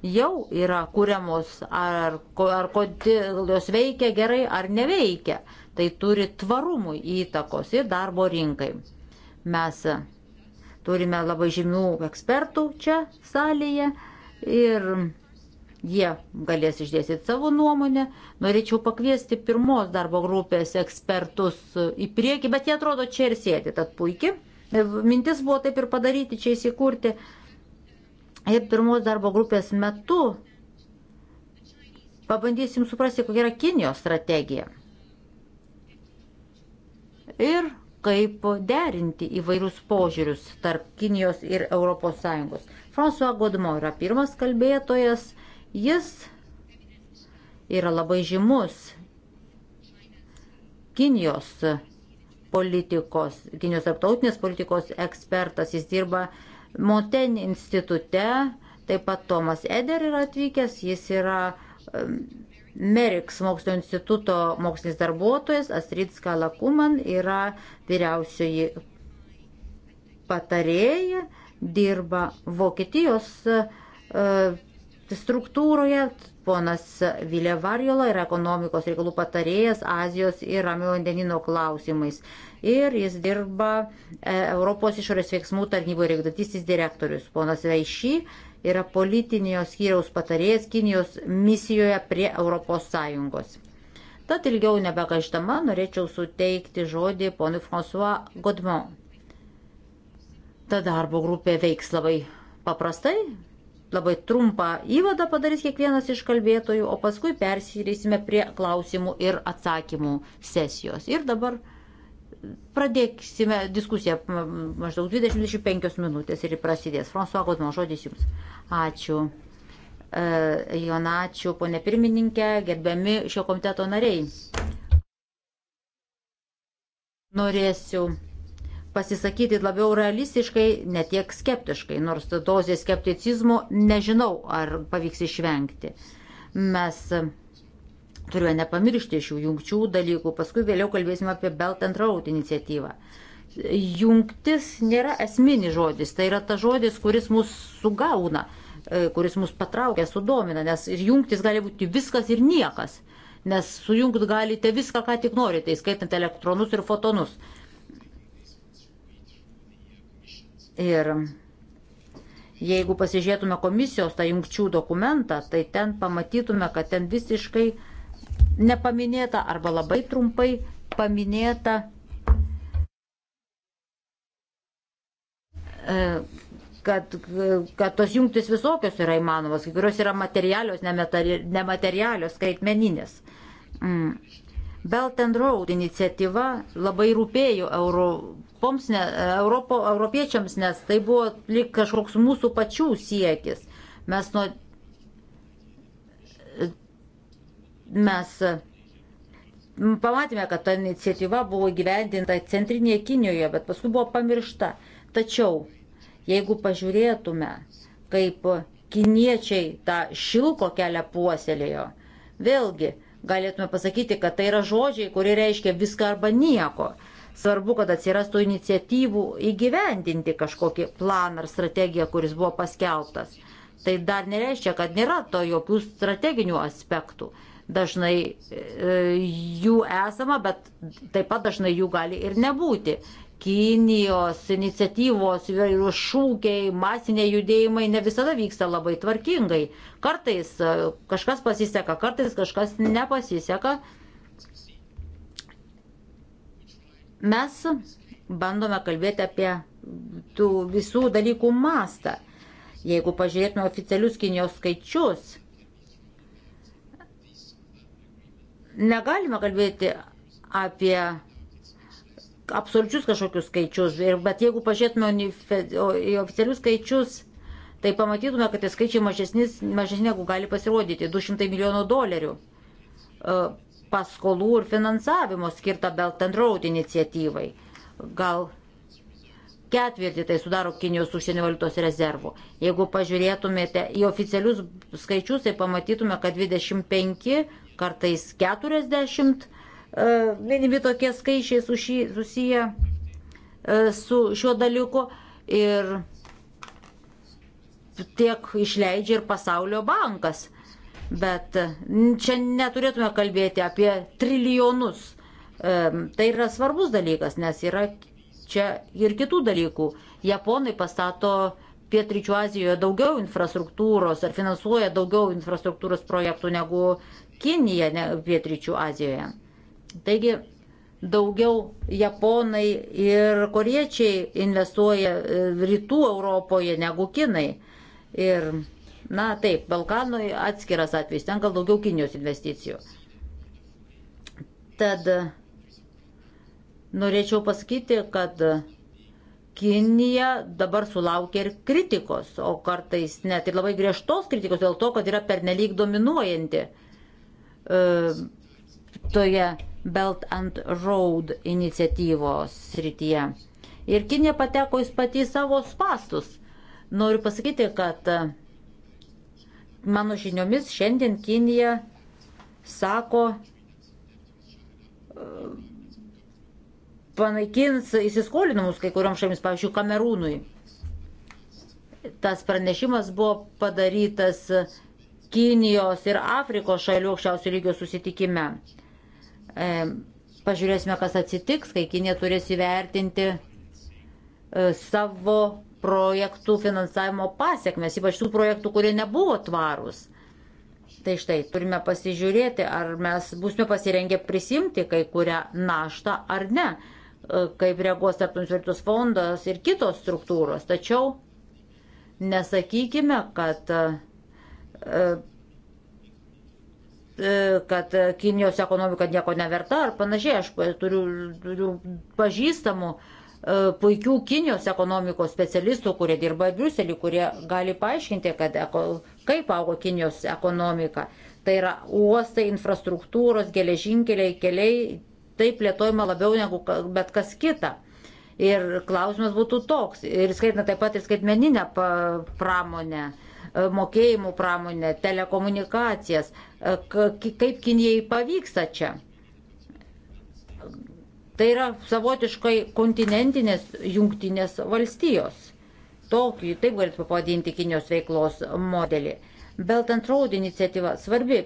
jau yra kuriamos, ar, ar kodėl jos veikia gerai ar neveikia. Tai turi tvarumui įtakos ir darbo rinkai. Mes turime labai žymių ekspertų čia salėje ir jie galės išdėstyti savo nuomonę. Norėčiau pakviesti pirmos darbo grupės ekspertus į priekį, bet jie atrodo čia ir sėdi, tad puikiai. Mintis buvo taip ir padaryti, čia įsikurti. Uh, Ir pirmos darbo grupės metu pabandysim suprasti, kokia yra Kinijos strategija. Ir kaip derinti įvairius požiūrius tarp Kinijos ir ES. François Godmo yra pirmas kalbėtojas, jis yra labai žymus Kinijos politikos, Kinijos tarptautinės politikos ekspertas, jis dirba Monten institute, taip pat Tomas Eder yra atvykęs, jis yra Meriks mokslo instituto mokslinis darbuotojas, Astrid Skalakuman yra vyriausioji patarėja, dirba Vokietijos e, struktūroje, ponas Vilė Varjola yra ekonomikos reikalų patarėjas Azijos ir Ramio vandenino klausimais ir jis dirba e, Europos išorės veiksmų tarnyboje reikdatysis direktorius. Ponas Veišy yra politinio skyriaus patarėjas Kinijos misijoje prie ES. Tad ilgiau nebegaištama norėčiau suteikti žodį ponui François Godmont. Ta darbo grupė veiks labai paprastai, labai trumpą įvadą padarys kiekvienas iš kalbėtojų, o paskui persirysime prie klausimų ir atsakymų sesijos. Ir dabar pradėksime diskusiją maždaug 25 minutės ir prasidės. François Godman, žodis jums. Ačiū. Jonačių, e, ponė pirmininkė, gerbiami šio komiteto nariai. Norėsiu pasisakyti labiau realistiškai, netiek skeptiškai, nors dozės skepticizmo nežinau, ar pavyks išvengti. Mes Turime nepamiršti šių jungčių dalykų. Paskui vėliau kalbėsime apie Belt and Road iniciatyvą. Jungtis nėra esminis žodis, tai yra ta žodis, kuris mus sugauna, e, kuris mus patraukia, sudomina, nes ir jungtis gali būti viskas ir niekas, nes sujungti galite viską, ką tik norite, įskaitant elektronus ir fotonus. Ir jeigu pasižiūrėtume komisijos tą jungčių dokumentą, tai ten pamatytume, kad ten visiškai uh, nepaminėta arba labai trumpai paminėta e, kad, kad tos jungtis visokios yra įmanomos, kai kurios yra materialios, nematerialios, skaitmeninės. Mm. Belt and Road iniciatyva labai rūpėjo Europoms, ne, Europo, europiečiams, nes tai buvo lyg kažkoks mūsų pačių siekis. Mes nuo Mes pamatėme, kad ta iniciatyva buvo gyvendinta centrinėje Kinijoje, bet paskui buvo pamiršta. Tačiau, jeigu pažiūrėtume, kaip kiniečiai tą šilko kelią puoselėjo, vėlgi galėtume pasakyti, kad tai yra žodžiai, kurie reiškia viską arba nieko. Svarbu, kad atsirastų iniciatyvų įgyvendinti kažkokį planą ar strategiją, kuris buvo paskelbtas. Tai dar nereiškia, kad nėra to jokių strateginių aspektų. Dažnai e, jų esama, bet taip pat dažnai jų gali ir nebūti. Kinijos iniciatyvos, įvairių šūkiai, masiniai judėjimai ne visada vyksta labai tvarkingai. Kartais e, kažkas pasiseka, kartais kažkas nepasiseka. Mes bandome kalbėti apie tų visų dalykų mastą. Jeigu pažiūrėtume oficialius Kinijos skaičius, Negalima kalbėti apie absoliučius kažkokius skaičius, ir, bet jeigu pažiūrėtume į oficialius skaičius, tai pamatytume, kad tie skaičiai mažesnis, mažesni negu gali pasirodyti - 200 milijonų dolerių e, paskolų ir finansavimo skirta Belt and Road iniciatyvai. Gal ketvirtį tai sudaro Kinijos užsienio valiutos rezervų. Jeigu pažiūrėtumėte į oficialius skaičius, tai pamatytume, kad 25 kartais 40, minimi e, tokie skaičiai susiję e, su šiuo dalyku ir tiek išleidžia ir pasaulio bankas. Bet čia neturėtume kalbėti apie trilijonus. E, tai yra svarbus dalykas, nes yra čia ir kitų dalykų. Japonai pastato Pietryčių Azijoje daugiau infrastruktūros ar finansuoja daugiau infrastruktūros projektų negu Kinija, ne Pietryčių Azijoje. Taigi daugiau japonai ir koriečiai investuoja e, rytų Europoje negu kinai. Ir, na taip, Balkanui atskiras atvejs, ten gal daugiau Kinijos investicijų. Tad norėčiau pasakyti, kad Kinija dabar sulaukia ir kritikos, o kartais net ir labai griežtos kritikos dėl to, kad yra pernelyg dominuojanti. E, toje Belt and Road iniciatyvos srityje. Ir Kinė pateko į patį savo spastus. Noriu pasakyti, kad e, mano žiniomis šiandien Kinija sako, e, panaikins įsiskolinimus kai kuriam šalims, pavyzdžiui, Kamerūnui. Tas pranešimas buvo padarytas Kinijos ir Afrikos šalių aukščiausių lygio susitikime. E, pažiūrėsime, kas atsitiks, kai Kinė turės įvertinti e, savo projektų finansavimo pasiekmes, ypač tų projektų, kurie nebuvo tvarūs. Tai štai, turime pasižiūrėti, ar mes būsime pasirengę prisimti kai kurią naštą ar ne, e, kaip reaguos tarptautinis virtus fondas ir kitos struktūros. Tačiau nesakykime, kad uh, kad Kinijos ekonomika nieko neverta ar panašiai. Aš turiu, turiu pažįstamų e, puikių Kinijos ekonomikos specialistų, kurie dirba Briuselį, kurie gali paaiškinti, kad, kaip augo Kinijos ekonomika. Tai yra uostai, infrastruktūros, geležinkeliai, keliai, tai plėtojama labiau negu bet kas kita. Ir klausimas būtų toks, ir skaitant taip pat ir skaitmeninę pramonę. E, mokėjimų pramonę, telekomunikacijas, e, kaip Kinijai pavyksta čia. Tai yra savotiškai kontinentinės jungtinės valstijos. Tokį, taip galėtume pavadinti Kinijos veiklos modelį. Belt and Road iniciatyva svarbi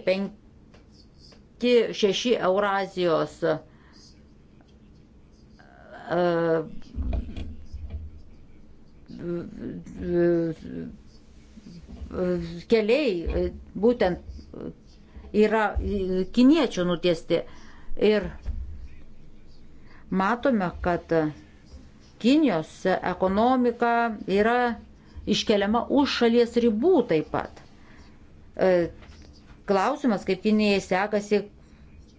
5-6 Eurazijos uh, keliai e, būtent yra kiniečių nutiesti. Ir matome, kad Kinijos ekonomika yra iškeliama už šalies ribų taip pat. E, klausimas, kaip Kinijai sekasi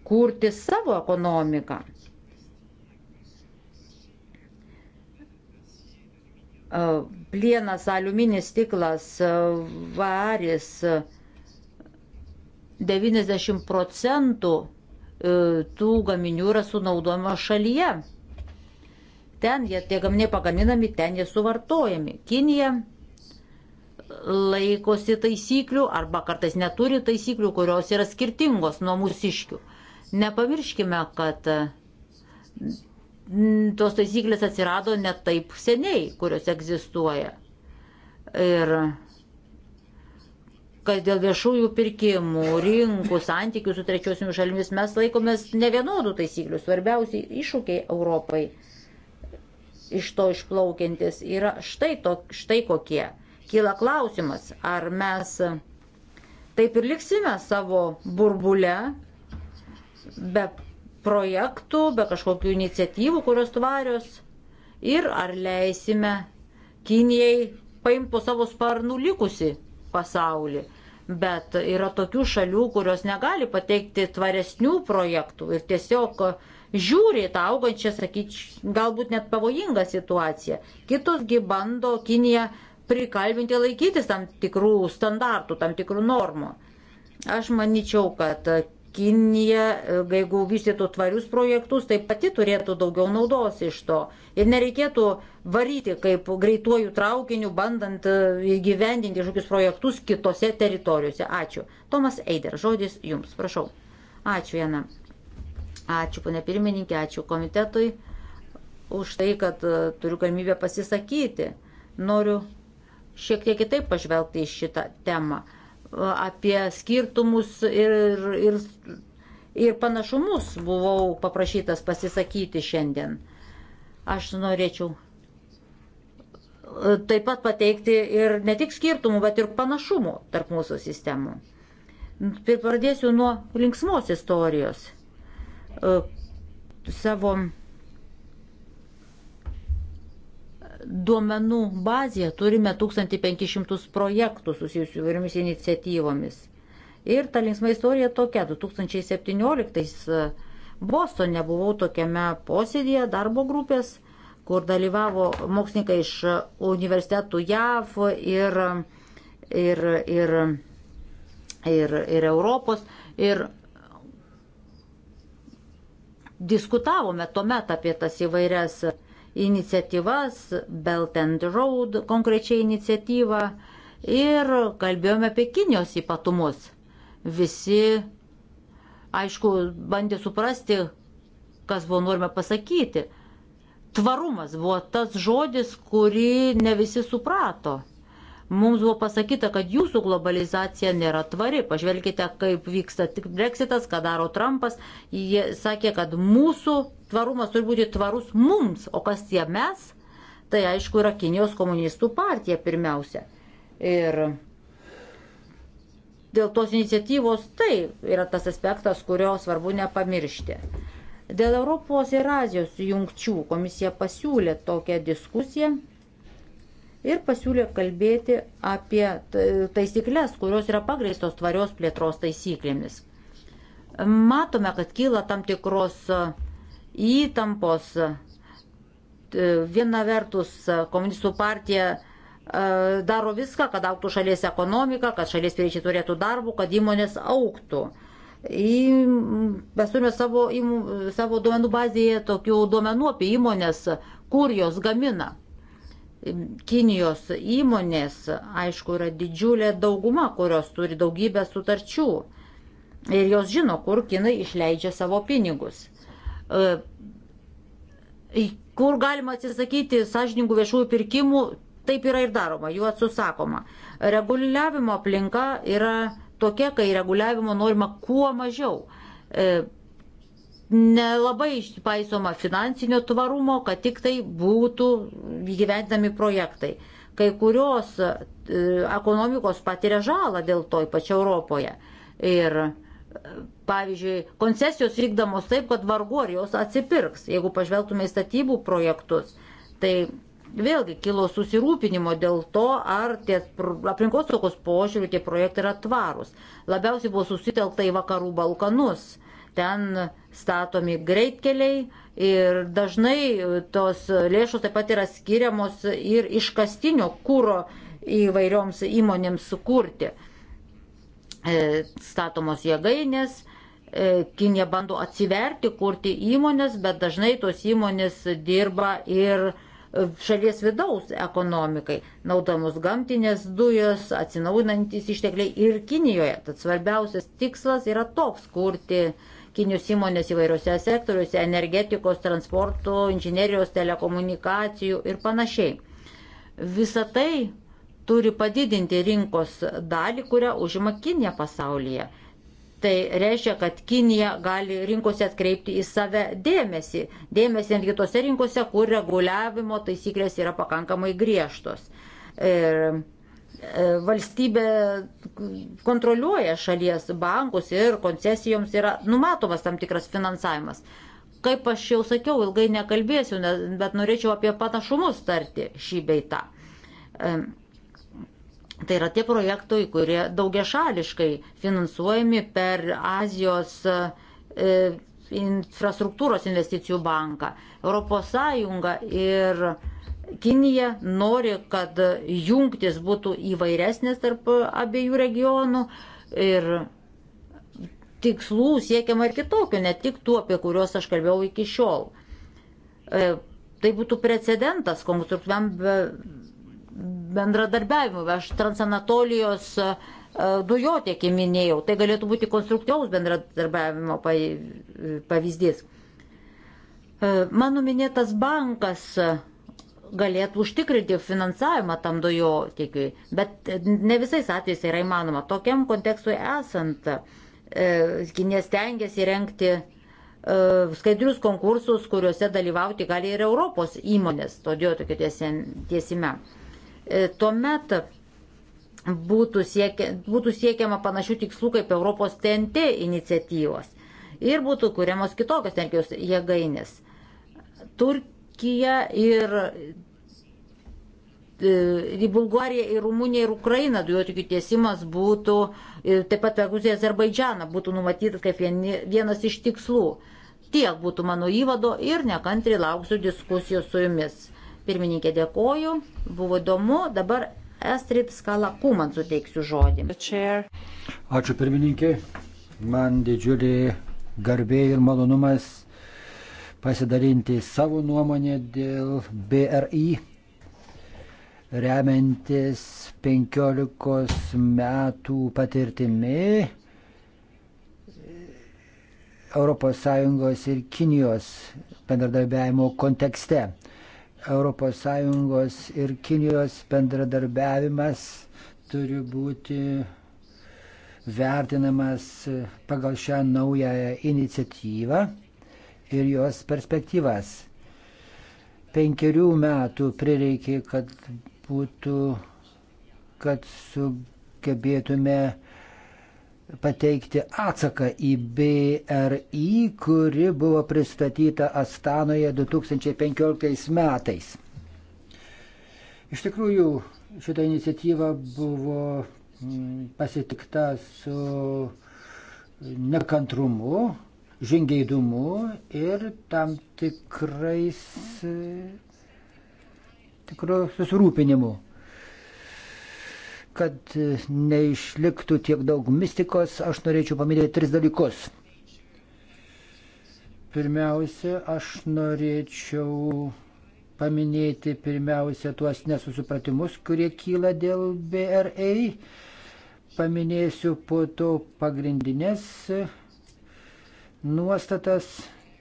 kurti savo ekonomiką. plienas, aliuminis stiklas, varis 90 procentų e, tų gaminių yra sunaudojama šalyje. Ten jie, tie gaminiai pagaminami, ten jie suvartojami. Kinija laikosi taisyklių arba kartais neturi taisyklių, kurios yra skirtingos nuo mūsiškių. Nepamirškime, kad tos taisyklės atsirado ne taip seniai, kurios egzistuoja. Ir kad dėl viešųjų pirkimų, rinkų, santykių su trečiosiomis šalimis mes laikomės ne vienodų taisyklių. Svarbiausi iššūkiai Europai iš to išplaukiantis yra štai, to, štai kokie. Kyla klausimas, ar mes taip ir liksime savo burbule be projektų, be kažkokių iniciatyvų, kurios tvarios ir ar leisime Kinijai paimti po savo sparnų likusi pasaulį. Bet yra tokių šalių, kurios negali pateikti tvaresnių projektų ir tiesiog žiūri tą augančią, sakyčiau, galbūt net pavojingą situaciją. Kitosgi bando Kiniją prikalbinti laikytis tam tikrų standartų, tam tikrų normų. Aš manyčiau, kad Kinija, e, jeigu vystytų tvarius projektus, tai pati turėtų daugiau naudos iš to. Ir nereikėtų varyti kaip greituoju traukiniu, bandant e, įgyvendinti kažkokius projektus kitose teritorijose. Ačiū. Tomas Eider, žodis jums, prašau. Ačiū, Jana. Ačiū, ponė pirmininkė, ačiū komitetui už tai, kad e, turiu galimybę pasisakyti. Noriu šiek tiek kitaip pažvelgti į šitą temą apie skirtumus ir, ir, ir panašumus buvau paprašytas pasisakyti šiandien. Aš norėčiau e, taip pat pateikti ir ne tik skirtumų, bet ir panašumų tarp mūsų sistemų. Pradėsiu nuo linksmos istorijos. E, savo duomenų bazėje turime 1500 projektų susijusių įvairiomis iniciatyvomis. Ir ta linksma istorija tokia. 2017 e, Bostone buvau tokiame posėdėje darbo grupės, kur dalyvavo mokslininkai iš e, universitetų JAV ir, ir, ir, ir, ir Europos. Ir diskutavome tuomet apie tas įvairias iniciatyvas, Belt and Road konkrečiai iniciatyvą ir kalbėjome apie Kinijos ypatumus. Visi, aišku, bandė suprasti, kas buvo norime pasakyti. Tvarumas buvo tas žodis, kurį ne visi suprato. Mums buvo pasakyta, kad jūsų globalizacija nėra tvari. Pažvelkite, kaip vyksta tik Brexitas, ką daro Trumpas. Jie sakė, kad mūsų tvarumas turi būti tvarus mums. O kas tie mes? Tai aišku, yra Kinijos komunistų partija pirmiausia. Ir dėl tos iniciatyvos tai yra tas aspektas, kurio svarbu nepamiršti. Dėl Europos ir Azijos jungčių komisija pasiūlė tokią diskusiją ir pasiūlė kalbėti apie taisyklės, kurios yra pagreistos tvarios plėtros taisyklėmis. Matome, kad kyla tam tikros e, įtampos. E, viena vertus, e, komunistų partija daro viską, kad auktų šalies ekonomika, kad šalies piliečiai turėtų darbų, kad įmonės auktų. Į, mes turime savo, į, savo duomenų bazėje tokių duomenų apie įmonės, kur jos gamina. Kinijos įmonės, aišku, yra didžiulė dauguma, kurios turi daugybę sutarčių. Ir jos žino, kur kinai išleidžia savo pinigus. E, kur galima atsisakyti sąžiningų viešųjų pirkimų, taip yra ir daroma, jų atsisakoma. Reguliavimo aplinka yra tokia, kai reguliavimo norima kuo mažiau. E, nelabai išpaisoma finansinio tvarumo, kad tik tai būtų gyventami projektai. Kai kurios e, ekonomikos patiria žalą dėl to, ypač Europoje. Ir e, pavyzdžiui, koncesijos vykdamos taip, kad vargu ar jos atsipirks. Jeigu pažvelgtume į statybų projektus, tai vėlgi kilo susirūpinimo dėl to, ar tie aplinkosaugos požiūrių tie projektai yra tvarūs. Labiausiai buvo susitelkta į vakarų Balkanus ten statomi greitkeliai ir dažnai tos lėšos taip pat yra skiriamos ir iškastinio kūro įvairioms įmonėms sukurti. E, statomos jėgainės, e, Kinė bando atsiverti, kurti įmonės, bet dažnai tos įmonės dirba ir šalies vidaus ekonomikai, naudamos gamtinės dujos, atsinaujinantis ištekliai ir Kinijoje. Tad svarbiausias tikslas yra toks - kurti uh, Kinijos įmonės įvairiose sektoriuose - energetikos, transporto, inžinerijos, telekomunikacijų ir panašiai. Visą tai turi padidinti rinkos dalį, kurią užima Kinija pasaulyje. Tai reiškia, kad Kinija gali rinkose atkreipti į save dėmesį. Dėmesį netgi tose rinkose, kur reguliavimo taisyklės yra pakankamai griežtos. Ir valstybė kontroliuoja šalies bankus ir koncesijoms yra numatomas tam tikras finansavimas. Kaip aš jau sakiau, ilgai nekalbėsiu, bet norėčiau apie panašumus tarti šį beitą. Tai yra tie projektai, kurie daugia šališkai finansuojami per Azijos e, infrastruktūros investicijų banką. ES ir Kinija nori, kad jungtis būtų įvairesnės tarp abiejų regionų ir tikslų siekiama ir kitokių, ne tik tų, apie kuriuos aš kalbėjau iki šiol. E, tai būtų precedentas konstruktyviam be, bendradarbiavimui. Aš transanatolijos e, dujotiekį minėjau, tai galėtų būti konstruktyvaus bendradarbiavimo pavyzdys. E, mano minėtas bankas galėtų užtikrinti finansavimą tam dujotiekiui, bet ne visais atvejais yra įmanoma. Tokiam kontekstui esant, e, Kinė stengiasi renkti e, skaidrius konkursus, kuriuose dalyvauti gali ir Europos įmonės, todėl tokio tiesime. E, tuomet būtų, siekia, būtų siekiama panašių tikslų kaip Europos TNT iniciatyvos ir būtų kuriamos kitokios energijos jėgainės. Turk Turkija ir e, į Bulgariją, į Rumuniją ir Ukrainą dujotikių tiesimas būtų, e, taip pat per Gruziją Azerbaidžianą būtų numatytas kaip vienas iš tikslų. Tiek būtų mano įvado ir nekantriai lauksiu diskusijos su jumis. Pirmininkė dėkoju, buvo įdomu, dabar Estrid Skalakų man suteiksiu žodį. Ačiū pirmininkė, man didžiulė garbė ir malonumas pasidalinti savo nuomonę dėl BRI, remiantis 15 metų patirtimi ES ir Kinijos bendradarbiavimo kontekste. ES ir Kinijos bendradarbiavimas turi būti vertinamas pagal šią naują iniciatyvą ir jos perspektyvas. Penkerių metų prireikė, kad būtų, kad sugebėtume pateikti atsaką į BRI, kuri buvo pristatyta Astanoje 2015 metais. Iš tikrųjų, šita iniciatyva buvo mm, pasitikta su nekantrumu, žingeidumu ir tam tikrais e, tikru susirūpinimu, kad e, neišliktų tiek daug mistikos, aš norėčiau paminėti tris dalykus. Pirmiausia, aš norėčiau paminėti pirmiausia tuos nesusipratimus, kurie kyla dėl BRA. Paminėsiu po to pagrindinės nuostatas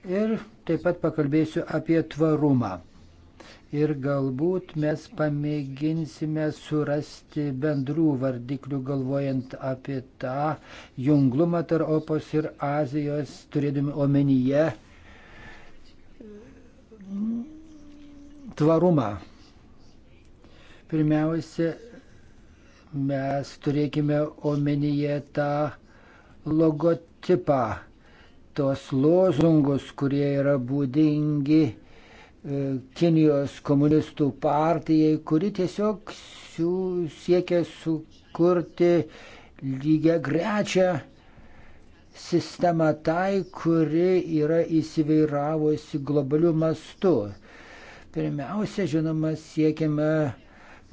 ir taip pat pakalbėsiu apie tvarumą. Ir galbūt mes pamėginsime surasti bendrų vardiklių, galvojant apie tą junglumą tarp Europos ir Azijos, turėdami omenyje tvarumą. Pirmiausia, mes turėkime omenyje tą logotipą tos lozungus, kurie yra būdingi e, Kinijos komunistų partijai, kuri tiesiog su, siekia sukurti lygią grečią sistemą tai, kuri yra įsivairavusi globalių mastų. Pirmiausia, žinoma, siekiame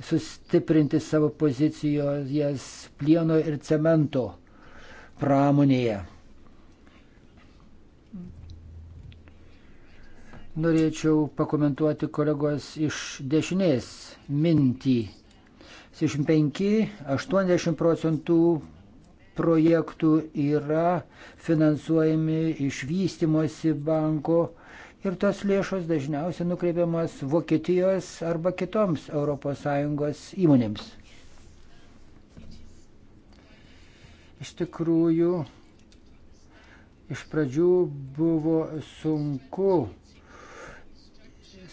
sustiprinti savo pozicijos plieno ir cemento pramonėje. Norėčiau pakomentuoti kolegos iš dešinės mintį. 75-80 procentų projektų yra finansuojami iš vystimosi banko ir tos lėšos dažniausiai nukreipiamas Vokietijos arba kitoms ES įmonėms. Iš tikrųjų, iš pradžių buvo sunku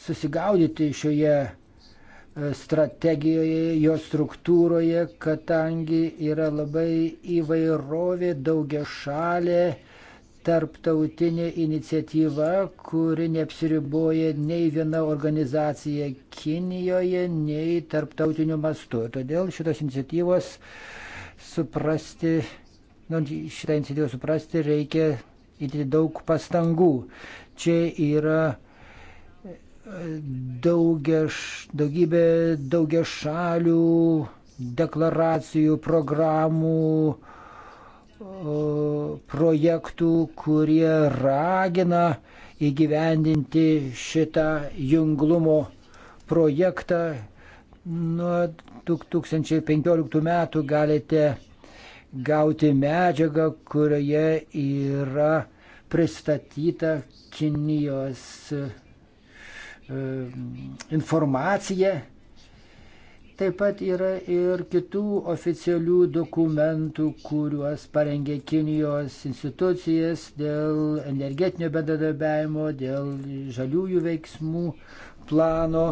susigaudyti šioje e, strategijoje, jo struktūroje, kadangi yra labai įvairovė, daugia šalė, tarptautinė iniciatyva, kuri neapsiriboja nei viena organizacija Kinijoje, nei tarptautiniu mastu. Todėl šitos iniciatyvos suprasti, nu, šitą iniciatyvą suprasti reikia įti daug pastangų. Čia yra daugia, daugybė daugia šalių deklaracijų, programų, projektų, kurie ragina įgyvendinti šitą junglumo projektą. Nuo 2015 metų galite gauti medžiagą, kurioje yra pristatyta Kinijos Ehm, informacija. Taip pat yra ir kitų oficialių dokumentų, kuriuos parengė Kinijos institucijas dėl energetinio bendradarbiavimo, dėl žaliųjų veiksmų plano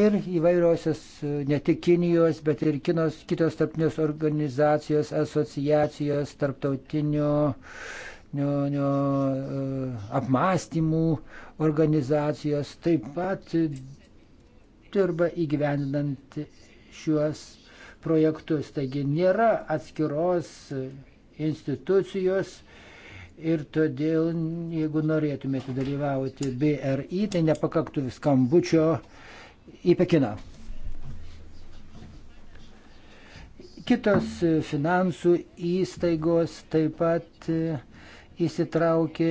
ir įvairiosios ne tik Kinijos, bet ir kinos, kitos tarptinės organizacijos, asociacijos, tarptautinio uh, ne, ne, apmąstymų organizacijos taip pat dirba įgyvendinant šiuos projektus. Taigi nėra atskiros institucijos ir todėl, jeigu norėtumėte dalyvauti BRI, tai nepakaktų skambučio į Pekiną. Kitos finansų įstaigos taip pat uh, įsitraukė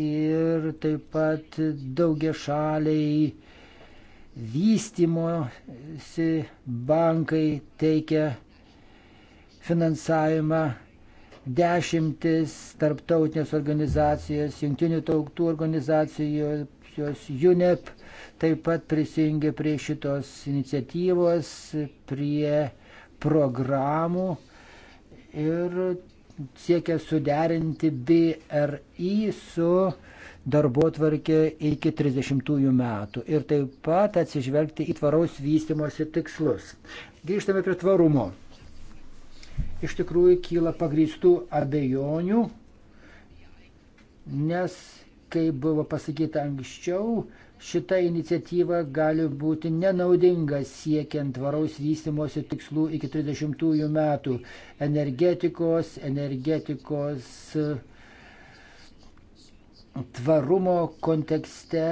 ir taip pat daugia šaliai vystimosi bankai teikia finansavimą dešimtis tarptautinės organizacijos, jungtinių tautų organizacijos, UNEP taip pat prisijungė prie šitos iniciatyvos, prie programų ir siekia suderinti BRI su darbotvarkė iki 30 metų ir taip pat atsižvelgti į tvaraus vystimosi tikslus. Grįžtame prie tvarumo. Iš tikrųjų kyla pagrįstų abejonių, nes, kaip buvo pasakyta anksčiau, šita iniciatyva gali būti nenaudinga siekiant tvaraus vystimosi tikslų iki 30 metų energetikos, energetikos e, tvarumo kontekste.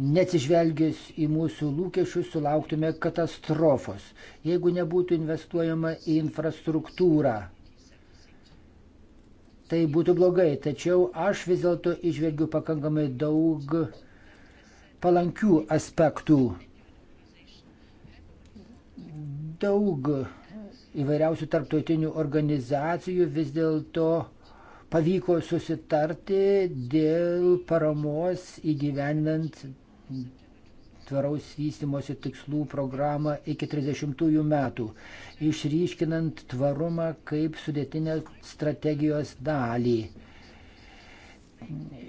Neatsižvelgęs į mūsų lūkesčius sulauktume katastrofos, jeigu nebūtų investuojama į infrastruktūrą, tai būtų blogai, tačiau aš vis dėlto išvelgiu pakankamai daug palankių aspektų. Daug įvairiausių tarptautinių organizacijų vis dėlto pavyko susitarti dėl paramos įgyvendant tvaraus vystimosi tikslų programą iki 30 metų, išryškinant tvarumą kaip sudėtinę strategijos dalį.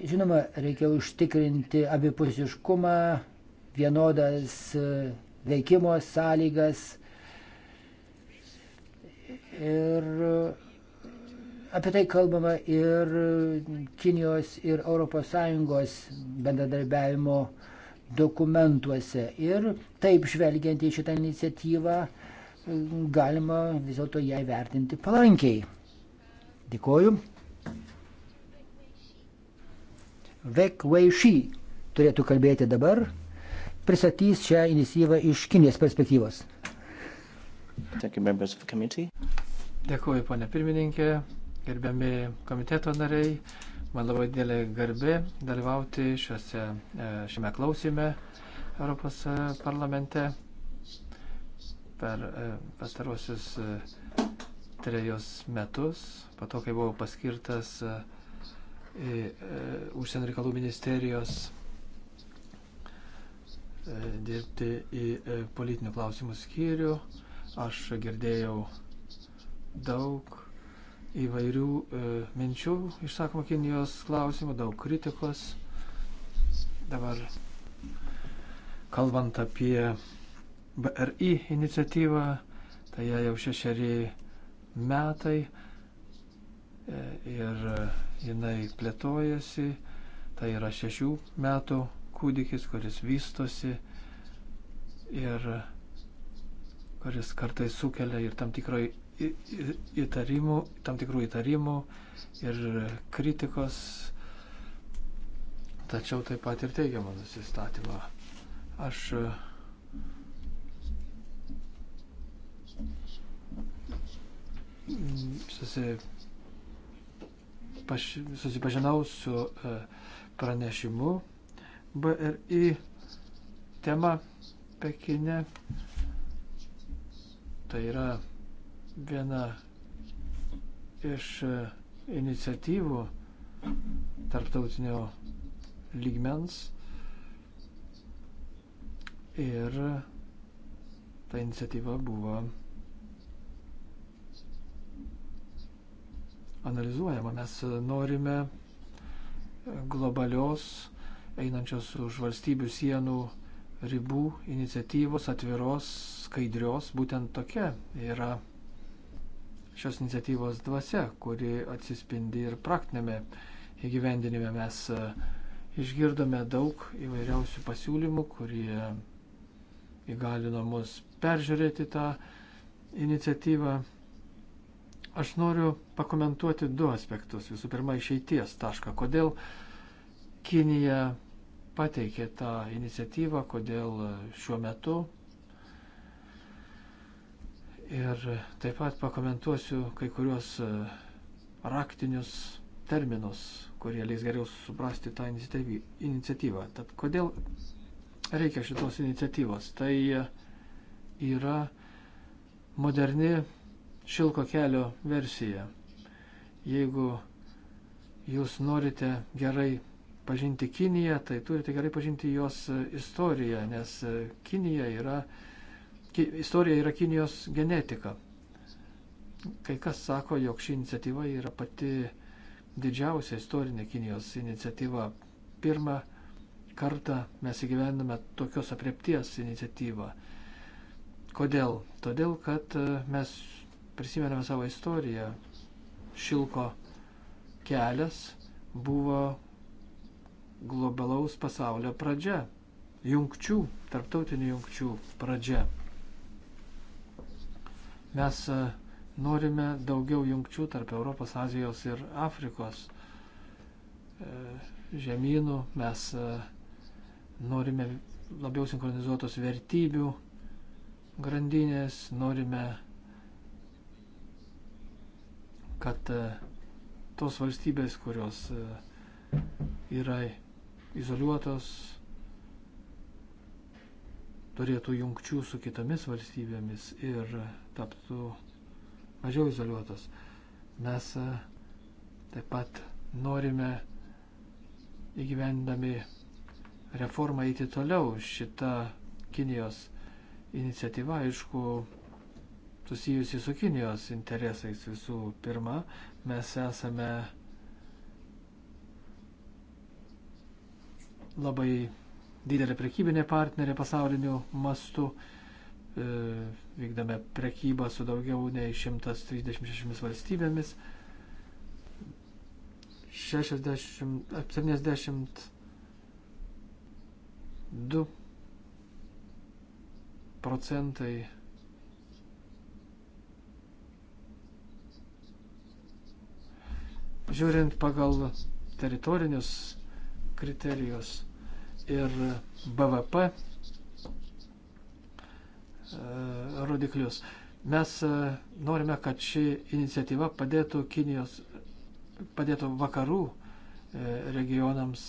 Žinoma, reikia užtikrinti abipusiškumą, vienodas e, veikimo sąlygas. Ir e, apie tai kalbama ir Kinijos ir ES bendradarbiavimo dokumentuose. Ir taip žvelgiant į šitą iniciatyvą, e, galima vis dėlto ją vertinti palankiai. Dėkoju. Vek Weishi turėtų kalbėti dabar, pristatys šią iniciatyvą iš Kinės perspektyvos. Dėkuoju, ponė pirmininkė, gerbiami komiteto nariai. Man labai didelė garbė dalyvauti šiuose, e, šiame klausime Europos e, parlamente per e, pastarosius trejus metus, po to, kai buvau paskirtas uh, E, užsienio reikalų ministerijos e, dirbti į e, politinių klausimų skyrių. Aš girdėjau daug įvairių minčių išsakoma Kinijos klausimų, daug kritikos. Dabar kalbant apie BRI iniciatyvą, tai jau šešeri metai ir e, jinai plėtojasi. Tai yra šešių metų kūdikis, kuris vystosi ir kuris kartais sukelia ir tam, tikro įtarimų, tam tikrų įtarimų ir kritikos, tačiau taip pat ir teigiamą nusistatymą. Aš e, susipažinau paš, susipažinau su e, pranešimu BRI tema Pekine. Tai yra viena iš e, iniciatyvų tarptautinio lygmens ir ta iniciatyva buvo analizuojama. Mes norime globalios, einančios už valstybių sienų ribų iniciatyvos, atviros, skaidrios. Būtent tokia yra šios iniciatyvos dvasia, kuri atsispindi ir praktinėme įgyvendinime. Mes e, išgirdome daug įvairiausių pasiūlymų, kurie įgalino mus peržiūrėti tą iniciatyvą Aš noriu pakomentuoti du aspektus. Visų pirma, išeities tašką. Kodėl Kinija pateikė tą iniciatyvą, kodėl šiuo metu. Ir taip pat pakomentuosiu kai kuriuos e, raktinius terminus, kurie leis geriau suprasti tą iniciatyvą. Tad kodėl reikia šitos iniciatyvos? Tai e, yra moderni šilko kelio versiją. Jeigu jūs norite gerai pažinti Kiniją, tai turite gerai pažinti jos e, istoriją, nes e, Kinija yra, ki, istorija yra Kinijos genetika. Kai kas sako, jog ši iniciatyva yra pati didžiausia istorinė Kinijos iniciatyva. Pirmą kartą mes įgyvendame tokios apriepties iniciatyvą. Kodėl? Todėl, kad e, mes prisimename savo istoriją. Šilko kelias buvo globalaus pasaulio pradžia, jungčių, tarptautinių jungčių pradžia. Mes e, norime daugiau jungčių tarp Europos, Azijos ir Afrikos e, žemynų, mes e, norime labiau sinchronizuotos vertybių grandinės, norime kad e, tos valstybės, kurios e, yra izoliuotos, turėtų jungčių su kitomis valstybėmis ir taptų mažiau izoliuotos. Mes e, taip pat norime įgyvendami reformą eiti toliau. Šita Kinijos iniciatyva, aišku, susijusi su Kinijos interesais visų pirma. Mes esame labai didelė prekybinė partnerė pasauliniu mastu. E, Vykdame prekybą su daugiau nei 136 valstybėmis. 60, 72 procentai žiūrint pagal teritorinius kriterijus ir BVP e, rodiklius. Mes e, norime, kad ši iniciatyva padėtų Kinijos, padėtų vakarų e, regionams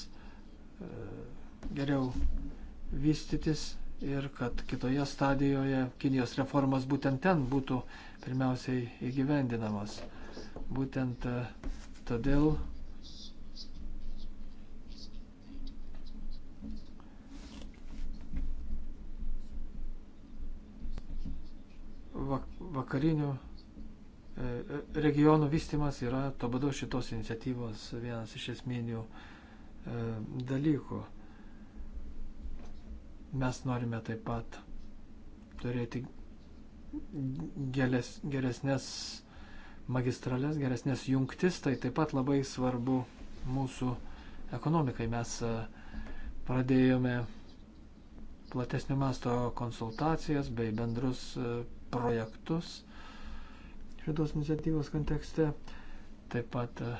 geriau vystytis ir kad kitoje stadijoje Kinijos reformas būtent ten būtų pirmiausiai įgyvendinamas. Būtent uh, Todėl vakarinių e, e, regionų vystimas yra to būdu šitos iniciatyvos vienas iš esminių e, dalykų. Mes norime taip pat turėti geles, geresnės magistrales, geresnės jungtis, tai taip pat labai svarbu mūsų ekonomikai. Mes e, pradėjome platesnių masto konsultacijas bei bendrus e, projektus šitos iniciatyvos kontekste. Taip pat e,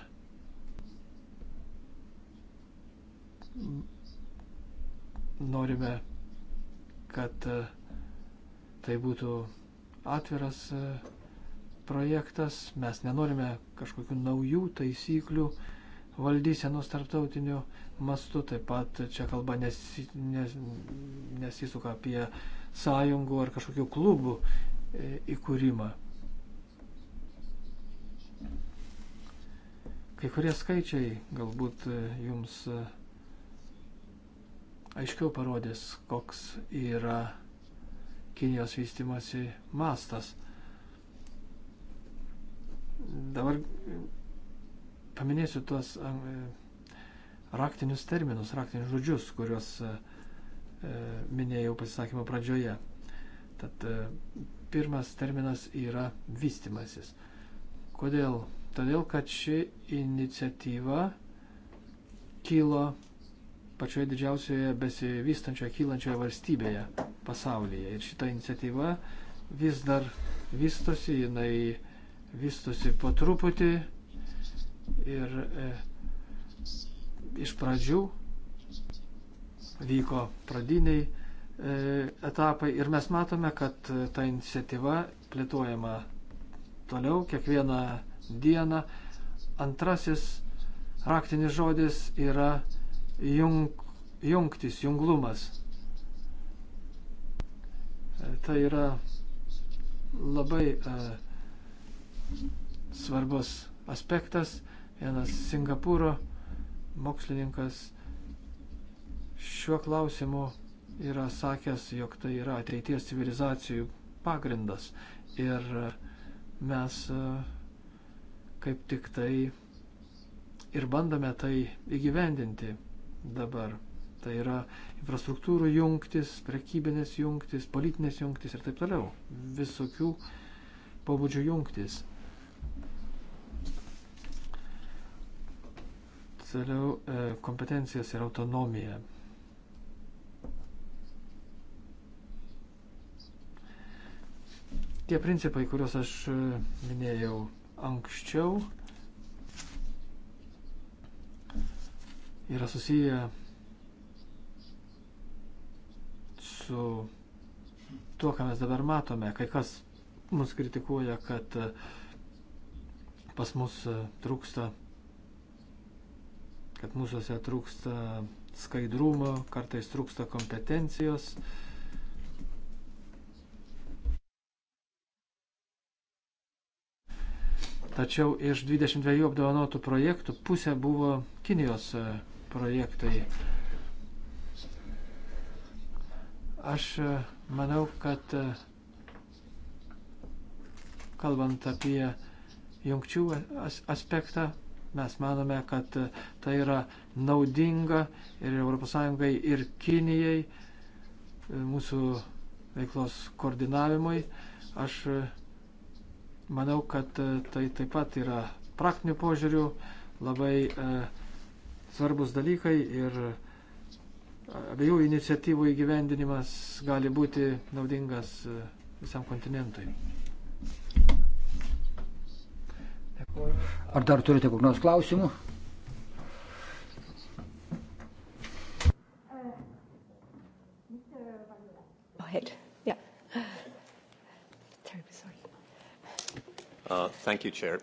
norime, kad tai būtų atviras projektas. Mes nenorime kažkokių naujų taisyklių valdysenos tarptautiniu mastu. Taip pat čia kalba nesi, nes, nesisuka apie sąjungų ar kažkokių klubų e, įkūrimą. Kai kurie skaičiai galbūt e, jums e, aiškiau parodys, koks yra Kinijos vystimasi mastas. Dabar paminėsiu tuos e, raktinius terminus, raktinius žodžius, kuriuos e, e, minėjau pasisakymo pradžioje. Tad pirmas terminas yra vystimasis. Kodėl? Todėl, kad ši iniciatyva kilo pačioje didžiausioje besivystančioje, kylančioje valstybėje pasaulyje. Ir šita iniciatyva vis dar vystosi, jinai vystosi po truputį ir e, iš pradžių vyko pradiniai e, etapai ir mes matome, kad e, ta iniciatyva plėtojama toliau kiekvieną dieną. Antrasis raktinis žodis yra jung, jungtis, junglumas. E, tai yra labai uh, svarbus aspektas. Vienas Singapūro mokslininkas šiuo klausimu yra sakęs, jog tai yra ateities civilizacijų pagrindas. Ir mes e, kaip tik tai ir bandome tai įgyvendinti dabar. Tai yra infrastruktūrų jungtis, prekybinės jungtis, politinės jungtis ir taip toliau. Visokių pobūdžių jungtis. Toliau e, kompetencijos ir autonomija. Tie principai, kuriuos aš e, minėjau anksčiau, yra susiję su tuo, ką mes dabar matome. Kai kas mus kritikuoja, kad e, pas mus trūksta kad mūsųse trūksta skaidrumo, kartais trūksta kompetencijos. Tačiau iš 22 apdovanotų projektų pusė buvo Kinijos e, projektai. Aš e, manau, kad e, kalbant apie jungčių aspektą, Mes manome, kad tai yra naudinga ir ES, ir Kinijai, mūsų veiklos koordinavimui. Aš e, manau, kad e, tai taip pat yra praktinių požiūrių labai e, svarbus dalykai ir e, abiejų iniciatyvų įgyvendinimas gali būti naudingas visam kontinentui. Ar dar turite kokių nors klausimų? Uh, thank you, Chair.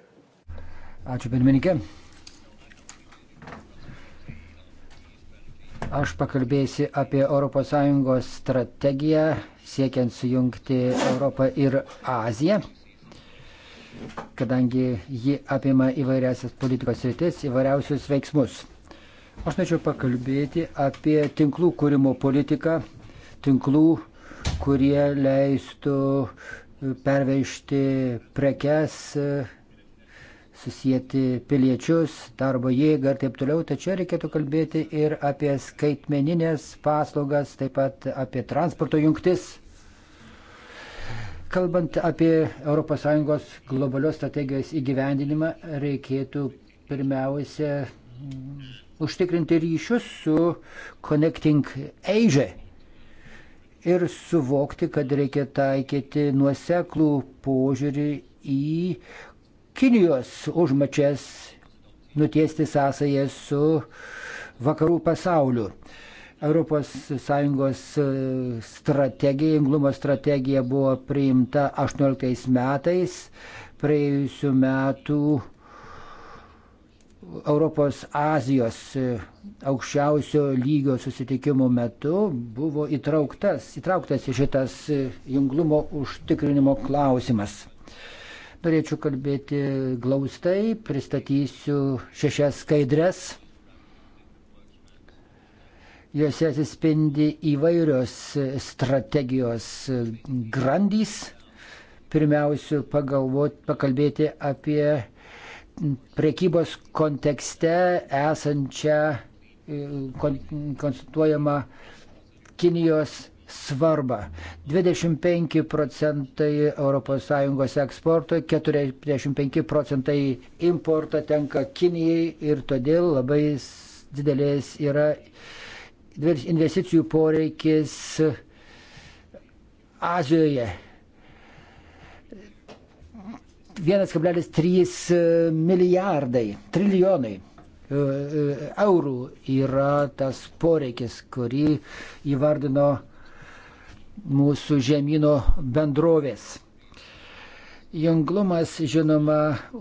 Ačiū pirmininkė. Aš pakalbėsiu apie ES strategiją siekiant sujungti Europą ir Aziją kadangi ji apima įvairiasias politikos rytis, įvairiausius veiksmus. Aš norėčiau pakalbėti apie tinklų kūrimo politiką, tinklų, kurie leistų pervežti prekes, susijęti piliečius, darbo jėgą ir taip toliau. Tačiau reikėtų kalbėti ir apie skaitmeninės paslaugas, taip pat apie transporto jungtis. Kalbant apie ES globalios strategijos įgyvendinimą, reikėtų pirmiausia mm, užtikrinti ryšius su Connecting Asia ir suvokti, kad reikia taikyti nuoseklų požiūrį į Kinijos užmačias nutiesti sąsają su vakarų pasauliu. ES e, strategija, inglumo strategija buvo priimta 18 metais, praėjusiu metu Europos Azijos e, aukščiausio lygio susitikimo metu buvo įtrauktas, įtrauktas į šitas e, junglumo užtikrinimo klausimas. Norėčiau kalbėti glaustai, pristatysiu šešias skaidres. Jose atsispindi įvairios strategijos grandys. Pirmiausia, pakalbėti apie prekybos kontekste esančią e, konsultuojamą Kinijos svarbą. 25 procentai ES eksporto, 45 procentai importo tenka Kinijai ir todėl labai didelės yra investicijų poreikis Azijoje. 1,3 milijardai, trilijonai e, e, eurų yra tas poreikis, kurį įvardino mūsų žemynų bendrovės. Junglumas, žinoma,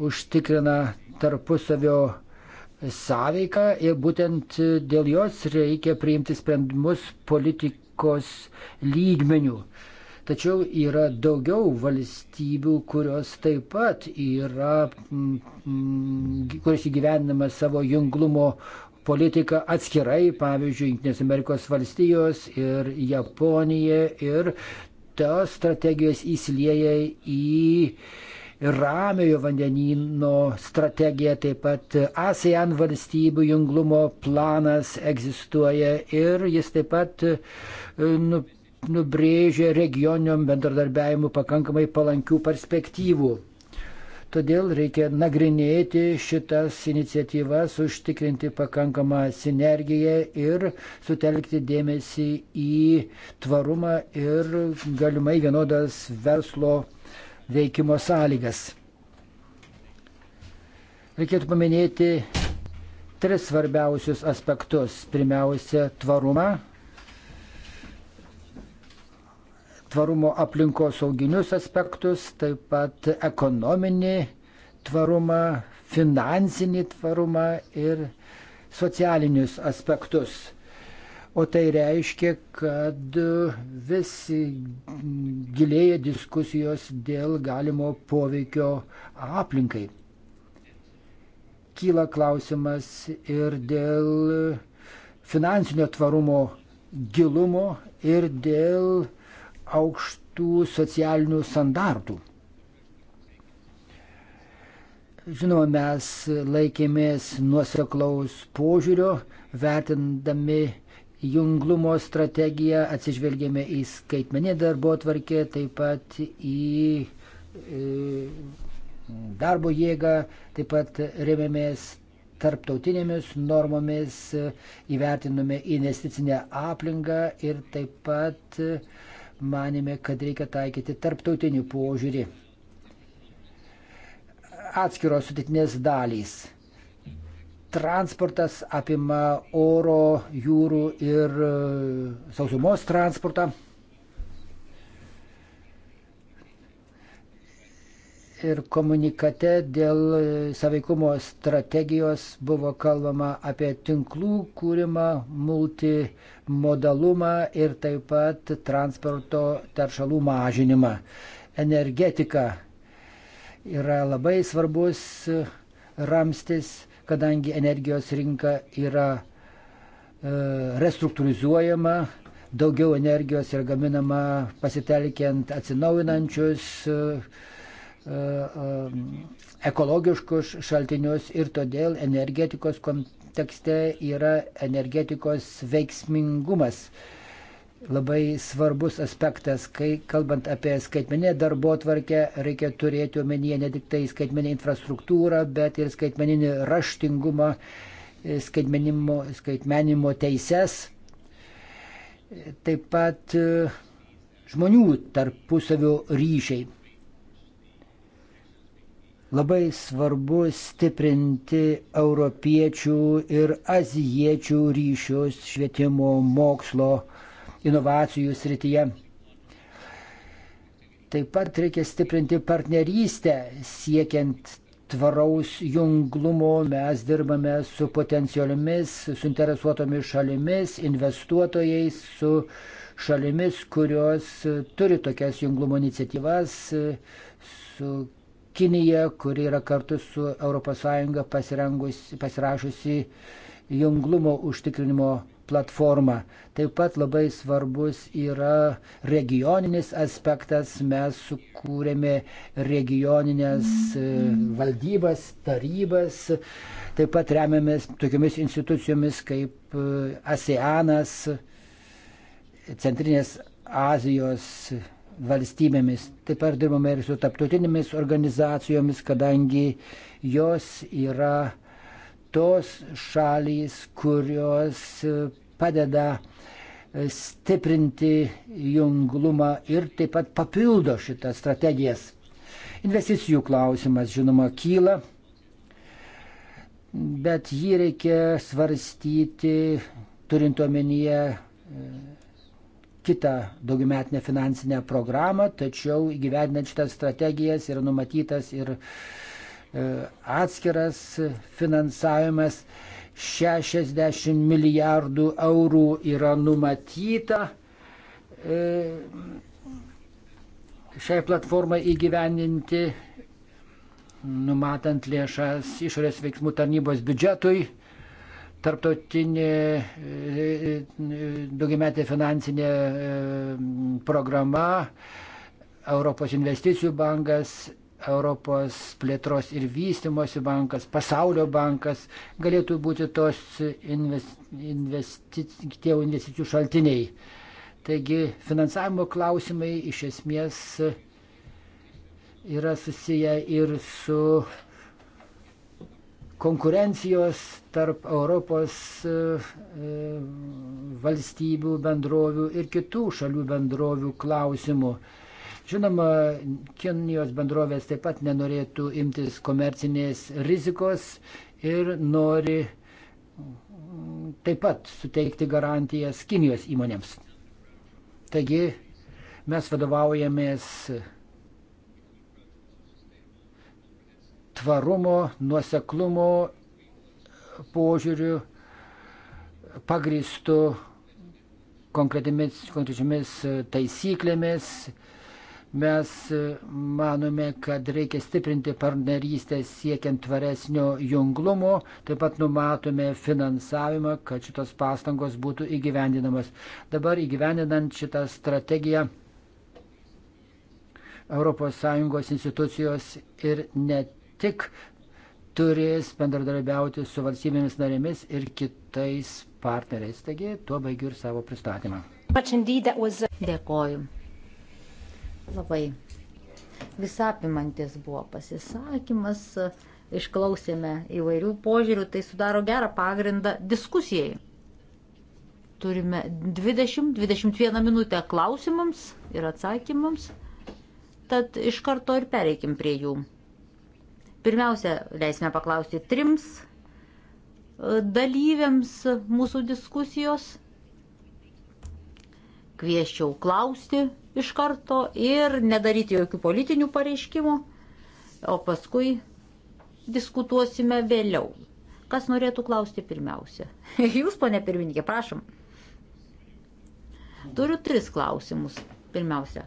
užtikrina tarpusavio sąveiką ir būtent dėl jos reikia priimti sprendimus politikos lygmenių. Tačiau yra daugiau valstybių, kurios taip pat yra, mm, mm, kurios įgyvendama savo junglumo politiką atskirai, pavyzdžiui, Junktinės Amerikos valstijos ir Japonija ir tos strategijos įsilieja į uh, ir ramiojo vandenino strategija, taip pat ASEAN valstybių junglumo planas egzistuoja ir jis taip pat e, nu, nubrėžia regioniniam bendradarbiavimu pakankamai palankių perspektyvų. Todėl reikia nagrinėti šitas iniciatyvas, užtikrinti pakankamą sinergiją ir sutelkti dėmesį į tvarumą ir galimai vienodas verslo uh, veikimo sąlygas. Reikėtų paminėti tris svarbiausius aspektus. Pirmiausia, tvarumą, tvarumo aplinkos sauginius aspektus, taip pat ekonominį tvarumą, finansinį tvarumą ir socialinius aspektus. O tai reiškia, kad vis gilėja diskusijos dėl galimo poveikio aplinkai. Kyla klausimas ir dėl finansinio tvarumo gilumo ir dėl aukštų socialinių standartų. Žinoma, mes laikėmės nuoseklaus požiūrio, vertindami junglumo strategiją, atsižvelgėme į skaitmenį darbo tvarkę, taip pat į e, darbo jėgą, taip pat remėmės tarptautinėmis normomis, įvertinome investicinę aplinką ir taip pat manėme, kad reikia taikyti tarptautinį požiūrį. Atskiros sudėtinės dalys transportas apima oro, jūrų ir e, sausumos transportą. ir komunikate dėl e, saveikumo strategijos buvo kalbama apie tinklų kūrimą, multimodalumą ir taip pat transporto teršalų mažinimą. Energetika yra labai svarbus e, ramstis kadangi energijos rinka yra e, restruktūrizuojama, daugiau energijos yra gaminama pasitelkiant atsinaujinančius e, e, ekologiškus šaltinius ir todėl energetikos kontekste yra energetikos veiksmingumas labai svarbus aspektas, kai kalbant apie skaitmeninę darbo tvarkę, reikia turėti omenyje ne tik tai skaitmeninę infrastruktūrą, bet ir skaitmeninį raštingumą, e, skaitmenimo, skaitmenimo teises. Taip pat e, žmonių tarpusavio ryšiai. Labai svarbu stiprinti europiečių ir azijiečių ryšius švietimo mokslo inovacijų srityje. Taip pat reikia stiprinti partnerystę siekiant tvaraus junglumo. Mes dirbame su potencialiomis, suinteresuotomis šalimis, investuotojais, su šalimis, kurios turi tokias junglumo iniciatyvas, su Kinija, kuri yra kartu su ES pasirašusi junglumo užtikrinimo platforma. Taip pat labai svarbus yra regioninis aspektas. Mes sukūrėme regioninės e, valdybas, tarybas. Taip pat remiamės tokiamis institucijomis kaip e, ASEANas, Centrinės Azijos valstybėmis. Taip pat dirbame ir su taptautinėmis organizacijomis, kadangi jos yra tos šalys, kurios e, padeda e, stiprinti junglumą ir taip pat papildo šitas strategijas. Investicijų klausimas, žinoma, kyla bet jį reikia svarstyti, turint omenyje e, kitą daugiametinę finansinę programą, tačiau įgyvendinant šitas strategijas yra numatytas ir E, atskiras finansavimas. 60 milijardų eurų yra numatyta e, šiai platformai įgyveninti, numatant lėšas išorės veiksmų tarnybos biudžetui. Tarptautinė e, daugiametė finansinė programa, Europos investicijų bankas Europos plėtros ir vystimosi bankas, pasaulio bankas galėtų būti tos investi tie investicijų šaltiniai. Taigi finansavimo klausimai iš esmės yra susiję ir su konkurencijos tarp Europos e, valstybių bendrovių ir kitų šalių bendrovių klausimų Žinoma, Kinijos bendrovės taip pat nenorėtų imtis komercinės rizikos ir nori mm, taip pat suteikti garantijas Kinijos įmonėms. Taigi mes vadovaujamės tvarumo, nuoseklumo požiūriu pagristų konkrečiamis taisyklėmis, Mes e, manome, kad reikia stiprinti partnerystę siekiant tvaresnio junglumo, taip pat numatome finansavimą, kad šitos pastangos būtų įgyvendinamas. Dabar įgyvendinant šitą strategiją ES institucijos ir ne tik turės bendradarbiauti su valstybėmis narėmis ir kitais partneriais. Taigi, tuo baigiu ir savo pristatymą. Dėkoju labai visapimantis buvo pasisakymas, išklausėme įvairių požiūrių, tai sudaro gerą pagrindą diskusijai. Turime 20-21 minutę klausimams ir atsakymams, tad iš karto ir pereikim prie jų. Pirmiausia, leisime paklausti trims e, dalyviams mūsų diskusijos. Kvieščiau klausti iš karto ir nedaryti jokių politinių pareiškimų, o paskui diskutuosime vėliau. Kas norėtų klausti pirmiausia? Jūs, ponė pirmininkė, prašom. Turiu tris klausimus. Pirmiausia,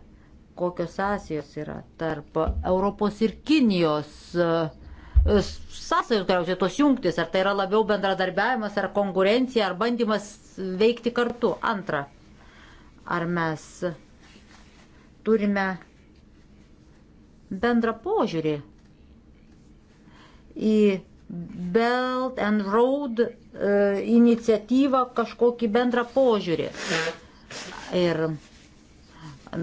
kokios sąsijos yra tarp Europos ir Kinijos e, e, sąsajos, galiausiai tos jungtis, ar tai yra labiau bendradarbiavimas, ar konkurencija, ar bandymas veikti kartu. Antra, ar mes turime bendrą požiūrį į Belt and Road e, iniciatyvą, kažkokį bendrą požiūrį. Ir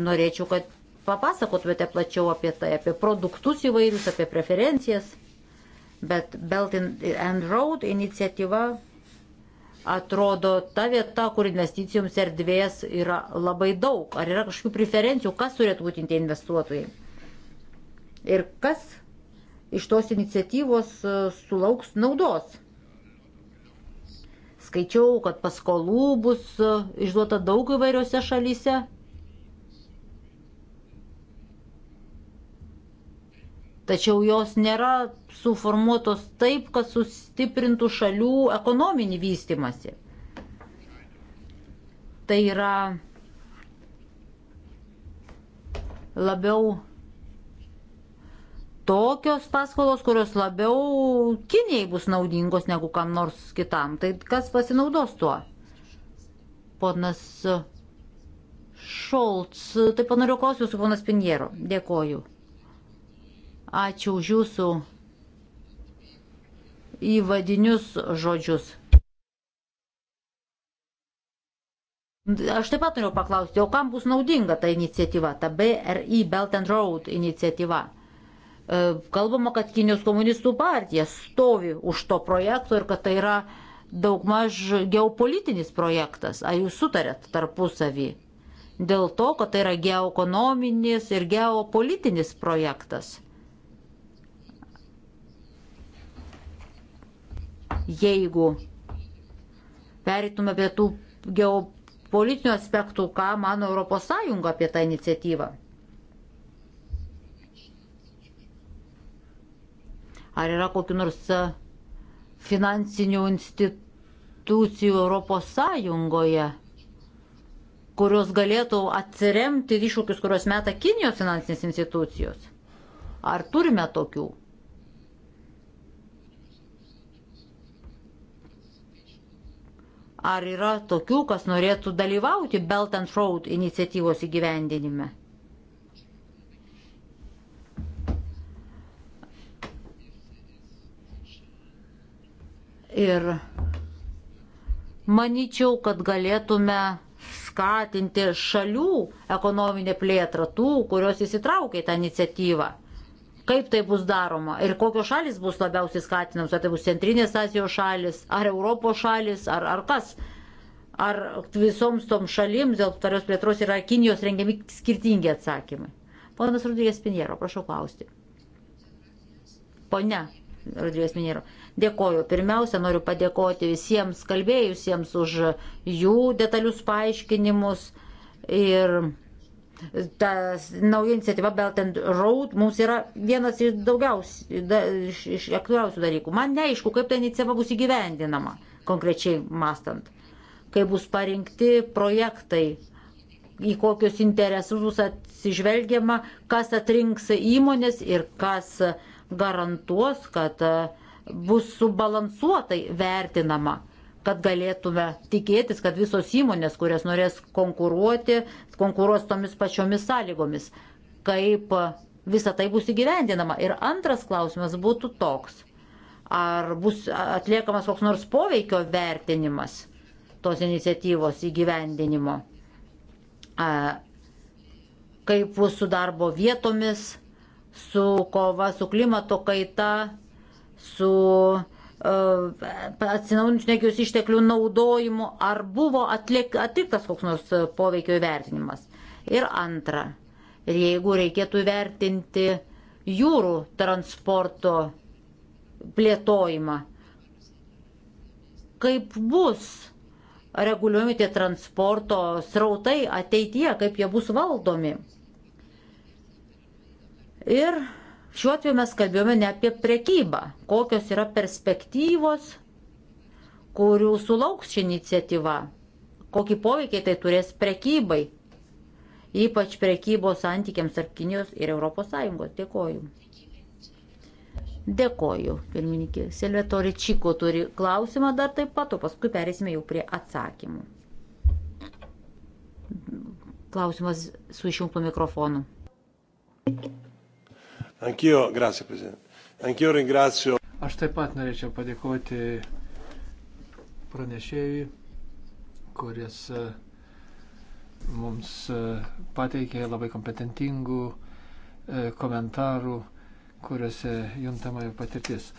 norėčiau, kad papasakotumėte plačiau apie tai, apie produktus įvairius, apie preferencijas. Bet Belt and Road iniciatyva atrodo ta vieta, kur investicijoms erdvės yra labai daug? Ar yra kažkokių preferencijų, kas turėtų būti tie investuotojai? Ir kas iš tos iniciatyvos e, sulauks naudos? Skaičiau, kad paskolų bus e, išduota daug įvairiose šalyse tačiau jos nėra suformuotos taip, kad sustiprintų šalių ekonominį vystimasi. Tai yra labiau tokios paskolos, kurios labiau Kinijai bus naudingos negu kam nors kitam. Tai kas pasinaudos tuo? Ponas Šolts, taip panoriu klausiu su ponas Pinjero. Dėkoju. Ačiū už jūsų įvadinius žodžius. Aš taip pat noriu paklausti, o kam bus naudinga ta iniciatyva, ta BRI Belt and Road iniciatyva? E, kalbama, kad Kinijos komunistų partija stovi už to projekto ir kad tai yra daugmaž geopolitinis projektas. Ar jūs sutarėt tarpusavį? Dėl to, kad tai yra geoekonominis ir geopolitinis projektas. jeigu peritume prie tų geopolitinių aspektų, ką mano ES apie tą iniciatyvą. Ar yra kokiu nors e, finansinių institucijų ES, kurios galėtų atsiremti iššūkius, kuriuos meta Kinijos finansinės institucijos? Ar turime tokių? Ar yra tokių, kas norėtų dalyvauti Belt and Road iniciatyvos įgyvendinime? Ir manyčiau, kad galėtume skatinti šalių ekonominę plėtrą, tų, kurios įsitraukia į tą iniciatyvą. Kaip tai bus daroma ir kokios šalis bus labiausiai skatinamos, ar tai bus Centrinės Azijos šalis, ar Europos šalis, ar, ar kas. Ar visoms tom šalims dėl tvarios plėtros yra Kinijos rengiami skirtingi atsakymai. Ponas Rudijas Pinėro, prašau klausti. Pone Rudijas Pinėro, dėkoju. Pirmiausia, noriu padėkoti visiems kalbėjusiems už jų detalius paaiškinimus ir Ta nauja iniciatyva Belt and Road mums yra vienas iš daugiausiai, da, iš, iš aktualiausių dalykų. Man neaišku, kaip ta iniciatyva bus įgyvendinama, konkrečiai mastant, kai bus parinkti projektai, į kokius interesus bus atsižvelgiama, kas atrinks įmonės ir kas garantuos, kad bus subalansuotai vertinama kad galėtume tikėtis, kad visos įmonės, kurios norės konkuruoti, konkuruos tomis pačiomis sąlygomis. Kaip visa tai bus įgyvendinama? Ir antras klausimas būtų toks. Ar bus atliekamas koks nors poveikio vertinimas tos iniciatyvos įgyvendinimo? Kaip bus su darbo vietomis, su kova su klimato kaita, su uh, E, atsinaujinčių energijos išteklių naudojimu, ar buvo atlik, atliktas koks nors poveikio įvertinimas. Ir antra, ir jeigu reikėtų įvertinti jūrų transporto plėtojimą, kaip bus reguliuojami tie transporto srautai ateityje, kaip jie bus valdomi. Ir Šiuo atveju mes kalbėjome ne apie prekybą, kokios yra perspektyvos, kurių sulauks ši iniciatyva, kokį poveikį tai turės prekybai, ypač prekybos santykiams tarp Kinijos ir ES. Dėkoju. Dėkoju, pirmininkė. Silvetori Čiko turi klausimą dar taip pat, o paskui perėsime jau prie atsakymų. Klausimas su išjungtu mikrofonu. Thank you. Anch'io, grazie Presidente. Anch'io ringrazio. Aš taip pat norėčiau padėkoti pranešėjui, kuris e, mums e, pateikė labai kompetentingų e, komentarų, kuriuose juntama jau patirtis.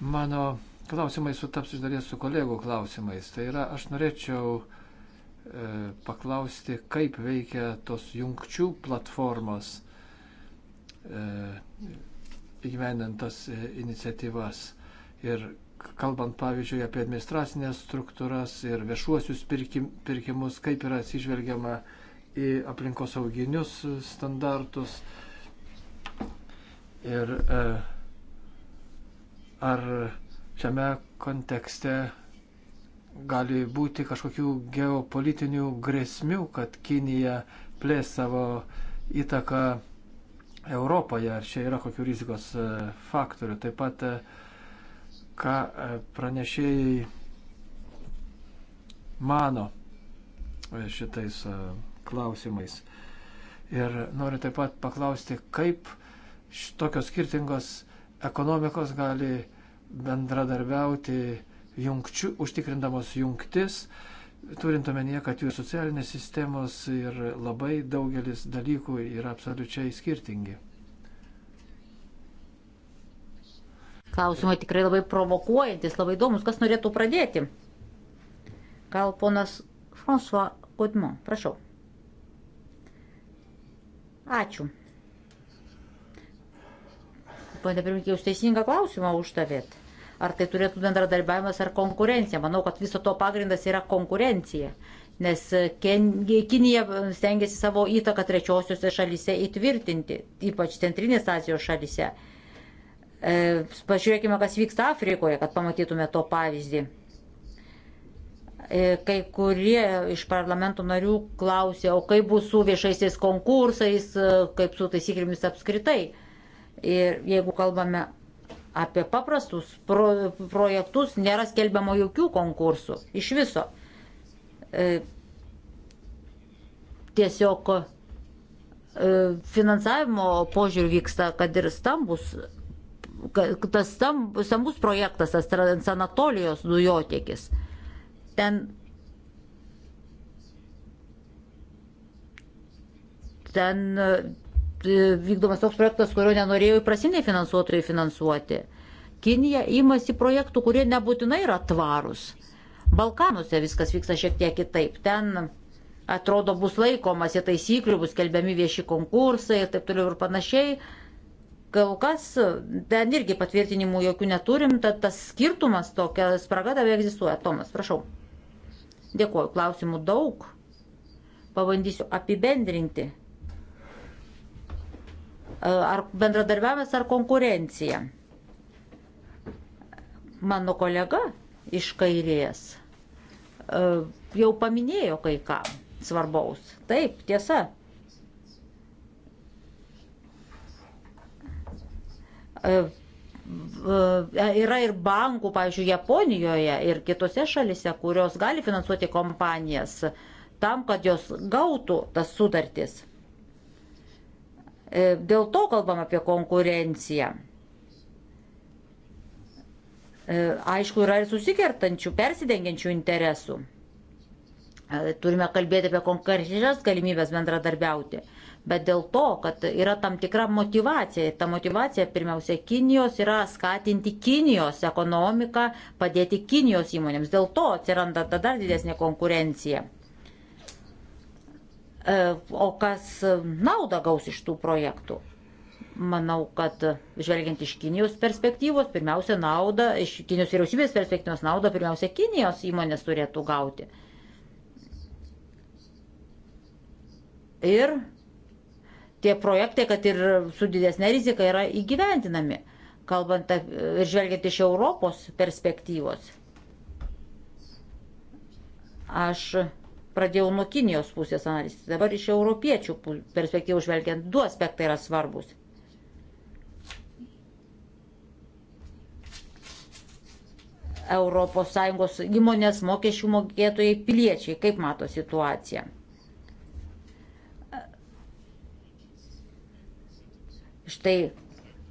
Mano klausimai sutaps iš dalies su kolegų klausimais. Tai yra, aš norėčiau e, paklausti, kaip veikia tos jungčių platformos E, įgyvendintas e, iniciatyvas. Ir kalbant pavyzdžiui apie administracinės struktūras ir viešuosius pirkimus, kaip yra atsižvelgiama į aplinkosauginius standartus. Ir e, ar šiame kontekste gali būti kažkokių geopolitinių grėsmių, kad Kinija plės savo įtaką Europoje, ar čia yra kokių rizikos e, faktorių. Taip pat, e, ką e, pranešėjai mano šitais klausimais. Ir noriu taip pat paklausti, kaip tokios skirtingos ekonomikos gali bendradarbiauti jungčių, užtikrindamos jungtis, uh, turint omenyje, kad jų socialinės sistemos ir labai daugelis dalykų yra absoliučiai skirtingi. Klausimai tikrai labai provokuojantis, labai įdomus, kas norėtų pradėti. Gal ponas François Godmo, prašau. Ačiū. Pane pirmininkė, jūs teisingą klausimą užtavėt ar tai turėtų bendradarbiavimas ar konkurencija. Manau, kad viso to pagrindas yra konkurencija, nes Kinija stengiasi savo įtaką trečiosiuose šalyse įtvirtinti, ypač centrinės Azijos šalyse. E, pažiūrėkime, kas vyksta Afrikoje, kad pamatytume to pavyzdį. E, kai kurie iš parlamento narių klausė, o kaip bus su viešaisiais konkursais, e, kaip su taisyklėmis apskritai. Ir jeigu kalbame apie paprastus pro, projektus nėra skelbiama jokių konkursų. Iš viso. E, tiesiog e, finansavimo požiūrį vyksta, kad ir stambus, kad tas stambus, stambus projektas, tas Anatolijos dujotiekis. Ten ten E, vykdomas toks projektas, kurio nenorėjo įprasiniai finansuotojai finansuoti. Kinija imasi projektų, kurie nebūtinai yra tvarūs. Balkanuose viskas vyksta šiek tiek kitaip. Ten atrodo bus laikomasi taisyklių, bus kelbiami vieši konkursai ir taip toliau ir panašiai. Kol kas ten irgi patvirtinimų jokių neturim, tad tas skirtumas tokia spraga tave egzistuoja. Tomas, prašau. Dėkuoju, klausimų daug. Pabandysiu apibendrinti ar bendradarbiavimas, ar konkurencija. Mano kolega iš kairės e, jau paminėjo kai ką svarbaus. Taip, tiesa. E, e, yra ir bankų, pavyzdžiui, Japonijoje ir kitose šalise, kurios gali finansuoti kompanijas tam, kad jos gautų tas sutartis. E, dėl to kalbam apie konkurenciją. E, aišku, yra ir susikertančių, persidengiančių interesų. E, turime kalbėti apie konkrečias galimybės bendradarbiauti. Bet dėl to, kad yra tam tikra motivacija, ta motivacija pirmiausia Kinijos yra skatinti Kinijos ekonomiką, padėti Kinijos įmonėms. Dėl to atsiranda tada dar didesnė konkurencija. E, o kas naudą gaus iš tų projektų. Manau, kad žvelgiant iš Kinijos perspektyvos, pirmiausia, naudą, iš Kinijos vyriausybės perspektyvos naudą, pirmiausia, Kinijos įmonės turėtų gauti. Ir tie projektai, kad ir su didesnė rizika, yra įgyvendinami, kalbant ir žvelgiant iš Europos perspektyvos. Aš Pradėjau nuo Kinijos pusės analizės, dabar iš europiečių perspektyvų žvelgiant, du aspektai yra svarbus. ES įmonės mokesčių mokėtojai piliečiai, kaip mato situaciją. Štai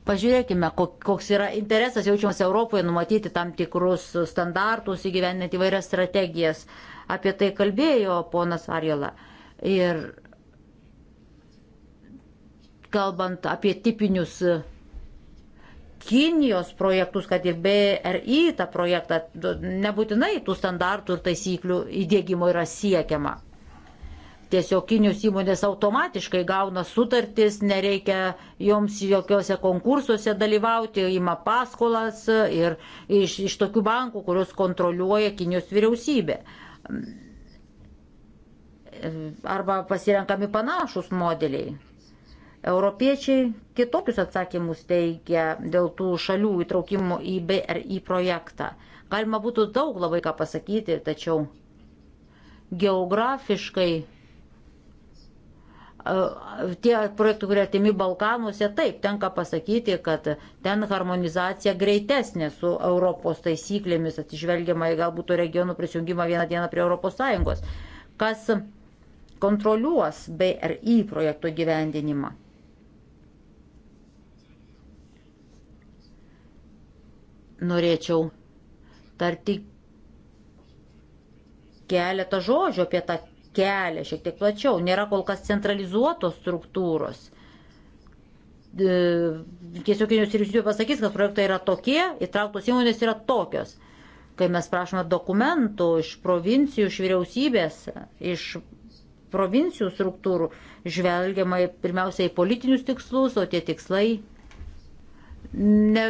pažiūrėkime, koks yra interesas jaučiamas Europoje numatyti tam tikrus standartus, įgyveninti įvairias strategijas. Uh, Apie tai kalbėjo ponas Arjola. Ir kalbant apie tipinius Kinijos projektus, kad ir BRI tą projektą, nebūtinai tų standartų ir taisyklių įdėgymo yra siekiama. Tiesiog Kinijos įmonės automatiškai gauna sutartis, nereikia joms jokiuose konkursuose dalyvauti, ima paskolas ir iš, iš tokių bankų, kurios kontroliuoja Kinijos vyriausybė. Uh, arba pasirenkami panašus modeliai. Europiečiai kitokius atsakymus teigia dėl tų šalių įtraukimo į BRI projektą. Galima būtų daug labai ką pasakyti, tačiau geografiškai tie projektai, kurie atimi Balkanuose, taip, tenka pasakyti, kad ten harmonizacija greitesnė su Europos taisyklėmis, atsižvelgiama į galbūt regionų prisijungimą vieną dieną prie ES, kas kontroliuos BRI projektų gyvendinimą. Norėčiau tarti keletą žodžių apie tą kelią šiek tiek plačiau. Nėra kol kas centralizuotos struktūros. E, Tiesioginius ryšius pasakys, kad projektai yra tokie, įtrauktos įmonės yra tokios. Kai mes prašome dokumentų iš provincijų, iš vyriausybės, iš provincijų struktūrų, žvelgiama pirmiausiai į politinius tikslus, o tie tikslai ne,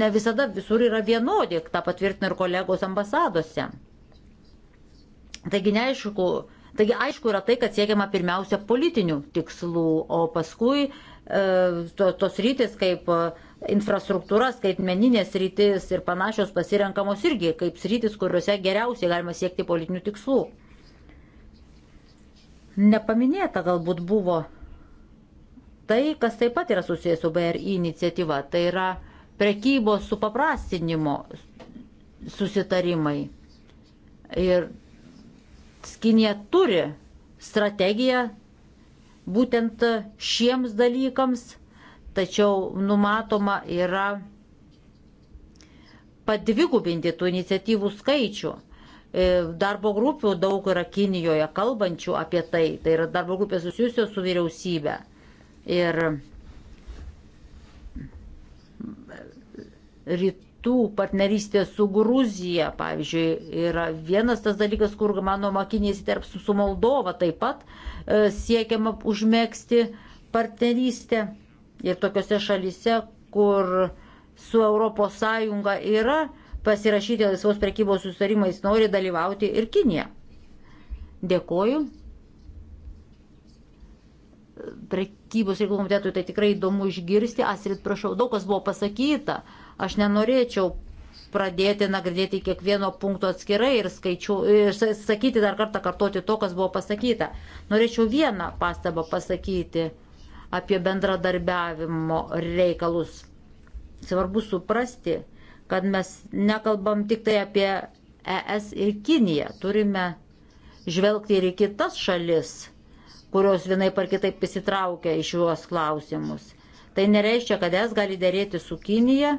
ne visada visur yra vienodi, tą patvirtina ir kolegos ambasadose. Taigi neaišku, taigi aišku yra tai, kad siekiama pirmiausia politinių tikslų, o paskui e, to, tos rytis kaip e, infrastruktūra, skaitmeninės rytis ir panašios pasirenkamos irgi kaip rytis, kuriuose geriausiai galima siekti politinių tikslų. Nepaminėta galbūt buvo tai, kas taip pat yra susijęs su BRI iniciatyva, tai yra prekybos supaprastinimo susitarimai. Ir Kinija turi strategiją būtent šiems dalykams, tačiau numatoma yra padvigubinti tų iniciatyvų skaičių. E, darbo grupių daug yra Kinijoje kalbančių apie tai, tai yra darbo grupės susijusios su vyriausybė. Ir ryt, rytų partnerystė su Gruzija, pavyzdžiui, yra vienas tas dalykas, kur mano makinys įterps su Moldova taip pat e, siekiama užmėgsti partnerystę. Ir tokiuose šalise, kur su ES yra pasirašyti laisvos prekybos sustarimais, nori dalyvauti ir Kinija. Dėkoju prekybos reikalų komitetui tai tikrai įdomu išgirsti. Asrit, prašau, daug kas buvo pasakyta, Aš nenorėčiau pradėti nagrinėti kiekvieno punkto atskirai ir, skaičiu, ir sakyti dar kartą kartoti to, kas buvo pasakyta. Norėčiau vieną pastabą pasakyti apie bendradarbiavimo reikalus. Svarbu suprasti, kad mes nekalbam tik tai apie ES ir Kiniją. Turime žvelgti ir į kitas šalis, kurios vienai par kitaip įsitraukia į šiuos klausimus. Tai nereiškia, kad es gali dėrėti su Kinija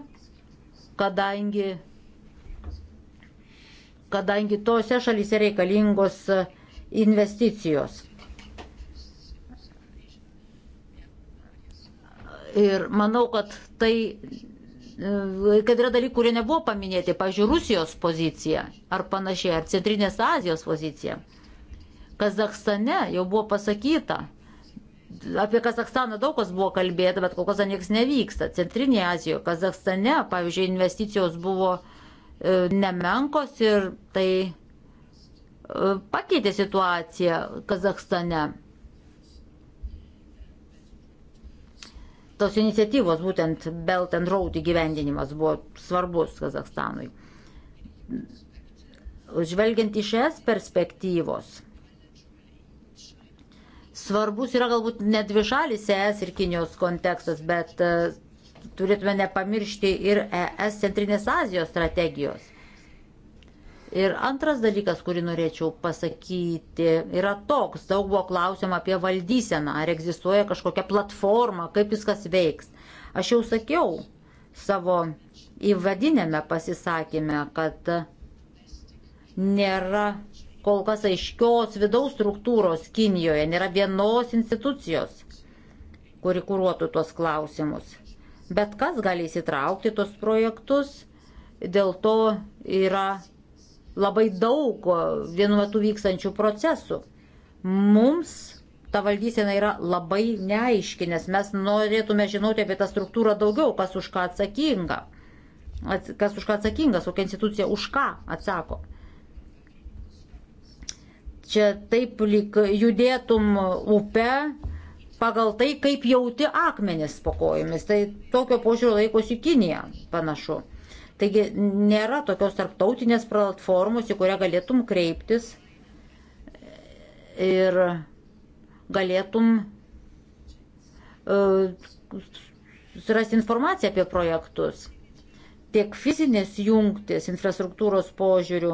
kadangi, kadangi tose šalyse reikalingos investicijos. Ir manau, kad tai, kad yra dalykų, kurie nebuvo paminėti, pažiūrėjau, Rusijos pozicija ar panašiai, ar Centrinės Azijos pozicija. Kazakstane jau buvo pasakyta, apie Kazakstaną daug kas buvo kalbėta, bet kol kas niekas nevyksta. Centrinėje Azijoje, Kazakstane, pavyzdžiui, investicijos buvo e, nemenkos ir tai e, pakeitė situaciją Kazakstane. Tos iniciatyvos, būtent Belt and Road įgyvendinimas buvo svarbus Kazakstanui. Žvelgiant iš es perspektyvos, Svarbus yra galbūt ne dvišalis ES ir Kinijos kontekstas, bet e, turėtume nepamiršti ir ES Centrinės Azijos strategijos. Ir antras dalykas, kurį norėčiau pasakyti, yra toks, daug buvo klausima apie valdyseną, ar egzistuoja kažkokia platforma, kaip viskas veiks. Aš jau sakiau savo įvadinėme pasisakymę, kad nėra kol kas aiškios vidaus struktūros Kinijoje, nėra vienos institucijos, kuri kūruotų tuos klausimus. Bet kas gali įsitraukti tuos projektus, dėl to yra labai daug vienu metu vykstančių procesų. Mums ta valdysena yra labai neaiški, nes mes norėtume žinoti apie tą struktūrą daugiau, kas už ką atsakinga, kas už ką atsakingas, kokia institucija už ką atsako čia taip lyg judėtum upe pagal tai, kaip jauti akmenis po kojomis. Tai tokio požiūrio laikosi Kinija panašu. Taigi nėra tokios tarptautinės platformos, į kurią galėtum kreiptis ir galėtum uh, surasti informaciją apie projektus. Tiek fizinės jungtis infrastruktūros požiūrių,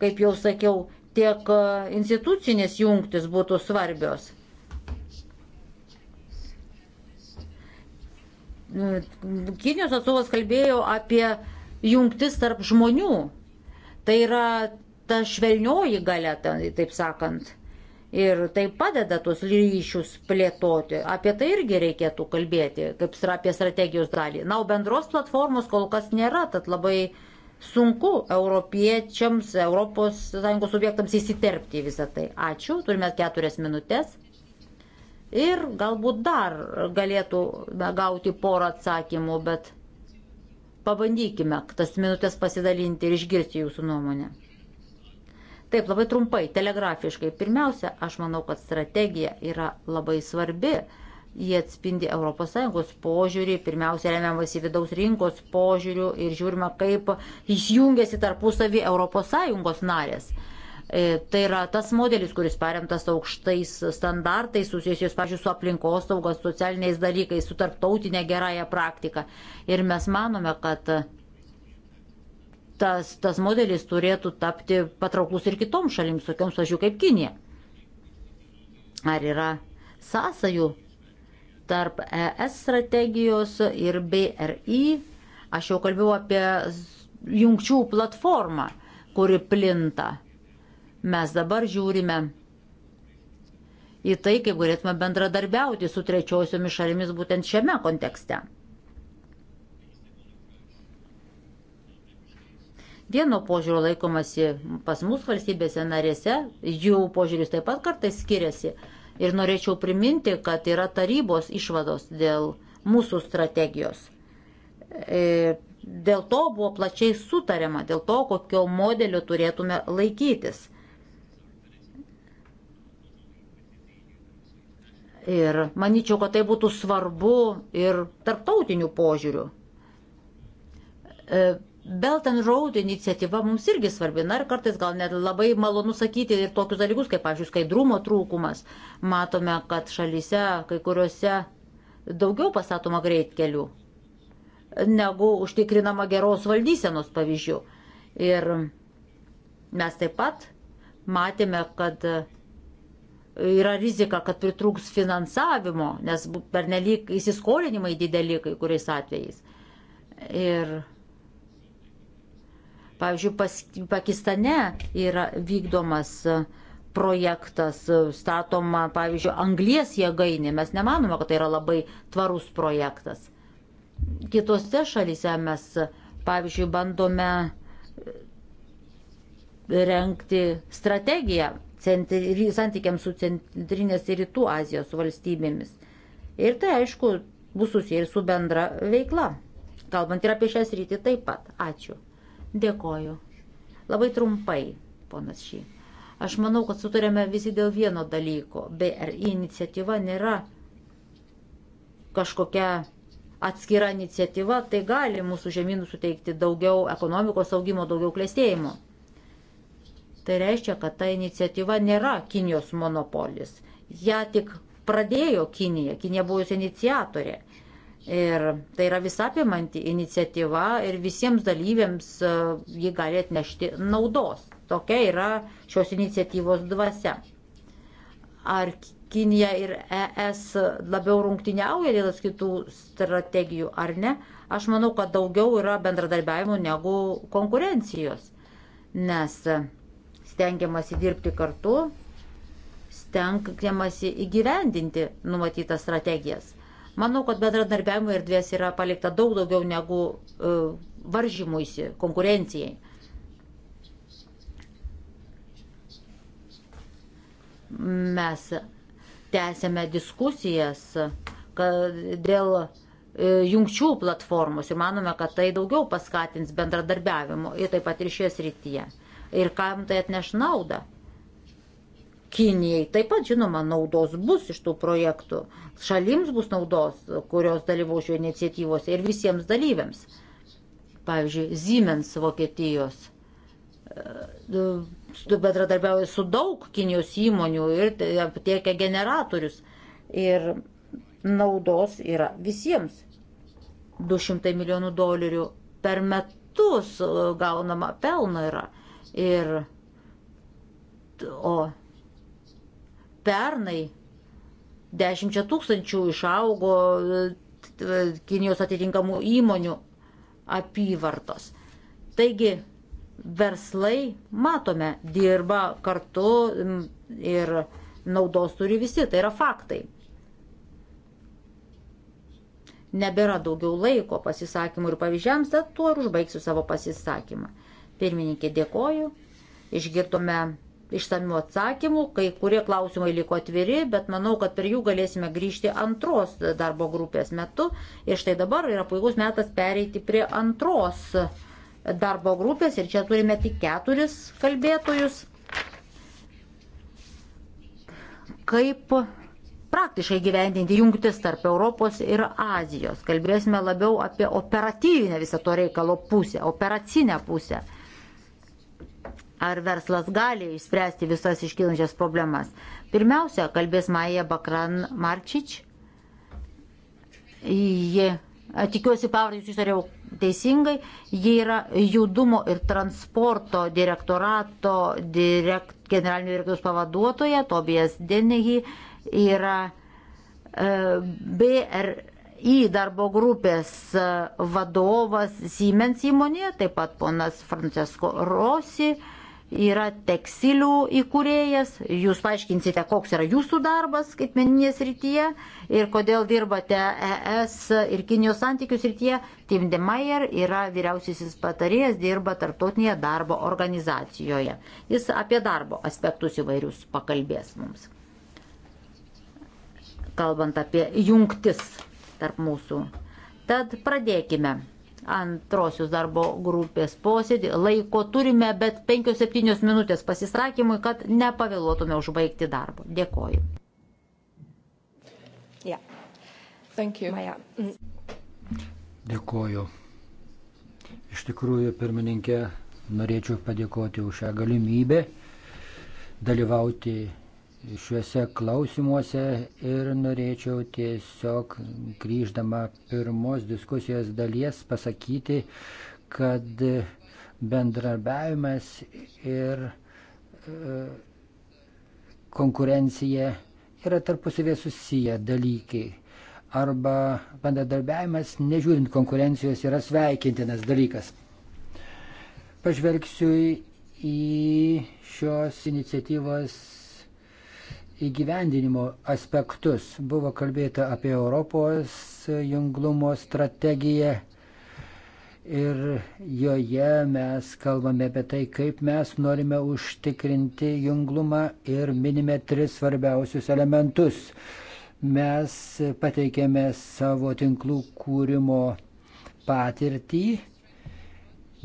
kaip jau sakiau, tiek e, institucinės jungtis būtų svarbios. E, Kinijos atstovas kalbėjo apie jungtis tarp žmonių. Tai yra ta švelnioji galia, taip sakant. Ir tai padeda tuos ryšius plėtoti. Apie tai irgi reikėtų kalbėti, kaip apie strategijos dalį. Na, o bendros platformos kol kas nėra, tad labai uh, sunku europiečiams, ES subjektams įsiterpti į visą tai. Ačiū, turime keturias minutės. Ir galbūt dar galėtų gauti porą atsakymų, bet pabandykime tas minutės pasidalinti ir išgirsti jūsų nuomonę. Taip, labai trumpai, telegrafiškai. Pirmiausia, aš manau, kad strategija yra labai svarbi Jie atspindi ES požiūrį, pirmiausia remiamasi vidaus rinkos požiūriu ir žiūrima, kaip jis jungiasi tarpusavį ES narės. E, tai yra tas modelis, kuris paremtas aukštais standartais, susijusius, pažiūrėjau, su aplinkos saugos, socialiniais dalykais, su tarptautinė gerąją praktiką. Ir mes manome, kad tas, tas modelis turėtų tapti patrauklus ir kitoms šalims, tokioms važiu kaip Kinė. Ar yra sąsajų tarp ES strategijos ir BRI. Aš jau kalbėjau apie jungčių platformą, kuri plinta. Mes dabar žiūrime į tai, kaip galėtume bendradarbiauti su trečiosiomis šalimis būtent šiame kontekste. Vieno požiūrio laikomasi pas mūsų valstybėse narėse, jų požiūris taip pat kartais skiriasi. Ir norėčiau priminti, kad yra tarybos išvados dėl mūsų strategijos. E, dėl to buvo plačiai sutariama, dėl to, kokio modelio turėtume laikytis. Ir manyčiau, kad tai būtų svarbu ir tarptautinių požiūrių. E, Belt and Road iniciatyva mums irgi svarbi, na ir kartais gal net labai malonu sakyti ir tokius dalykus, kaip, pavyzdžiui, skaidrumo trūkumas. Matome, kad šalyse, kai kuriuose daugiau pastatoma greitkelių, negu užtikrinama geros valdysenos pavyzdžių. Ir mes taip pat matėme, kad yra rizika, kad pritrūks finansavimo, nes pernelyg įsiskolinimai dideli kai kuriais atvejais. Ir Pavyzdžiui, pas, Pakistane yra vykdomas e, projektas, e, statoma, pavyzdžiui, anglies jėgainė. Mes nemanome, kad tai yra labai tvarus projektas. Kitose šalyse mes, e, pavyzdžiui, bandome renkti strategiją centri, santykiams su Centrinės ir Rytų Azijos valstybėmis. Ir tai, aišku, bus susiję ir su bendra veikla. Kalbant ir apie šią sritį taip pat. Ačiū. Dėkoju. Labai trumpai, ponas Šį. Aš manau, kad sutarėme visi dėl vieno dalyko. BRI iniciatyva nėra kažkokia atskira iniciatyva, tai gali mūsų žemynų suteikti daugiau ekonomikos augimo, daugiau klėstėjimo. Tai reiškia, kad ta iniciatyva nėra Kinijos monopolis. Ja tik pradėjo Kinija, Kinija buvusi iniciatorė. Ir tai yra visapimanti iniciatyva ir visiems dalyviams e, ji gali atnešti naudos. Tokia yra šios iniciatyvos dvasia. Ar Kinija ir ES labiau rungtiniauja dėl kitų strategijų ar ne? Aš manau, kad daugiau yra bendradarbiavimo negu konkurencijos, nes stengiamasi dirbti kartu, stengiamasi įgyvendinti numatytas strategijas Manau, kad bendradarbiavimo erdvės yra palikta daug daugiau negu uh, varžymuisi, konkurencijai. Mes tęsėme diskusijas dėl e, jungčių platformos ir manome, kad tai daugiau paskatins bendradarbiavimo ir taip pat ir šioje srityje. Ir kam tai atneš naudą. Kinijai taip pat, žinoma, naudos bus iš tų projektų. Šalims bus naudos, kurios dalyvau šio iniciatyvose ir visiems dalyviams. Pavyzdžiui, Siemens Vokietijos e, bendradarbiauja su daug Kinijos įmonių ir tiekia generatorius. Ir naudos yra visiems. 200 milijonų dolerių per metus e, gaunama pelno yra. Ir, o Pernai dešimčia tūkstančių išaugo e, Kinijos atitinkamų įmonių apyvartos. Taigi verslai, matome, dirba kartu ir naudos turi visi, tai yra faktai. Nebėra daugiau laiko pasisakymų ir pavyzdžiams, tad tuo ir užbaigsiu savo pasisakymą. Pirmininkė dėkoju, išgirdome išsamių atsakymų, kai kurie klausimai liko atviri, bet manau, kad per jų galėsime grįžti antros darbo grupės metu. Ir štai dabar yra puikus metas pereiti prie antros darbo grupės ir čia turime tik keturis kalbėtojus. Kaip praktiškai gyvendinti jungtis tarp Europos ir Azijos. Kalbėsime labiau apie operatyvinę visą to reikalo pusę, operacinę pusę ar verslas gali išspręsti visas iškylančias problemas. Pirmiausia, kalbės Maija Bakran Marčič. Ji, tikiuosi, pavardžius ištariau teisingai, ji yra judumo ir transporto direktorato direkt, generalinio direktoriaus pavaduotoja, Tobijas Denehi yra e, BR į darbo grupės e, vadovas Siemens įmonėje, taip pat ponas Francesco Rosi, yra tekstilių įkūrėjas, jūs paaiškinsite, koks yra jūsų darbas skaitmeninės rytyje ir kodėl dirbate ES ir Kinijos santykius rytyje. Tim de Mayer yra vyriausiasis patarėjas, dirba tarptautinėje darbo organizacijoje. Jis apie darbo aspektus įvairius pakalbės mums. Kalbant apie jungtis tarp mūsų. Tad pradėkime antrosios darbo grupės posėdį. Laiko turime, bet 5-7 minutės pasisakymui, kad nepavėluotume užbaigti darbą. Dėkoju. Yeah. Mm. Dėkoju. Iš tikrųjų, pirmininkė, norėčiau padėkoti už šią galimybę dalyvauti šiuose klausimuose ir norėčiau tiesiog grįždama pirmos diskusijos dalies pasakyti, kad bendradarbiavimas ir e, konkurencija yra tarpusavė susiję dalykai. Arba bendradarbiavimas, nežiūrint konkurencijos, yra sveikintinas dalykas. Pažvelgsiu į šios iniciatyvos įgyvendinimo aspektus. Buvo kalbėta apie Europos junglumo strategiją ir joje mes kalbame apie tai, kaip mes norime užtikrinti junglumą ir minime tris svarbiausius elementus. Mes pateikėme savo tinklų kūrimo patirtį,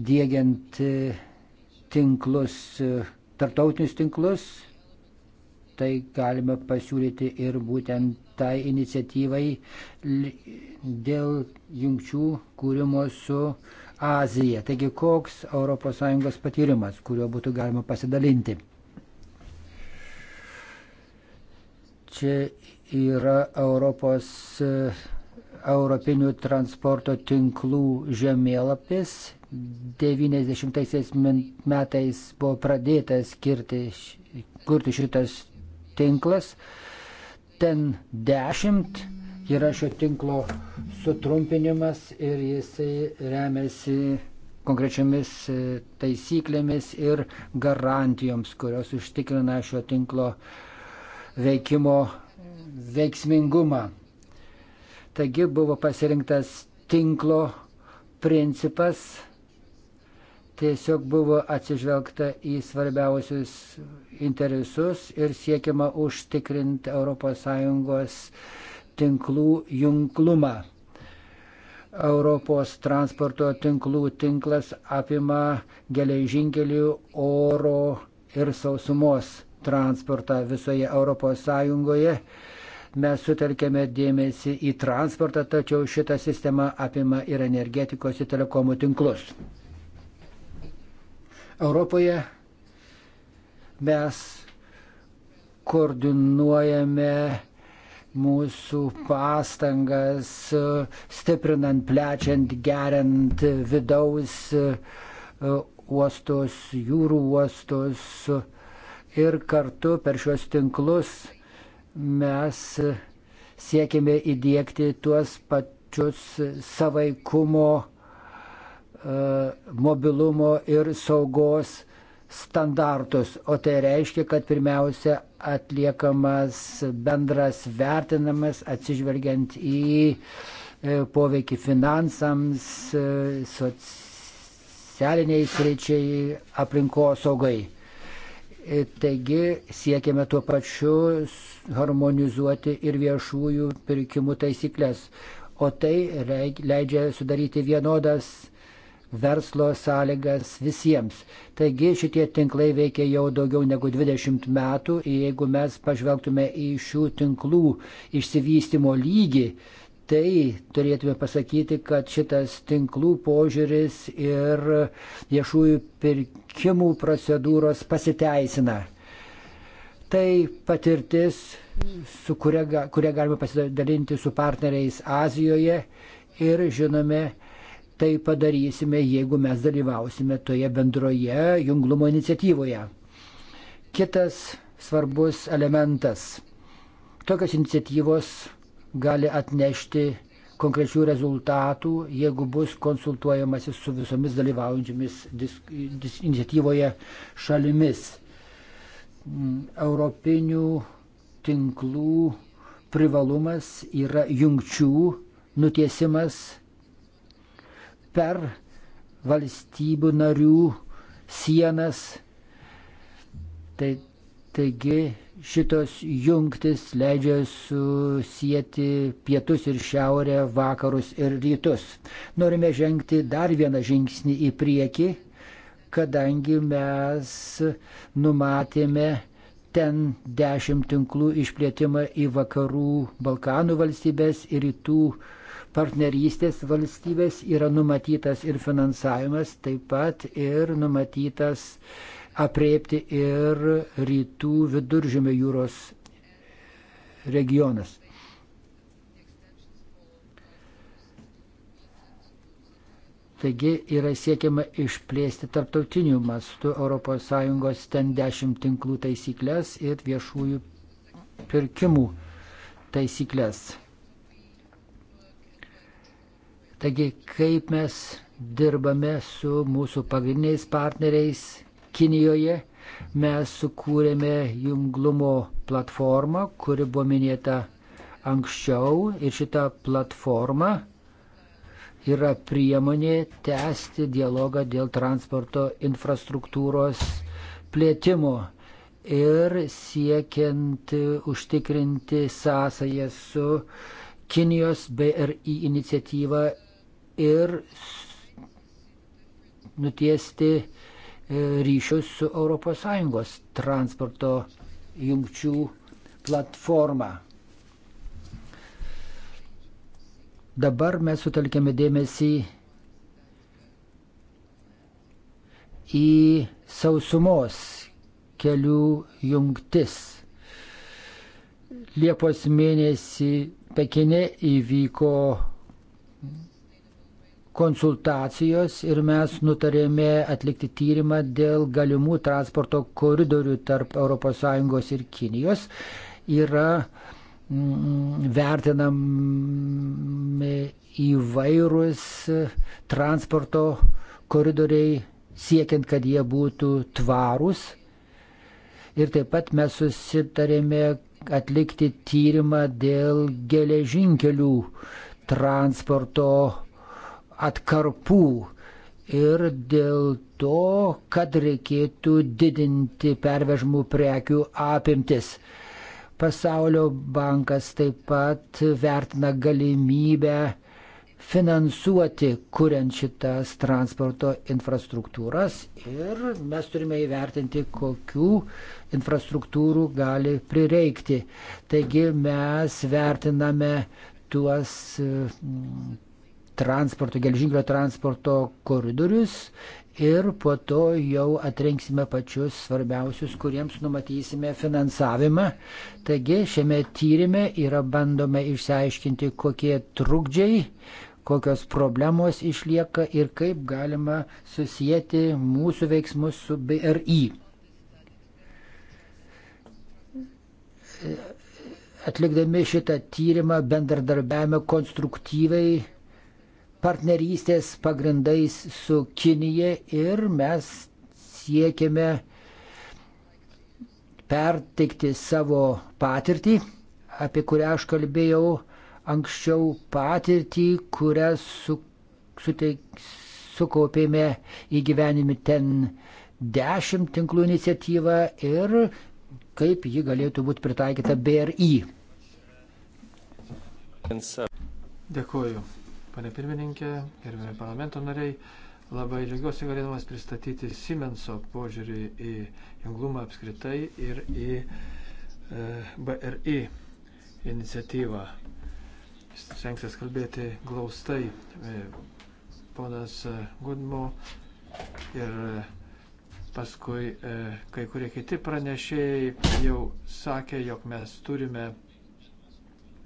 dėgiant tinklus, tarptautinius tinklus tai galime pasiūlyti ir būtent tai iniciatyvai dėl jungčių kūrimo su Azija. Taigi koks ES patyrimas, kuriuo būtų galima pasidalinti? Čia yra Europos Europinių transporto tinklų žemėlapis. 90 metais buvo pradėtas skirti, kurti šitas tinklas. Ten 10 yra šio tinklo sutrumpinimas ir jisai remiasi konkrečiamis e, taisyklėmis ir garantijoms, kurios užtikrina šio tinklo veikimo veiksmingumą. Taigi buvo pasirinktas tinklo principas Tiesiog buvo atsižvelgta į svarbiausius interesus ir siekiama užtikrinti ES tinklų junklumą. Europos transporto tinklų tinklas apima geležinkelių, oro ir sausumos transportą visoje ES mes sutelkėme dėmesį į transportą, tačiau šita sistema apima ir energetikos, ir telekomų tinklus. Europoje mes koordinuojame mūsų pastangas, stiprinant, plečiant, geriant vidaus e, uostus, jūrų uostus ir kartu per šios tinklus mes siekime įdėkti tuos pačius savaikumo E, mobilumo ir saugos standartus, o tai reiškia, kad pirmiausia atliekamas bendras vertinamas atsižvelgiant į e, poveikį finansams, e, socialiniai sričiai, aplinkos saugai. Taigi siekiame tuo pačiu harmonizuoti ir viešųjų pirkimų taisyklės, o tai leidžia sudaryti vienodas verslo sąlygas visiems. Taigi šitie tinklai veikia jau daugiau negu 20 metų ir jeigu mes pažvelgtume į šių tinklų išsivystimo lygį, tai turėtume pasakyti, kad šitas tinklų požiūris ir viešųjų pirkimų procedūros pasiteisina. Tai patirtis, su kuria, kuria galime pasidalinti su partneriais Azijoje ir žinome, tai padarysime, jeigu mes dalyvausime toje bendroje junglumo iniciatyvoje. Kitas svarbus elementas. Tokios iniciatyvos gali atnešti konkrečių rezultatų, jeigu bus konsultuojamasi su visomis dalyvaujančiamis iniciatyvoje šalimis. Mm, europinių tinklų privalumas yra jungčių nutiesimas per valstybių narių sienas. Tai, taigi šitos jungtis leidžia susijęti pietus ir šiaurę, vakarus ir rytus. Norime žengti dar vieną žingsnį į priekį, kadangi mes numatėme ten dešimt tinklų išplėtimą į vakarų Balkanų valstybės ir rytų partnerystės valstybės yra numatytas ir finansavimas, taip pat ir numatytas apriepti ir rytų viduržėmio jūros regionas. Taigi yra siekiama išplėsti tarptautinių mastų ES ten 10 tinklų taisyklės ir viešųjų pirkimų taisyklės. Taigi, kaip mes dirbame su mūsų pagrindiniais partneriais Kinijoje, mes sukūrėme junglumo platformą, kuri buvo minėta anksčiau ir šita platforma yra priemonė tęsti dialogą dėl transporto infrastruktūros plėtimo ir siekiant užtikrinti sąsają su Kinijos BRI iniciatyva ir nutiesti e, ryšius su ES transporto jungčių platforma. Dabar mes sutelkėme dėmesį į sausumos kelių jungtis. Liepos mėnesį Pekine įvyko konsultacijos ir mes nutarėme atlikti tyrimą dėl galimų transporto koridorių tarp ES ir Kinijos. Yra mm, vertinami įvairūs transporto koridoriai siekiant, kad jie būtų tvarūs. Ir taip pat mes susitarėme atlikti tyrimą dėl geležinkelių transporto atkarpų ir dėl to, kad reikėtų didinti pervežimų prekių apimtis. Pasaulio bankas taip pat vertina galimybę finansuoti, kuriant šitas transporto infrastruktūras ir mes turime įvertinti, kokių infrastruktūrų gali prireikti. Taigi mes vertiname tuos transporto, gelžinkelio transporto koridorius ir po to jau atrinksime pačius svarbiausius, kuriems numatysime finansavimą. Taigi šiame tyrimė yra bandome išsiaiškinti, kokie trukdžiai, kokios problemos išlieka ir kaip galima susijęti mūsų veiksmus su BRI. Atlikdami šitą tyrimą bendradarbiavime konstruktyviai partnerystės pagrindais su Kinija ir mes siekiame perteikti savo patirtį, apie kurią aš kalbėjau anksčiau patirtį, kurią su, suteik, sukaupėme įgyvenimi ten dešimt tinklų iniciatyvą ir kaip ji galėtų būti pritaikyta BRI. Dėkuoju pane pirmininkė, gerbėjai parlamento nariai. Labai džiaugiuosi galėdamas pristatyti Siemenso požiūrį į junglumą apskritai ir į e, BRI iniciatyvą. Stengsiuos kalbėti glaustai. E, ponas Gudmo ir paskui e, kai kurie kiti pranešėjai jau sakė, jog mes turime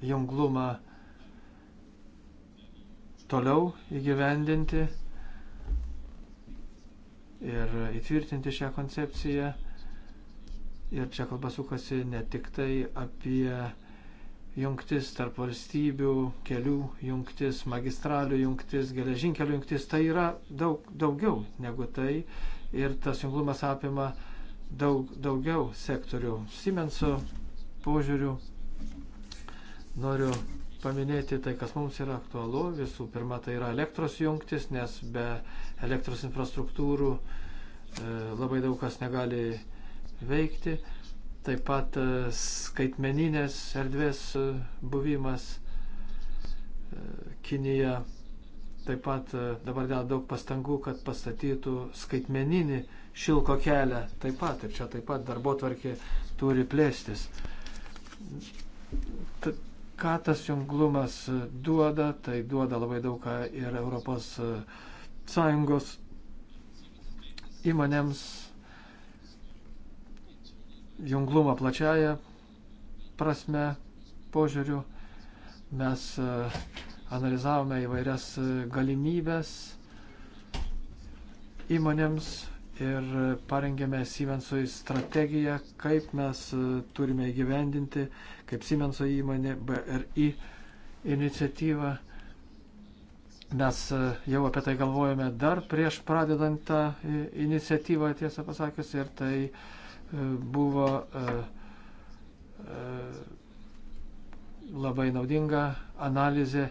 junglumą toliau įgyvendinti ir įtvirtinti šią koncepciją. Ir čia kalba sukasi ne tik tai apie jungtis tarp valstybių, kelių jungtis, magistralių jungtis, geležinkelių jungtis. Tai yra daug, daugiau negu tai. Ir tas junglumas apima daug, daugiau sektorių. Siemenso požiūrių noriu paminėti tai, kas mums yra aktualu. Visų pirma, tai yra elektros jungtis, nes be elektros infrastruktūrų e, labai daug kas negali veikti. Taip pat e, skaitmeninės erdvės e, buvimas Kinija. Taip pat dabar dėl daug pastangų, kad pastatytų skaitmeninį šilko kelią. Taip pat ir čia taip pat darbo tvarkė turi plėstis ką tas junglumas duoda, tai duoda labai daug ką ir Europos e, Sąjungos įmonėms junglumą plačiaja prasme požiūriu. Mes e, analizavome įvairias e, galimybės įmonėms ir parengėme Siemensui strategiją, kaip mes e, turime įgyvendinti, kaip Siemenso įmonė BRI iniciatyvą. Mes e, jau apie tai galvojame dar prieš pradedant tą e, iniciatyvą, tiesą pasakius, ir tai buvo labai naudinga analizė.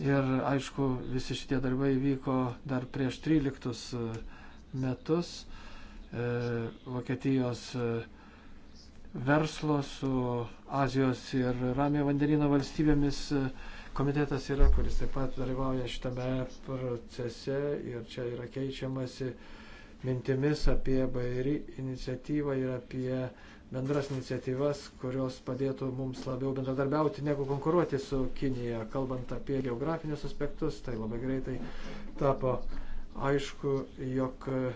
Ir aišku, visi šitie darbai vyko dar prieš 13 metus e, Vokietijos e, verslo su Azijos ir Ramio vandenino valstybėmis e, komitetas yra, kuris taip pat dalyvauja šitame procese ir čia yra keičiamasi mintimis apie bairį iniciatyvą ir apie bendras iniciatyvas, kurios padėtų mums labiau bendradarbiauti negu konkuruoti su Kinija. Kalbant apie geografinius aspektus, tai labai greitai tapo aišku, jog e,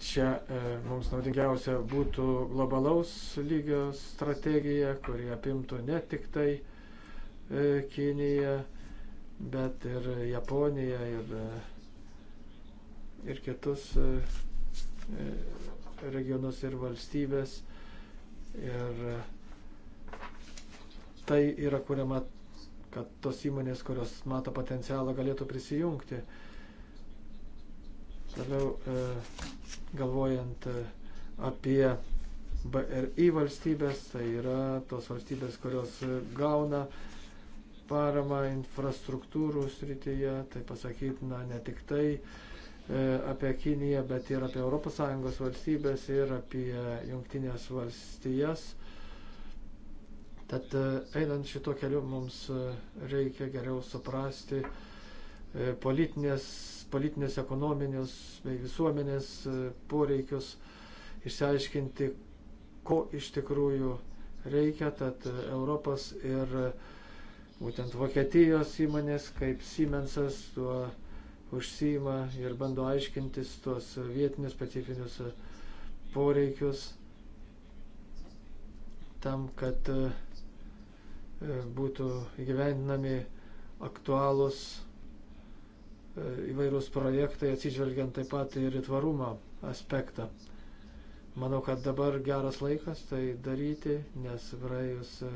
čia e, mums naudingiausia būtų globalaus lygio strategija, kuri apimtų ne tik tai e, Kiniją, bet ir Japoniją ir, ir kitus regionus ir valstybės. Ir tai yra kuriama kad tos įmonės, kurios mato potencialą, galėtų prisijungti. Toliau e, galvojant e, apie BRI valstybės, tai yra tos valstybės, kurios gauna paramą infrastruktūrų srityje, tai pasakytina ne tik tai e, apie Kiniją, bet ir apie ES valstybės ir apie Junktinės valstijas Tad e, einant šito keliu mums e, reikia geriau suprasti e, politinės, politinės ekonominius bei visuomenės poreikius, išsiaiškinti, ko iš tikrųjų reikia, tad Europos ir būtent Vokietijos įmonės kaip Siemensas tuo užsima ir bando aiškintis tuos vietinius specifinius poreikius tam, kad uh, E, būtų įgyvendinami aktualūs e, įvairūs projektai, atsižvelgiant taip pat ir į tvarumą aspektą. Manau, kad dabar geras laikas tai daryti, nes praėjus e,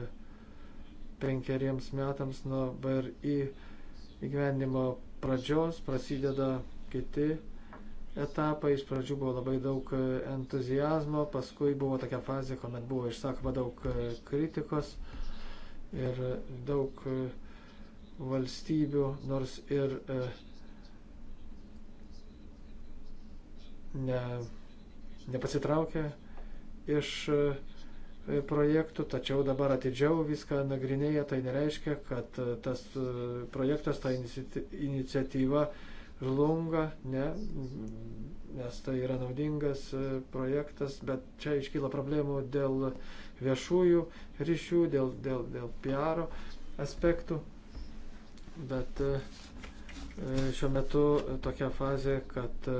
penkeriems metams nuo BRI įgyvendimo pradžios prasideda kiti etapai. Iš pradžių buvo labai daug entuzijazmo, paskui buvo tokia fazė, kuomet buvo išsakoma daug kritikos. Ir daug e, valstybių, nors ir e, ne, nepasitraukė iš e, projektų, tačiau dabar atidžiau viską nagrinėja, tai nereiškia, kad tas projektas, ta iniciatyva žlunga, ne, nes tai yra naudingas projektas, bet čia iškyla problemų dėl viešųjų ryšių, dėl, dėl, dėl PR aspektų. Bet e, e, šiuo metu tokia fazė, kad e,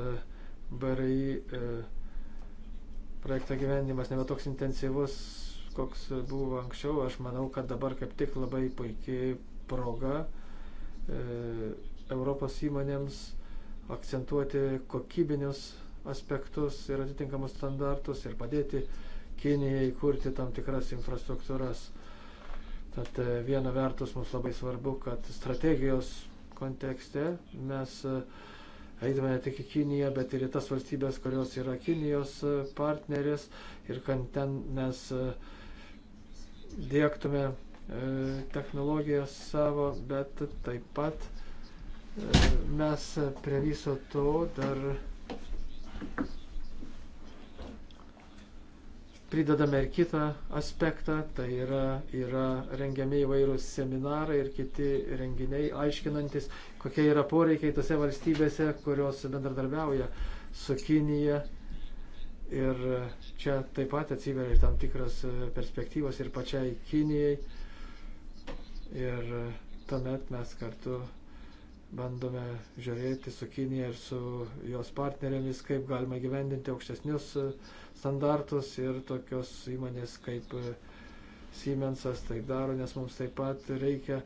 BRI projekto gyvenimas nebetoks intensyvus, koks buvo anksčiau. Aš manau, kad dabar kaip tik labai puikiai proga Europos įmonėms akcentuoti kokybinius aspektus ir atitinkamus standartus ir padėti uh, Kinijai kurti tam tikras infrastruktūras. Tad e, viena vertus mums labai svarbu, kad strategijos kontekste mes e, eidame ne tik į Kiniją, bet ir į tas valstybės, kurios yra Kinijos e, partneris ir kad ten mes dėktume technologijas savo, bet taip pat mes prie viso to dar pridedame ir kitą aspektą, tai yra, yra rengiami įvairūs seminarai ir kiti renginiai, aiškinantis, kokie yra poreikiai tose valstybėse, kurios bendradarbiauja su Kinija. Ir čia taip pat atsiveria ir tam tikras e, perspektyvos ir pačiai Kinijai. Ir e, tuomet mes kartu bandome žiūrėti su Kinija ir su jos partnerėmis, kaip galima gyvendinti aukštesnius e, standartus ir tokios įmonės kaip e, Siemensas tai daro, nes mums taip pat reikia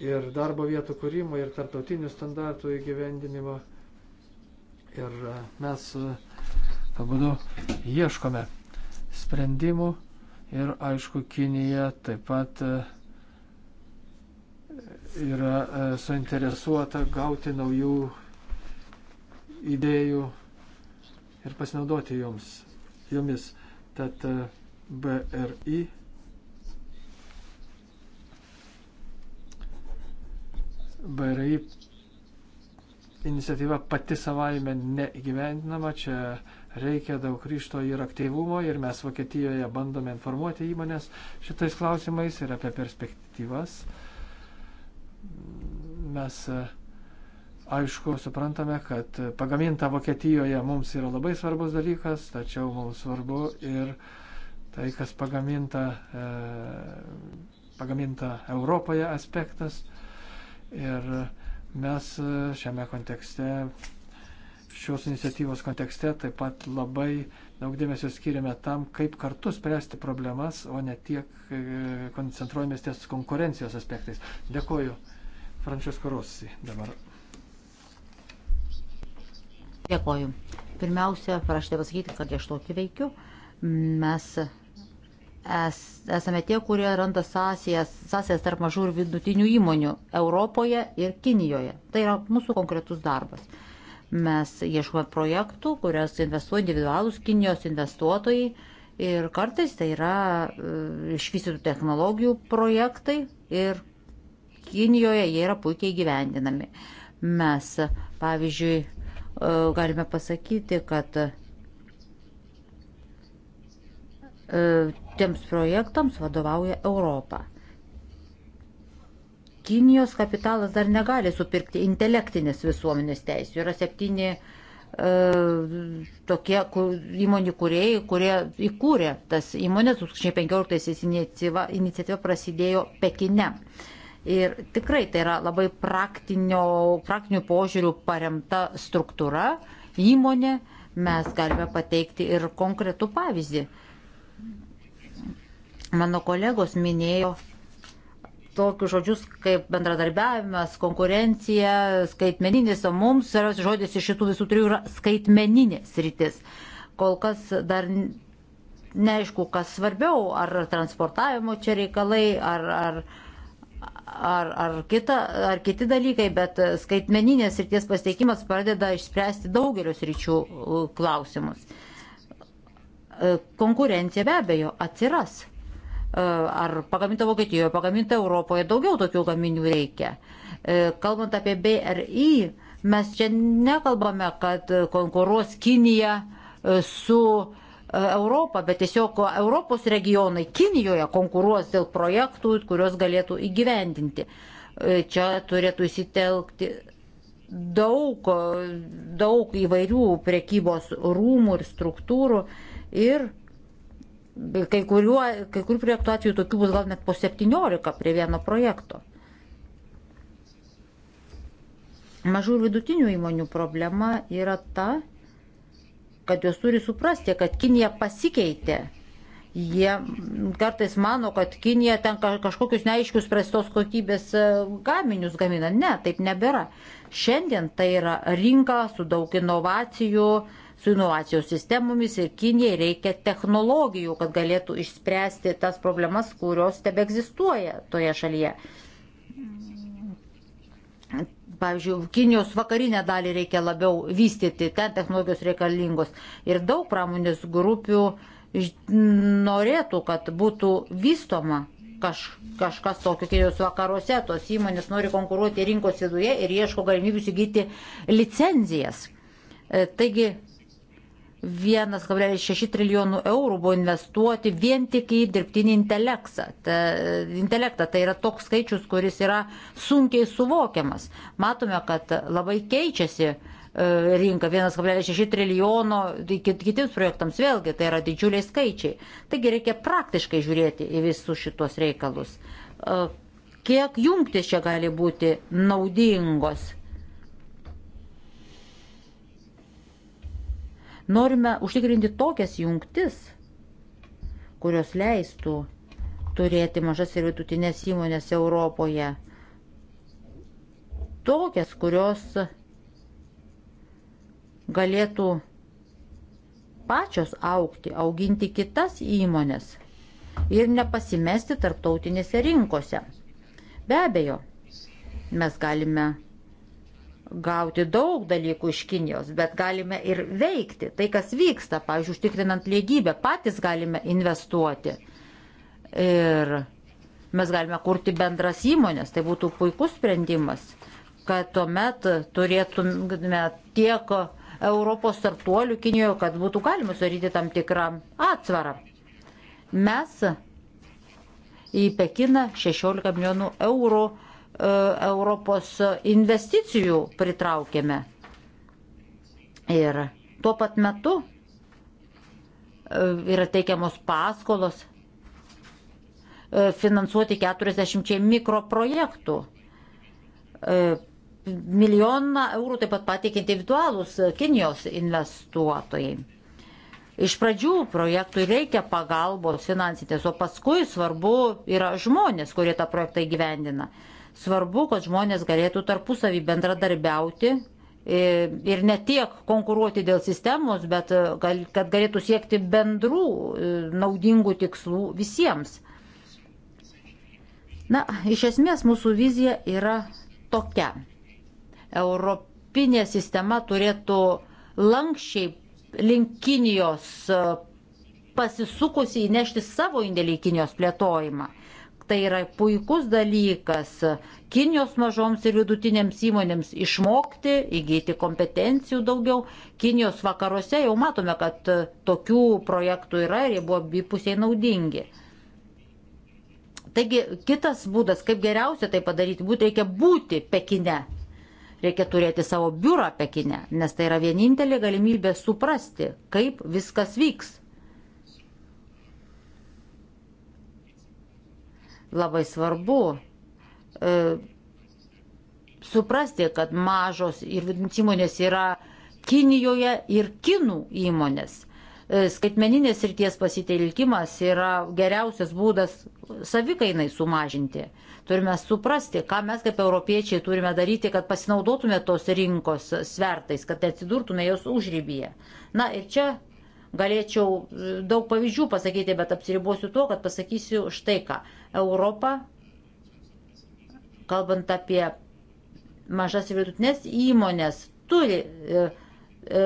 ir darbo vietų kūrimo, ir tarptautinių standartų įgyvendinimo. Ir e, mes abudu ieškome sprendimų ir aišku, Kinija taip pat uh, yra e, suinteresuota gauti naujų idėjų ir pasinaudoti joms, jomis. Tad e, BRI BRI iniciatyva pati savaime neįgyvendinama, čia reikia daug ryšto ir aktyvumo ir mes Vokietijoje bandome informuoti įmonės šitais klausimais ir apie perspektyvas. Uh, mes e, aišku suprantame, kad pagaminta Vokietijoje mums yra labai svarbus dalykas, tačiau mums svarbu ir tai, kas pagaminta, e, pagaminta Europoje aspektas. Ir mes e, šiame kontekste šios iniciatyvos kontekste taip pat labai daug dėmesio skiriame tam, kaip kartu spręsti problemas, o ne tiek koncentruojamės ties konkurencijos aspektais. Dėkuoju Frančiasko Rossi dabar. Dėkoju. Pirmiausia, prašau pasakyti, kad aš tokį veikiu. Mes es, esame tie, kurie randa sąsijas, sąsijas tarp mažų ir vidutinių įmonių Europoje ir Kinijoje. Tai yra mūsų konkretus darbas. Mes ieškome projektų, kurias investuoja individualūs Kinijos investuotojai ir kartais tai yra e, išvystytų technologijų projektai ir Kinijoje jie yra puikiai gyvendinami. Mes, pavyzdžiui, e, galime pasakyti, kad e, tiems projektams vadovauja Europa. Kinijos kapitalas dar negali supirkti intelektinės visuomenės teisų. Yra septyni e, tokie įmonių kuriejai, kurie įkūrė tas įmonės. 2015 iniciatyva, iniciatyva prasidėjo Pekine. E, Ir tikrai tai yra labai praktinių požiūrių paremta struktūra, įmonė. Mes galime pateikti ir konkretų pavyzdį. Mano kolegos minėjo tokius žodžius kaip bendradarbiavimas, konkurencija, skaitmeninis, o mums svarbiausias žodis iš šitų visų trijų yra skaitmeninė sritis. Kol kas dar neaišku, kas svarbiau, ar transportavimo čia reikalai, ar, ar ar, ar, kita, ar kiti dalykai, bet skaitmeninės ryties pasteikimas pradeda išspręsti daugelius ryčių klausimus. E, konkurencija be abejo atsiras. E, ar pagaminta Vokietijoje, pagaminta Europoje, daugiau tokių gaminių reikia. E, kalbant apie BRI, mes čia nekalbame, kad konkuruos Kinija su E, Europą, bet tiesiog Europos regionai Kinijoje konkuruos dėl projektų, kuriuos galėtų įgyvendinti. E, čia turėtų įsitelkti daug, e, daug įvairių prekybos rūmų ir struktūrų ir kai, kuriuo, kai kurių projektų atveju tokių bus gal net po 17 prie vieno projekto. Mažų ir vidutinių įmonių problema yra ta, kad jos turi suprasti, kad Kinija pasikeitė. Jie kartais mano, kad Kinija ten kažkokius neaiškius prastos kokybės e, gaminius gamina. Ne, taip nebėra. Šiandien tai yra rinka su daug inovacijų, su inovacijų sistemomis ir Kinijai reikia technologijų, kad galėtų išspręsti tas problemas, kurios tebe egzistuoja toje šalyje. Pavyzdžiui, Kinijos vakarinę dalį reikia labiau vystyti, ten technologijos reikalingos. Ir daug pramonės grupių norėtų, kad būtų vystoma kaž, kažkas tokio Kinijos vakaruose. Tos įmonės nori konkuruoti rinkos viduje ir ieško galimybių įsigyti licenzijas. E, taigi 1,6 trilijonų eurų buvo investuoti vien tik į dirbtinį intelektą. Ta, intelektą. Tai yra toks skaičius, kuris yra sunkiai suvokiamas. Matome, kad labai keičiasi e, rinka 1,6 trilijono kitiems projektams vėlgi tai yra didžiuliai skaičiai. Taigi reikia praktiškai žiūrėti į visus šitos reikalus. E, kiek jungtis čia gali būti naudingos Norime užtikrinti tokias jungtis, kurios leistų turėti mažas ir vidutinės įmonės Europoje. Tokias, kurios galėtų pačios aukti, auginti kitas įmonės ir nepasimesti tarptautinėse rinkose. Be abejo, mes galime gauti daug dalykų iš Kinijos, bet galime ir veikti. Tai, kas vyksta, pavyzdžiui, užtikrinant lygybę, patys galime investuoti. Ir mes galime kurti bendras įmonės, tai būtų puikus sprendimas, kad tuomet turėtume tiek Europos startuolių Kinijoje, kad būtų galima sudaryti tam tikrą atsvarą. Mes į Pekiną 16 milijonų eurų Europos investicijų pritraukėme. Ir tuo pat metu e, yra teikiamos paskolos e, finansuoti 40 mikroprojektų. E, milijoną eurų taip pat pateikė individualūs Kinijos investuotojai. Iš pradžių projektui reikia pagalbos finansinės, o paskui svarbu yra žmonės, kurie tą projektą įgyvendina. Svarbu, kad žmonės galėtų tarpusavį bendradarbiauti e, ir ne tiek konkuruoti dėl sistemos, bet e, kad galėtų siekti bendrų e, naudingų tikslų visiems. Na, iš esmės mūsų vizija yra tokia. Europinė sistema turėtų lankščiai link Kinijos pasisukusi įnešti savo indėlį į Kinijos plėtojimą tai yra puikus dalykas Kinijos mažoms ir vidutinėms įmonėms išmokti, įgyti kompetencijų daugiau. Kinijos vakaruose jau matome, kad tokių projektų yra ir jie buvo abipusiai naudingi. Taigi kitas būdas, kaip geriausia tai padaryti, būtų reikia būti Pekine. Reikia turėti savo biurą Pekine, nes tai yra vienintelė galimybė suprasti, kaip viskas vyks. Labai svarbu e, suprasti, kad mažos ir vidutinės įmonės yra Kinijoje ir kinų įmonės. E, skaitmeninės ryties pasitelkimas yra geriausias būdas savikainai sumažinti. Turime suprasti, ką mes kaip europiečiai turime daryti, kad pasinaudotume tos rinkos svertais, kad atsidurtume jos užrybyje. Na ir čia Galėčiau e, daug pavyzdžių pasakyti, bet apsiribosiu tuo, kad pasakysiu štai ką. Europa, kalbant apie mažas ir vidutinės įmonės, turi e, e,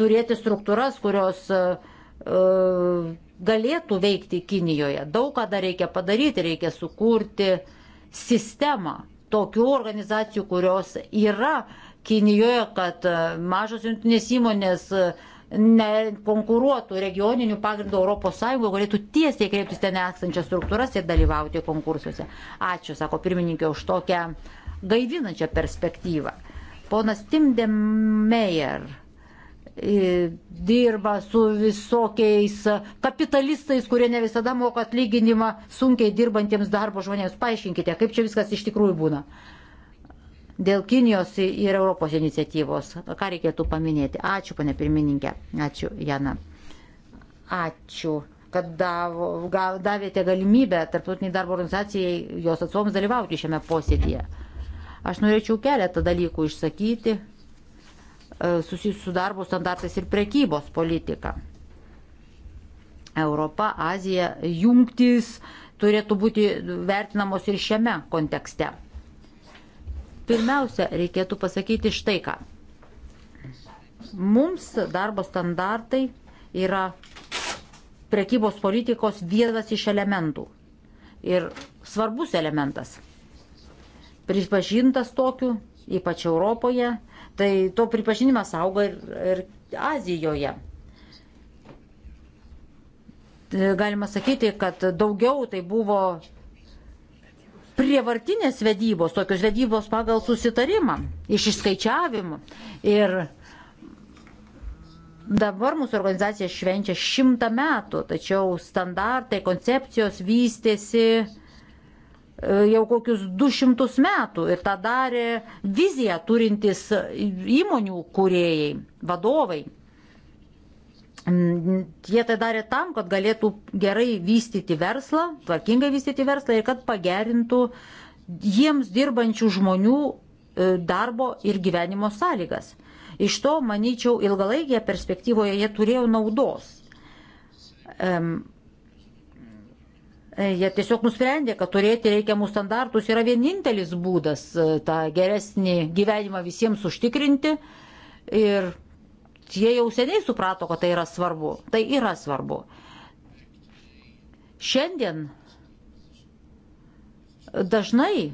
turėti struktūras, kurios e, e galėtų veikti Kinijoje. Daug ką dar reikia padaryti, reikia sukurti sistemą tokių organizacijų, kurios yra Kinijoje, kad e, mažos jungtinės įmonės e, nekonkuruotų regioninių pagrindų ES, galėtų tiesiai kreiptis ten esančias struktūras ir dalyvauti konkursuose. Ačiū, sako pirmininkė, už tokią gaivinančią perspektyvą. Ponas Timdemeyer e, dirba su visokiais kapitalistais, kurie ne visada moka atlyginimą sunkiai dirbantiems darbo žmonėms. Paaiškinkite, kaip čia viskas iš tikrųjų būna dėl Kinijos ir Europos iniciatyvos. Ką reikėtų paminėti? Ačiū, pane pirmininkė. Ačiū, Jana. Ačiū, kad davo, gav, davėte galimybę tarptautiniai darbo organizacijai, jos atstovams dalyvauti šiame posėdėje. Aš norėčiau keletą dalykų išsakyti e, susijusių su darbo standartais ir prekybos politika. Europa, Azija, jungtis turėtų būti vertinamos ir šiame kontekste. Pirmiausia, reikėtų pasakyti štai ką. Mums darbo standartai yra prekybos politikos vienas iš elementų. Ir svarbus elementas. Pripažintas tokiu, ypač Europoje, tai to pripažinimas auga ir, ir Azijoje. Galima sakyti, kad daugiau tai buvo prievartinės vedybos, tokios vedybos pagal susitarimą, iš išskaičiavimų. Ir dabar mūsų organizacija švenčia šimtą metų, tačiau standartai, koncepcijos vystėsi e, jau kokius 200 metų ir tą darė viziją turintys įmonių kūrėjai, vadovai. Mm, jie tai darė tam, kad galėtų gerai vystyti verslą, tvarkingai vystyti verslą ir kad pagerintų jiems dirbančių žmonių e, darbo ir gyvenimo sąlygas. Iš to, manyčiau, ilgalaikėje perspektyvoje jie turėjo naudos. Um, jie tiesiog nusprendė, kad turėti reikiamus standartus yra vienintelis būdas e, tą geresnį gyvenimą visiems užtikrinti. Ir jie jau seniai suprato, kad tai yra svarbu. Tai yra svarbu. Šiandien dažnai e,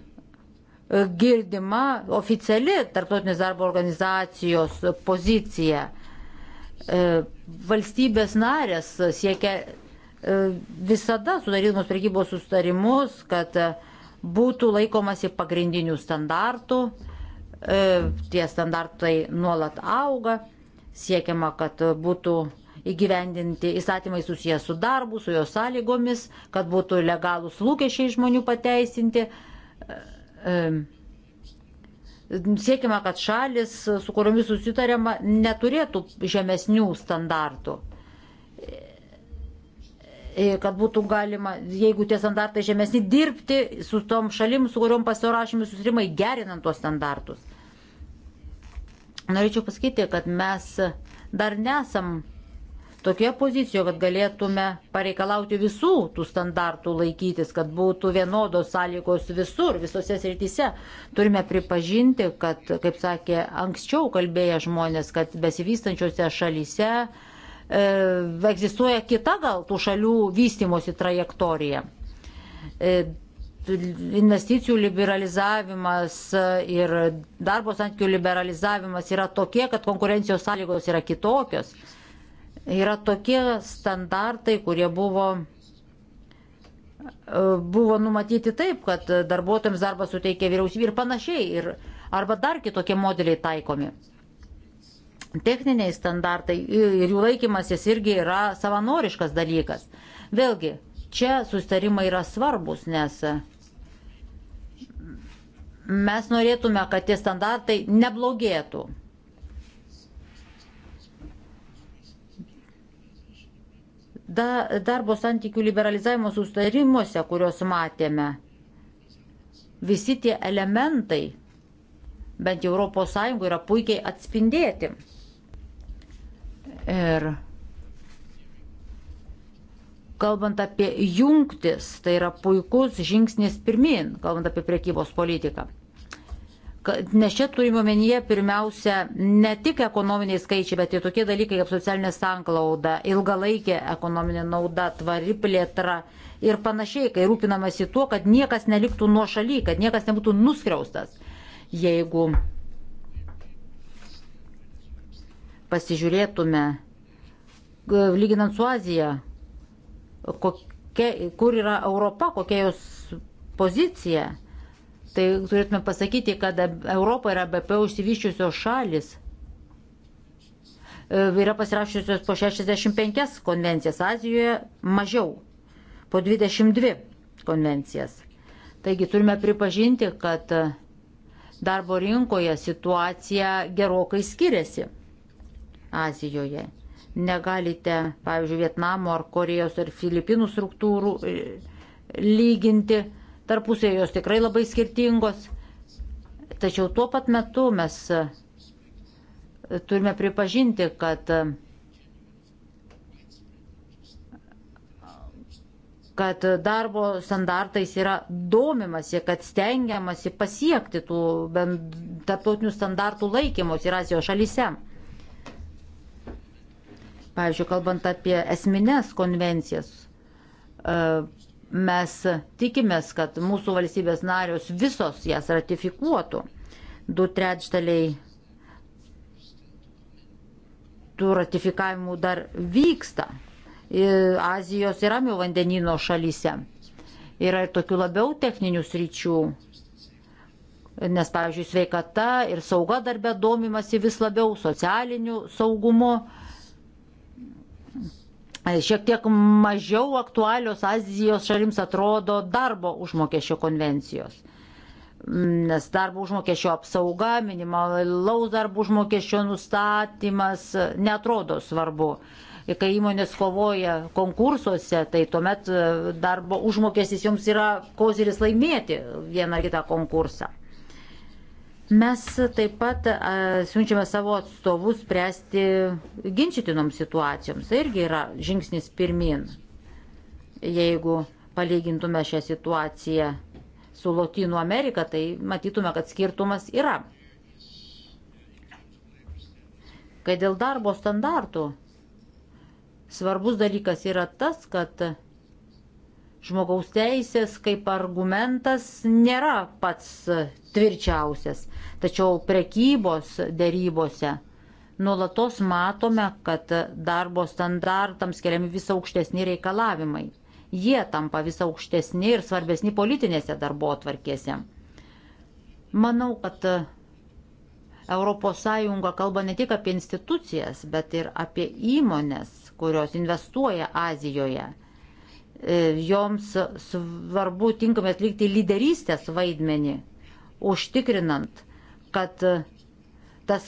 girdima oficiali tarptautinės darbo organizacijos pozicija. E, valstybės narės siekia e, visada sudarydamas prekybos sustarimus, kad būtų laikomasi pagrindinių standartų, tie standartai nuolat auga. Siekiama, kad būtų įgyvendinti įstatymai susijęs su darbu, su jo sąlygomis, kad būtų legalūs lūkesčiai žmonių pateisinti. E, e, Siekime, kad šalis, su kuriomis susitariama, neturėtų žemesnių standartų. E, kad būtų galima, jeigu tie standartai žemesni, dirbti su tom šalim, su kuriuom pasirašymi susitarimai, gerinant tuos standartus. Norėčiau pasakyti, kad mes dar nesam tokioje pozicijoje, kad galėtume pareikalauti visų tų standartų laikytis, kad būtų vienodos sąlygos visur, visose srityse. Turime pripažinti, kad, kaip sakė anksčiau kalbėję žmonės, kad besivystančiose šalyse e, egzistuoja kita gal tų šalių vystimosi trajektorija. E, investicijų liberalizavimas ir darbo santykių liberalizavimas yra tokie, kad konkurencijos sąlygos yra kitokios. Yra tokie standartai, kurie buvo, e, buvo numatyti taip, kad darbuotojams darbą suteikė vyriausybė ir panašiai, ir, arba dar kitokie modeliai taikomi. Techniniai standartai ir jų laikymasis irgi yra savanoriškas dalykas. Vėlgi, čia sustarimai yra svarbus, nes Mes norėtume, kad tie standartai neblogėtų. Da, darbo santykių liberalizavimo sustarimuose, kuriuos matėme, visi tie elementai, bent jau ES, yra puikiai atspindėti. Ir kalbant apie jungtis, tai yra puikus žingsnis pirmin, kalbant apie priekybos politiką nes čia turime omenyje pirmiausia ne tik ekonominiai skaičiai, bet ir tokie dalykai kaip socialinė sanklauda, ilgalaikė ekonominė nauda, tvari plėtra ir panašiai, kai rūpinamasi tuo, kad niekas neliktų nuo šaly, kad niekas nebūtų nuskriaustas. Jeigu pasižiūrėtume, lyginant su Azija, kokia, kur yra Europa, kokia jos pozicija, tai turėtume pasakyti, kad Europa yra BPO išsivyščiusios šalis. E, yra pasirašysios po 65 konvencijas, Azijoje mažiau, po 22 konvencijas. Taigi turime pripažinti, kad darbo rinkoje situacija gerokai skiriasi Azijoje. Negalite, pavyzdžiui, Vietnamo ar Korejos ar Filipinų struktūrų e, lyginti tarpusėje jos tikrai labai skirtingos, tačiau tuo pat metu mes e, turime pripažinti, kad e, kad darbo standartais yra domimasi, kad stengiamasi pasiekti tų tarptautinių standartų laikymus ir Azijos šalyse. Pavyzdžiui, kalbant apie esminės konvencijas, e, Mes tikimės, kad mūsų valstybės narios visos jas ratifikuotų. Du trečdaliai tų ratifikavimų dar vyksta Azijos ir Ramio vandenino šalyse. Yra ir tokių labiau techninių sričių, nes, pavyzdžiui, sveikata ir sauga darbė domimasi vis labiau socialiniu saugumu E, šiek tiek mažiau aktualios Azijos šalims atrodo darbo užmokesčio konvencijos. Nes darbo užmokesčio apsauga, minimalaus darbo užmokesčio nustatymas netrodo svarbu. Kai įmonės kovoja konkursuose, tai tuomet e, darbo užmokestis jums yra koziris laimėti vieną ar kitą konkursą. Mes taip pat a, siunčiame savo atstovus spręsti ginčytinoms situacijoms. Tai irgi yra žingsnis pirmin. Jeigu palygintume šią situaciją su Lotynų Amerika, tai matytume, kad skirtumas yra. Kai dėl darbo standartų svarbus dalykas yra tas, kad žmogaus teisės kaip argumentas nėra pats tvirčiausias. Tačiau prekybos dėrybose nuolatos matome, kad darbo standartams keliami vis aukštesni reikalavimai. Jie tampa vis aukštesni ir svarbesni politinėse darbo atvarkėse. Manau, kad ES kalba ne tik apie institucijas, bet ir apie įmonės, kurios investuoja Azijoje E, joms svarbu tinkamai atlikti lyderystės vaidmenį, užtikrinant, kad tas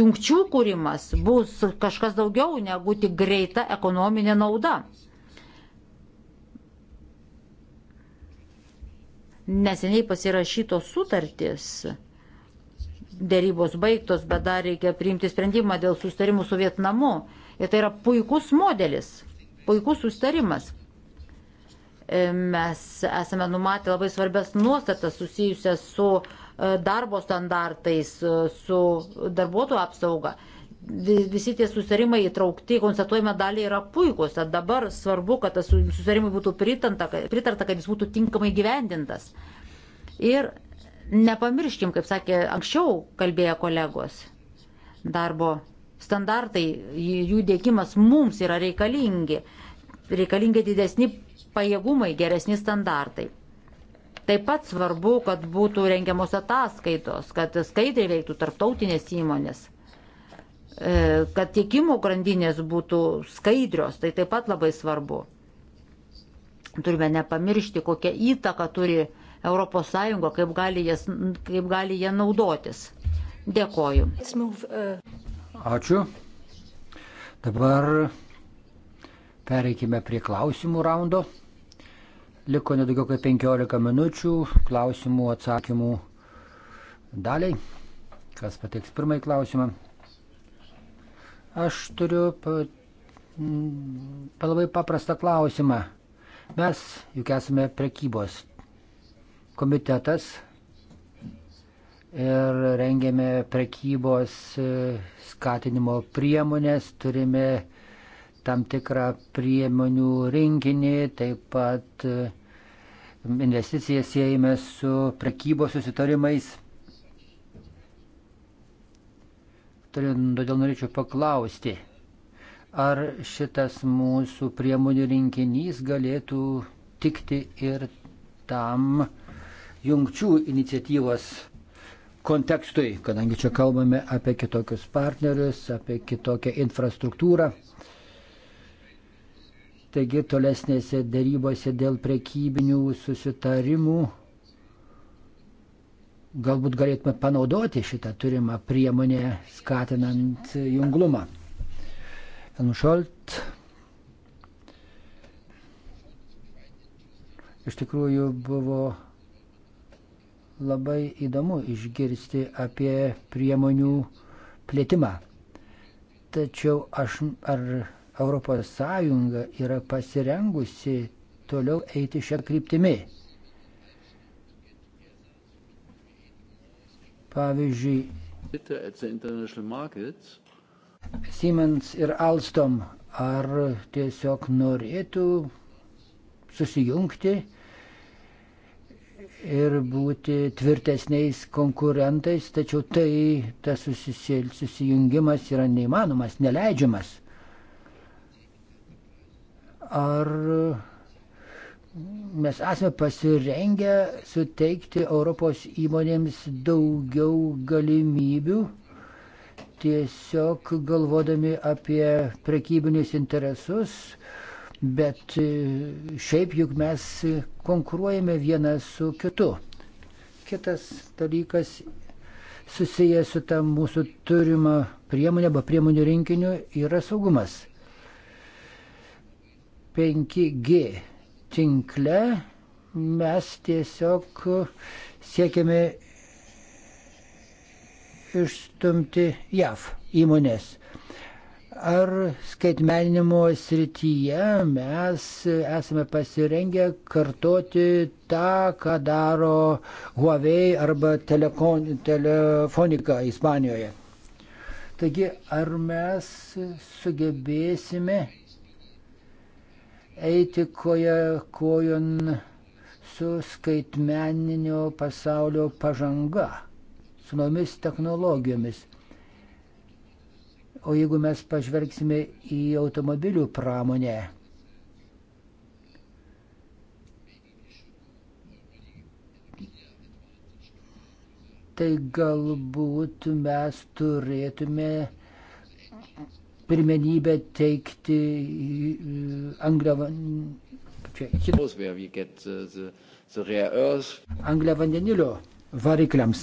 jungčių kūrimas bus kažkas daugiau negu tik greita ekonominė nauda. Neseniai pasirašytos sutartys, dėrybos baigtos, bet dar reikia priimti sprendimą dėl sustarimų su Vietnamu. Ir tai yra puikus modelis, puikus sustarimas. E, mes esame numatę labai svarbias nuostatas susijusias su e, darbo standartais, e, su darbuotojų apsauga. Visi tie susitarimai įtraukti, konstatuojame dalį yra puikus, tad dabar svarbu, kad tas susitarimai būtų pritanta, pritarta, kad jis būtų tinkamai gyvendintas. Ir nepamirškim, kaip sakė anksčiau kalbėję kolegos, darbo standartai, jų dėkimas mums yra reikalingi. Reikalingi didesni pajėgumai, geresni standartai. Taip pat svarbu, kad būtų rengiamos ataskaitos, kad skaidriai veiktų tarptautinės įmonės, e, kad tiekimo grandinės būtų skaidrios, tai taip pat labai svarbu. Turime nepamiršti, kokią įtaką turi ES, kaip gali, jas, kaip gali jie naudotis. Dėkoju. Ačiū. Dabar pereikime prie klausimų raundo. Liko nedaugiau kaip 15 minučių klausimų atsakymų daliai. Kas pateiks pirmąjį klausimą? Aš turiu pa, pa labai paprastą klausimą. Mes juk esame prekybos komitetas ir rengėme prekybos e, skatinimo priemonės, turime tam tikrą priemonių rinkinį, taip pat e, investicijas siejame su prekybos susitarimais. Todėl norėčiau paklausti, ar šitas mūsų priemonių rinkinys galėtų tikti ir tam jungčių iniciatyvos kontekstui, kadangi čia kalbame apie kitokius partnerius, apie kitokią infrastruktūrą. Uh, Taigi tolesnėse dėrybose dėl prekybinių susitarimų galbūt galėtume panaudoti šitą turimą priemonę skatinant junglumą. Anušolt. Iš tikrųjų buvo labai įdomu išgirsti apie priemonių plėtimą. Tačiau aš ar ES yra pasirengusi toliau eiti šią kryptimį. Pavyzdžiui, Siemens ir Alstom ar tiesiog norėtų susijungti ir būti tvirtesniais konkurentais, tačiau tai tas susijungimas yra neįmanomas, neleidžiamas ar mes esame pasirengę suteikti Europos įmonėms daugiau galimybių, tiesiog galvodami apie prekybinius interesus, bet šiaip juk mes konkuruojame vienas su kitu. Kitas dalykas susijęs su tą mūsų turimą priemonę arba priemonių rinkiniu yra saugumas. 5G tinkle mes tiesiog siekiame išstumti JAV įmonės. Ar skaitmeninimo srityje mes esame pasirengę kartoti tą, ką daro Huawei arba telefonika Ispanijoje? Taigi, ar mes sugebėsime eiti koja kojon su skaitmeninio pasaulio pažanga, su naujomis technologijomis. O jeigu mes pažvelgsime į automobilių pramonę, tai galbūt mes turėtume pirmenybę teikti e, angliavandenilio äh, varikliams.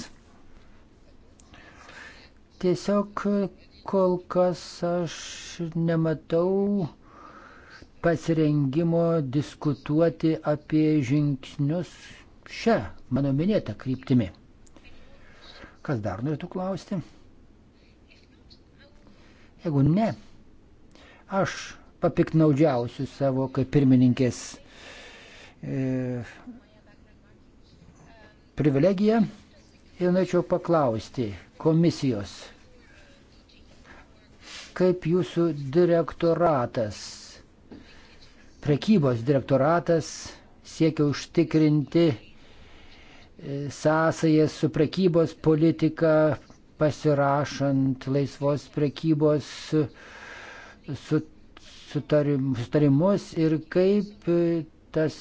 Tiesiog e, kol kas aš nematau pasirengimo diskutuoti apie žingsnius šią mano minėtą kryptimį. Kas dar norėtų klausti? Jeigu ne, aš papiknaudžiausiu savo kaip pirmininkės e, privilegiją ir norėčiau paklausti komisijos, kaip jūsų direktoratas, prekybos direktoratas siekia užtikrinti e, sąsajas su prekybos politika, pasirašant laisvos prekybos sutarimus ir kaip tas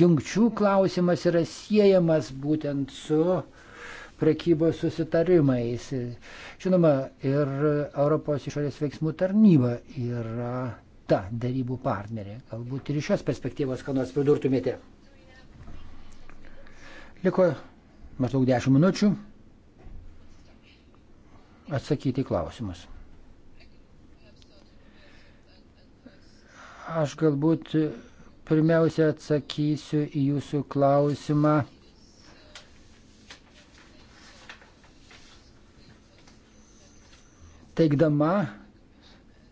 jungčių klausimas yra siejamas būtent su prekybos susitarimais. Žinoma, ir Europos išorės veiksmų tarnyba yra ta darybų partnerė. Galbūt ir iš šios perspektyvos, ką nors pridurtumėte. Liko maždaug 10 minučių atsakyti į klausimus. Aš galbūt pirmiausia atsakysiu į jūsų klausimą. Teikdama,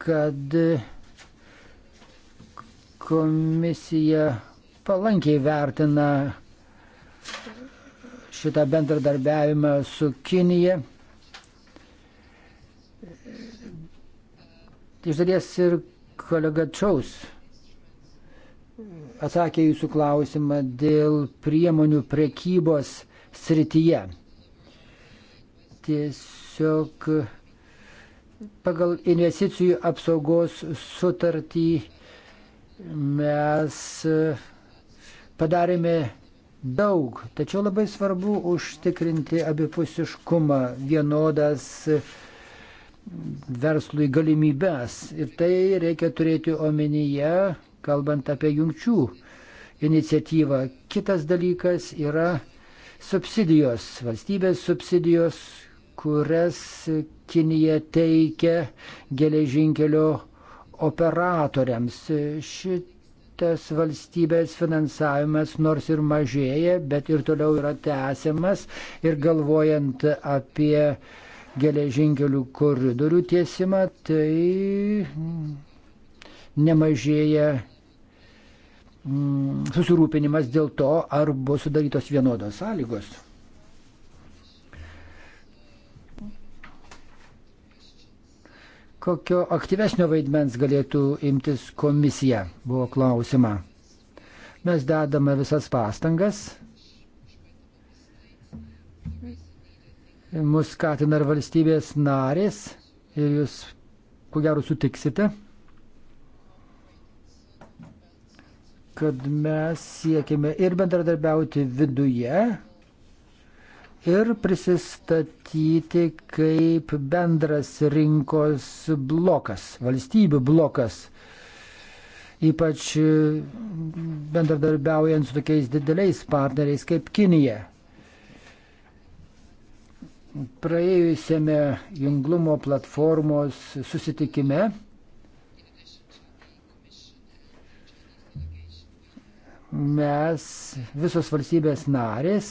kad komisija palankiai vertina šitą bendradarbiavimą su Kinija Iš dalies ir kolega Čiaus atsakė jūsų klausimą dėl priemonių prekybos srityje. Tiesiog pagal investicijų apsaugos sutartį mes padarėme daug, tačiau labai svarbu užtikrinti abipusiškumą, vienodas verslui galimybes. Ir tai reikia turėti omenyje, kalbant apie jungčių iniciatyvą. Kitas dalykas yra subsidijos, valstybės subsidijos, kurias Kinija teikia geležinkelio operatoriams. Šitas valstybės finansavimas nors ir mažėja, bet ir toliau yra tęsiamas ir galvojant apie geležinkelių koridorių tiesimą, tai nemažėja mm, susirūpinimas dėl to, ar bus sudarytos vienodos sąlygos. Kokio aktyvesnio vaidmens galėtų imtis komisija, buvo klausima. Mes dedame visas pastangas mus skatina ir valstybės narės, ir jūs ko gero sutiksite, kad mes siekime ir bendradarbiauti viduje, ir prisistatyti kaip bendras rinkos blokas, valstybių blokas. Ypač bendradarbiaujant su tokiais dideliais partneriais kaip Kinija praėjusiame junglumo platformos susitikime mes visos valstybės narės,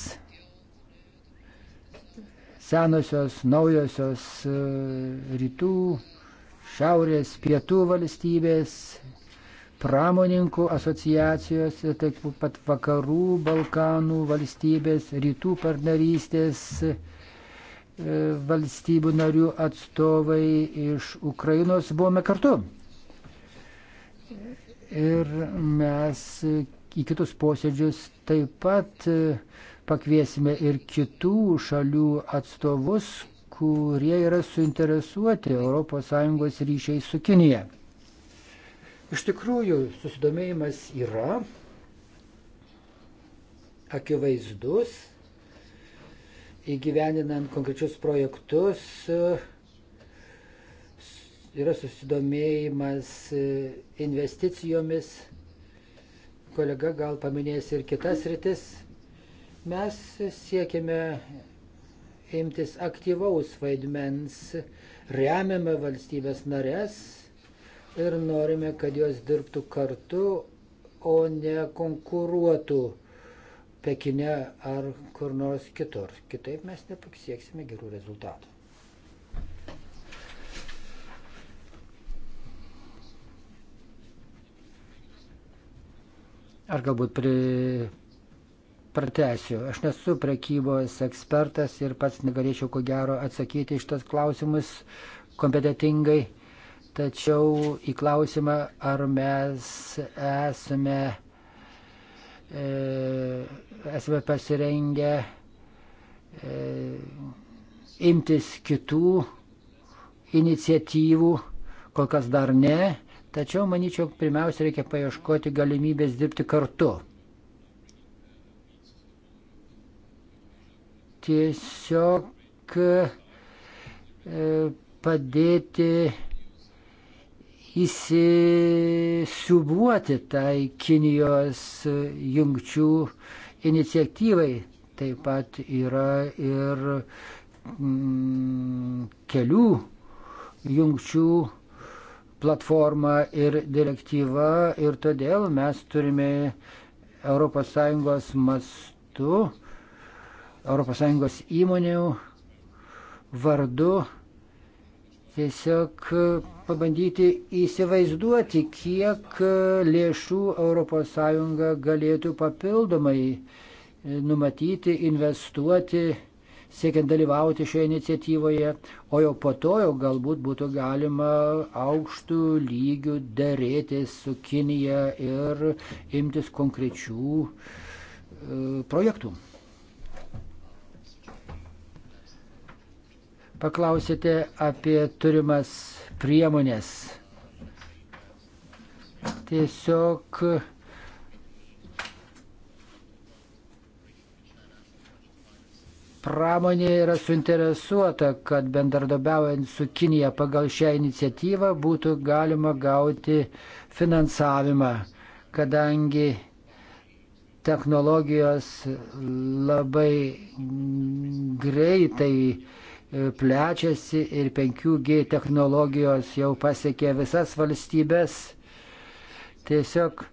senosios, naujosios e, rytų, šiaurės, pietų valstybės, pramoninkų asociacijos ir taip pat vakarų Balkanų valstybės, rytų partnerystės, E, valstybių narių atstovai iš Ukrainos buvome kartu. Ir mes į kitus posėdžius taip pat e, pakviesime ir kitų šalių atstovus, kurie yra suinteresuoti ES ryšiai su Kinija. Iš tikrųjų, susidomėjimas yra akivaizdus įgyvendinant konkrečius projektus yra susidomėjimas investicijomis. Kolega gal paminės ir kitas rytis. Mes siekime imtis aktyvaus vaidmens, remiame valstybės narės ir norime, kad jos dirbtų kartu, o ne konkuruotų Pekine ar kur nors kitur. Kitaip mes nepasieksime gerų rezultatų. Aš galbūt pri... pratesiu. Aš nesu prekybos ekspertas ir pats negalėčiau ko gero atsakyti iš tas klausimus kompetitingai. Tačiau į klausimą, ar mes esame E, esame pasirengę e, imtis kitų iniciatyvų, kol kas dar ne, tačiau manyčiau, pirmiausia, reikia paieškoti galimybės dirbti kartu. Tiesiog e, padėti įsisiubuoti tai Kinijos jungčių iniciatyvai. Taip pat yra ir mm, kelių jungčių platforma ir direktyva ir todėl mes turime ES mastu, ES įmonių vardu tiesiog e, pabandyti įsivaizduoti, kiek e, lėšų ES galėtų papildomai e, numatyti, investuoti, siekiant dalyvauti šioje iniciatyvoje, o jau po to jau galbūt būtų galima aukštų lygių dėrėtis su Kinija ir imtis konkrečių e, projektų. Paklausėte apie turimas priemonės. Tiesiog pramonė yra suinteresuota, kad bendradarbiaujant su Kinija pagal šią iniciatyvą būtų galima gauti finansavimą, kadangi technologijos labai greitai plečiasi ir 5G technologijos jau pasiekė visas valstybės. Tiesiog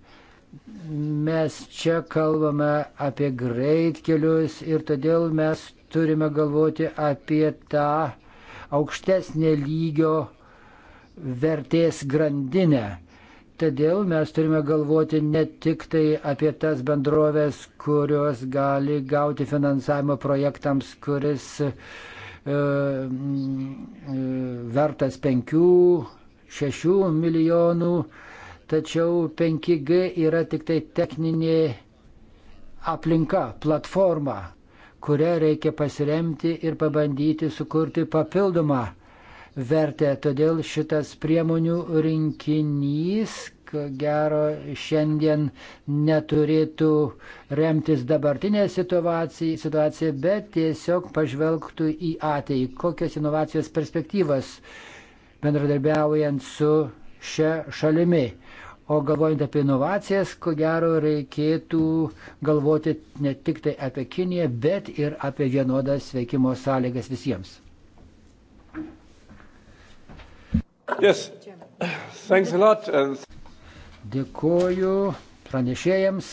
mes čia kalbame apie greitkelius ir todėl mes turime galvoti apie tą aukštesnė lygio vertės grandinę. Todėl mes turime galvoti ne tik tai apie tas bendrovės, kurios gali gauti finansavimo projektams, kuris uh, E, mm, e, vertas 5-6 milijonų, tačiau 5G yra tik tai techninė aplinka, platforma, kurią reikia pasiremti ir pabandyti sukurti papildomą vertę. Todėl šitas priemonių rinkinys ko gero šiandien neturėtų remtis dabartinė situacija, situacija, bet tiesiog pažvelgtų į ateitį, kokios inovacijos perspektyvas bendradarbiaujant su šia šalimi. O galvojant apie inovacijas, ko gero reikėtų galvoti ne tik tai apie Kiniją, bet ir apie vienodas veikimo sąlygas visiems. Yes. Thanks a lot. And... Dėkuoju pranešėjams.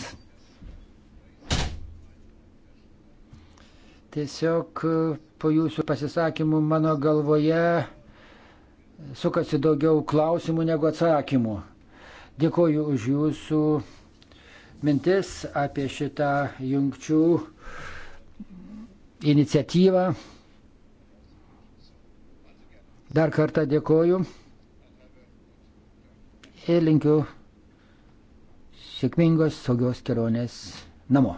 Tiesiog po jūsų pasisakymų mano galvoje sukasi daugiau klausimų negu atsakymų. Dėkuoju už jūsų mintis apie šitą jungčių iniciatyvą. Dar kartą dėkuoju ir linkiu sėkmingos, saugios kelionės namo.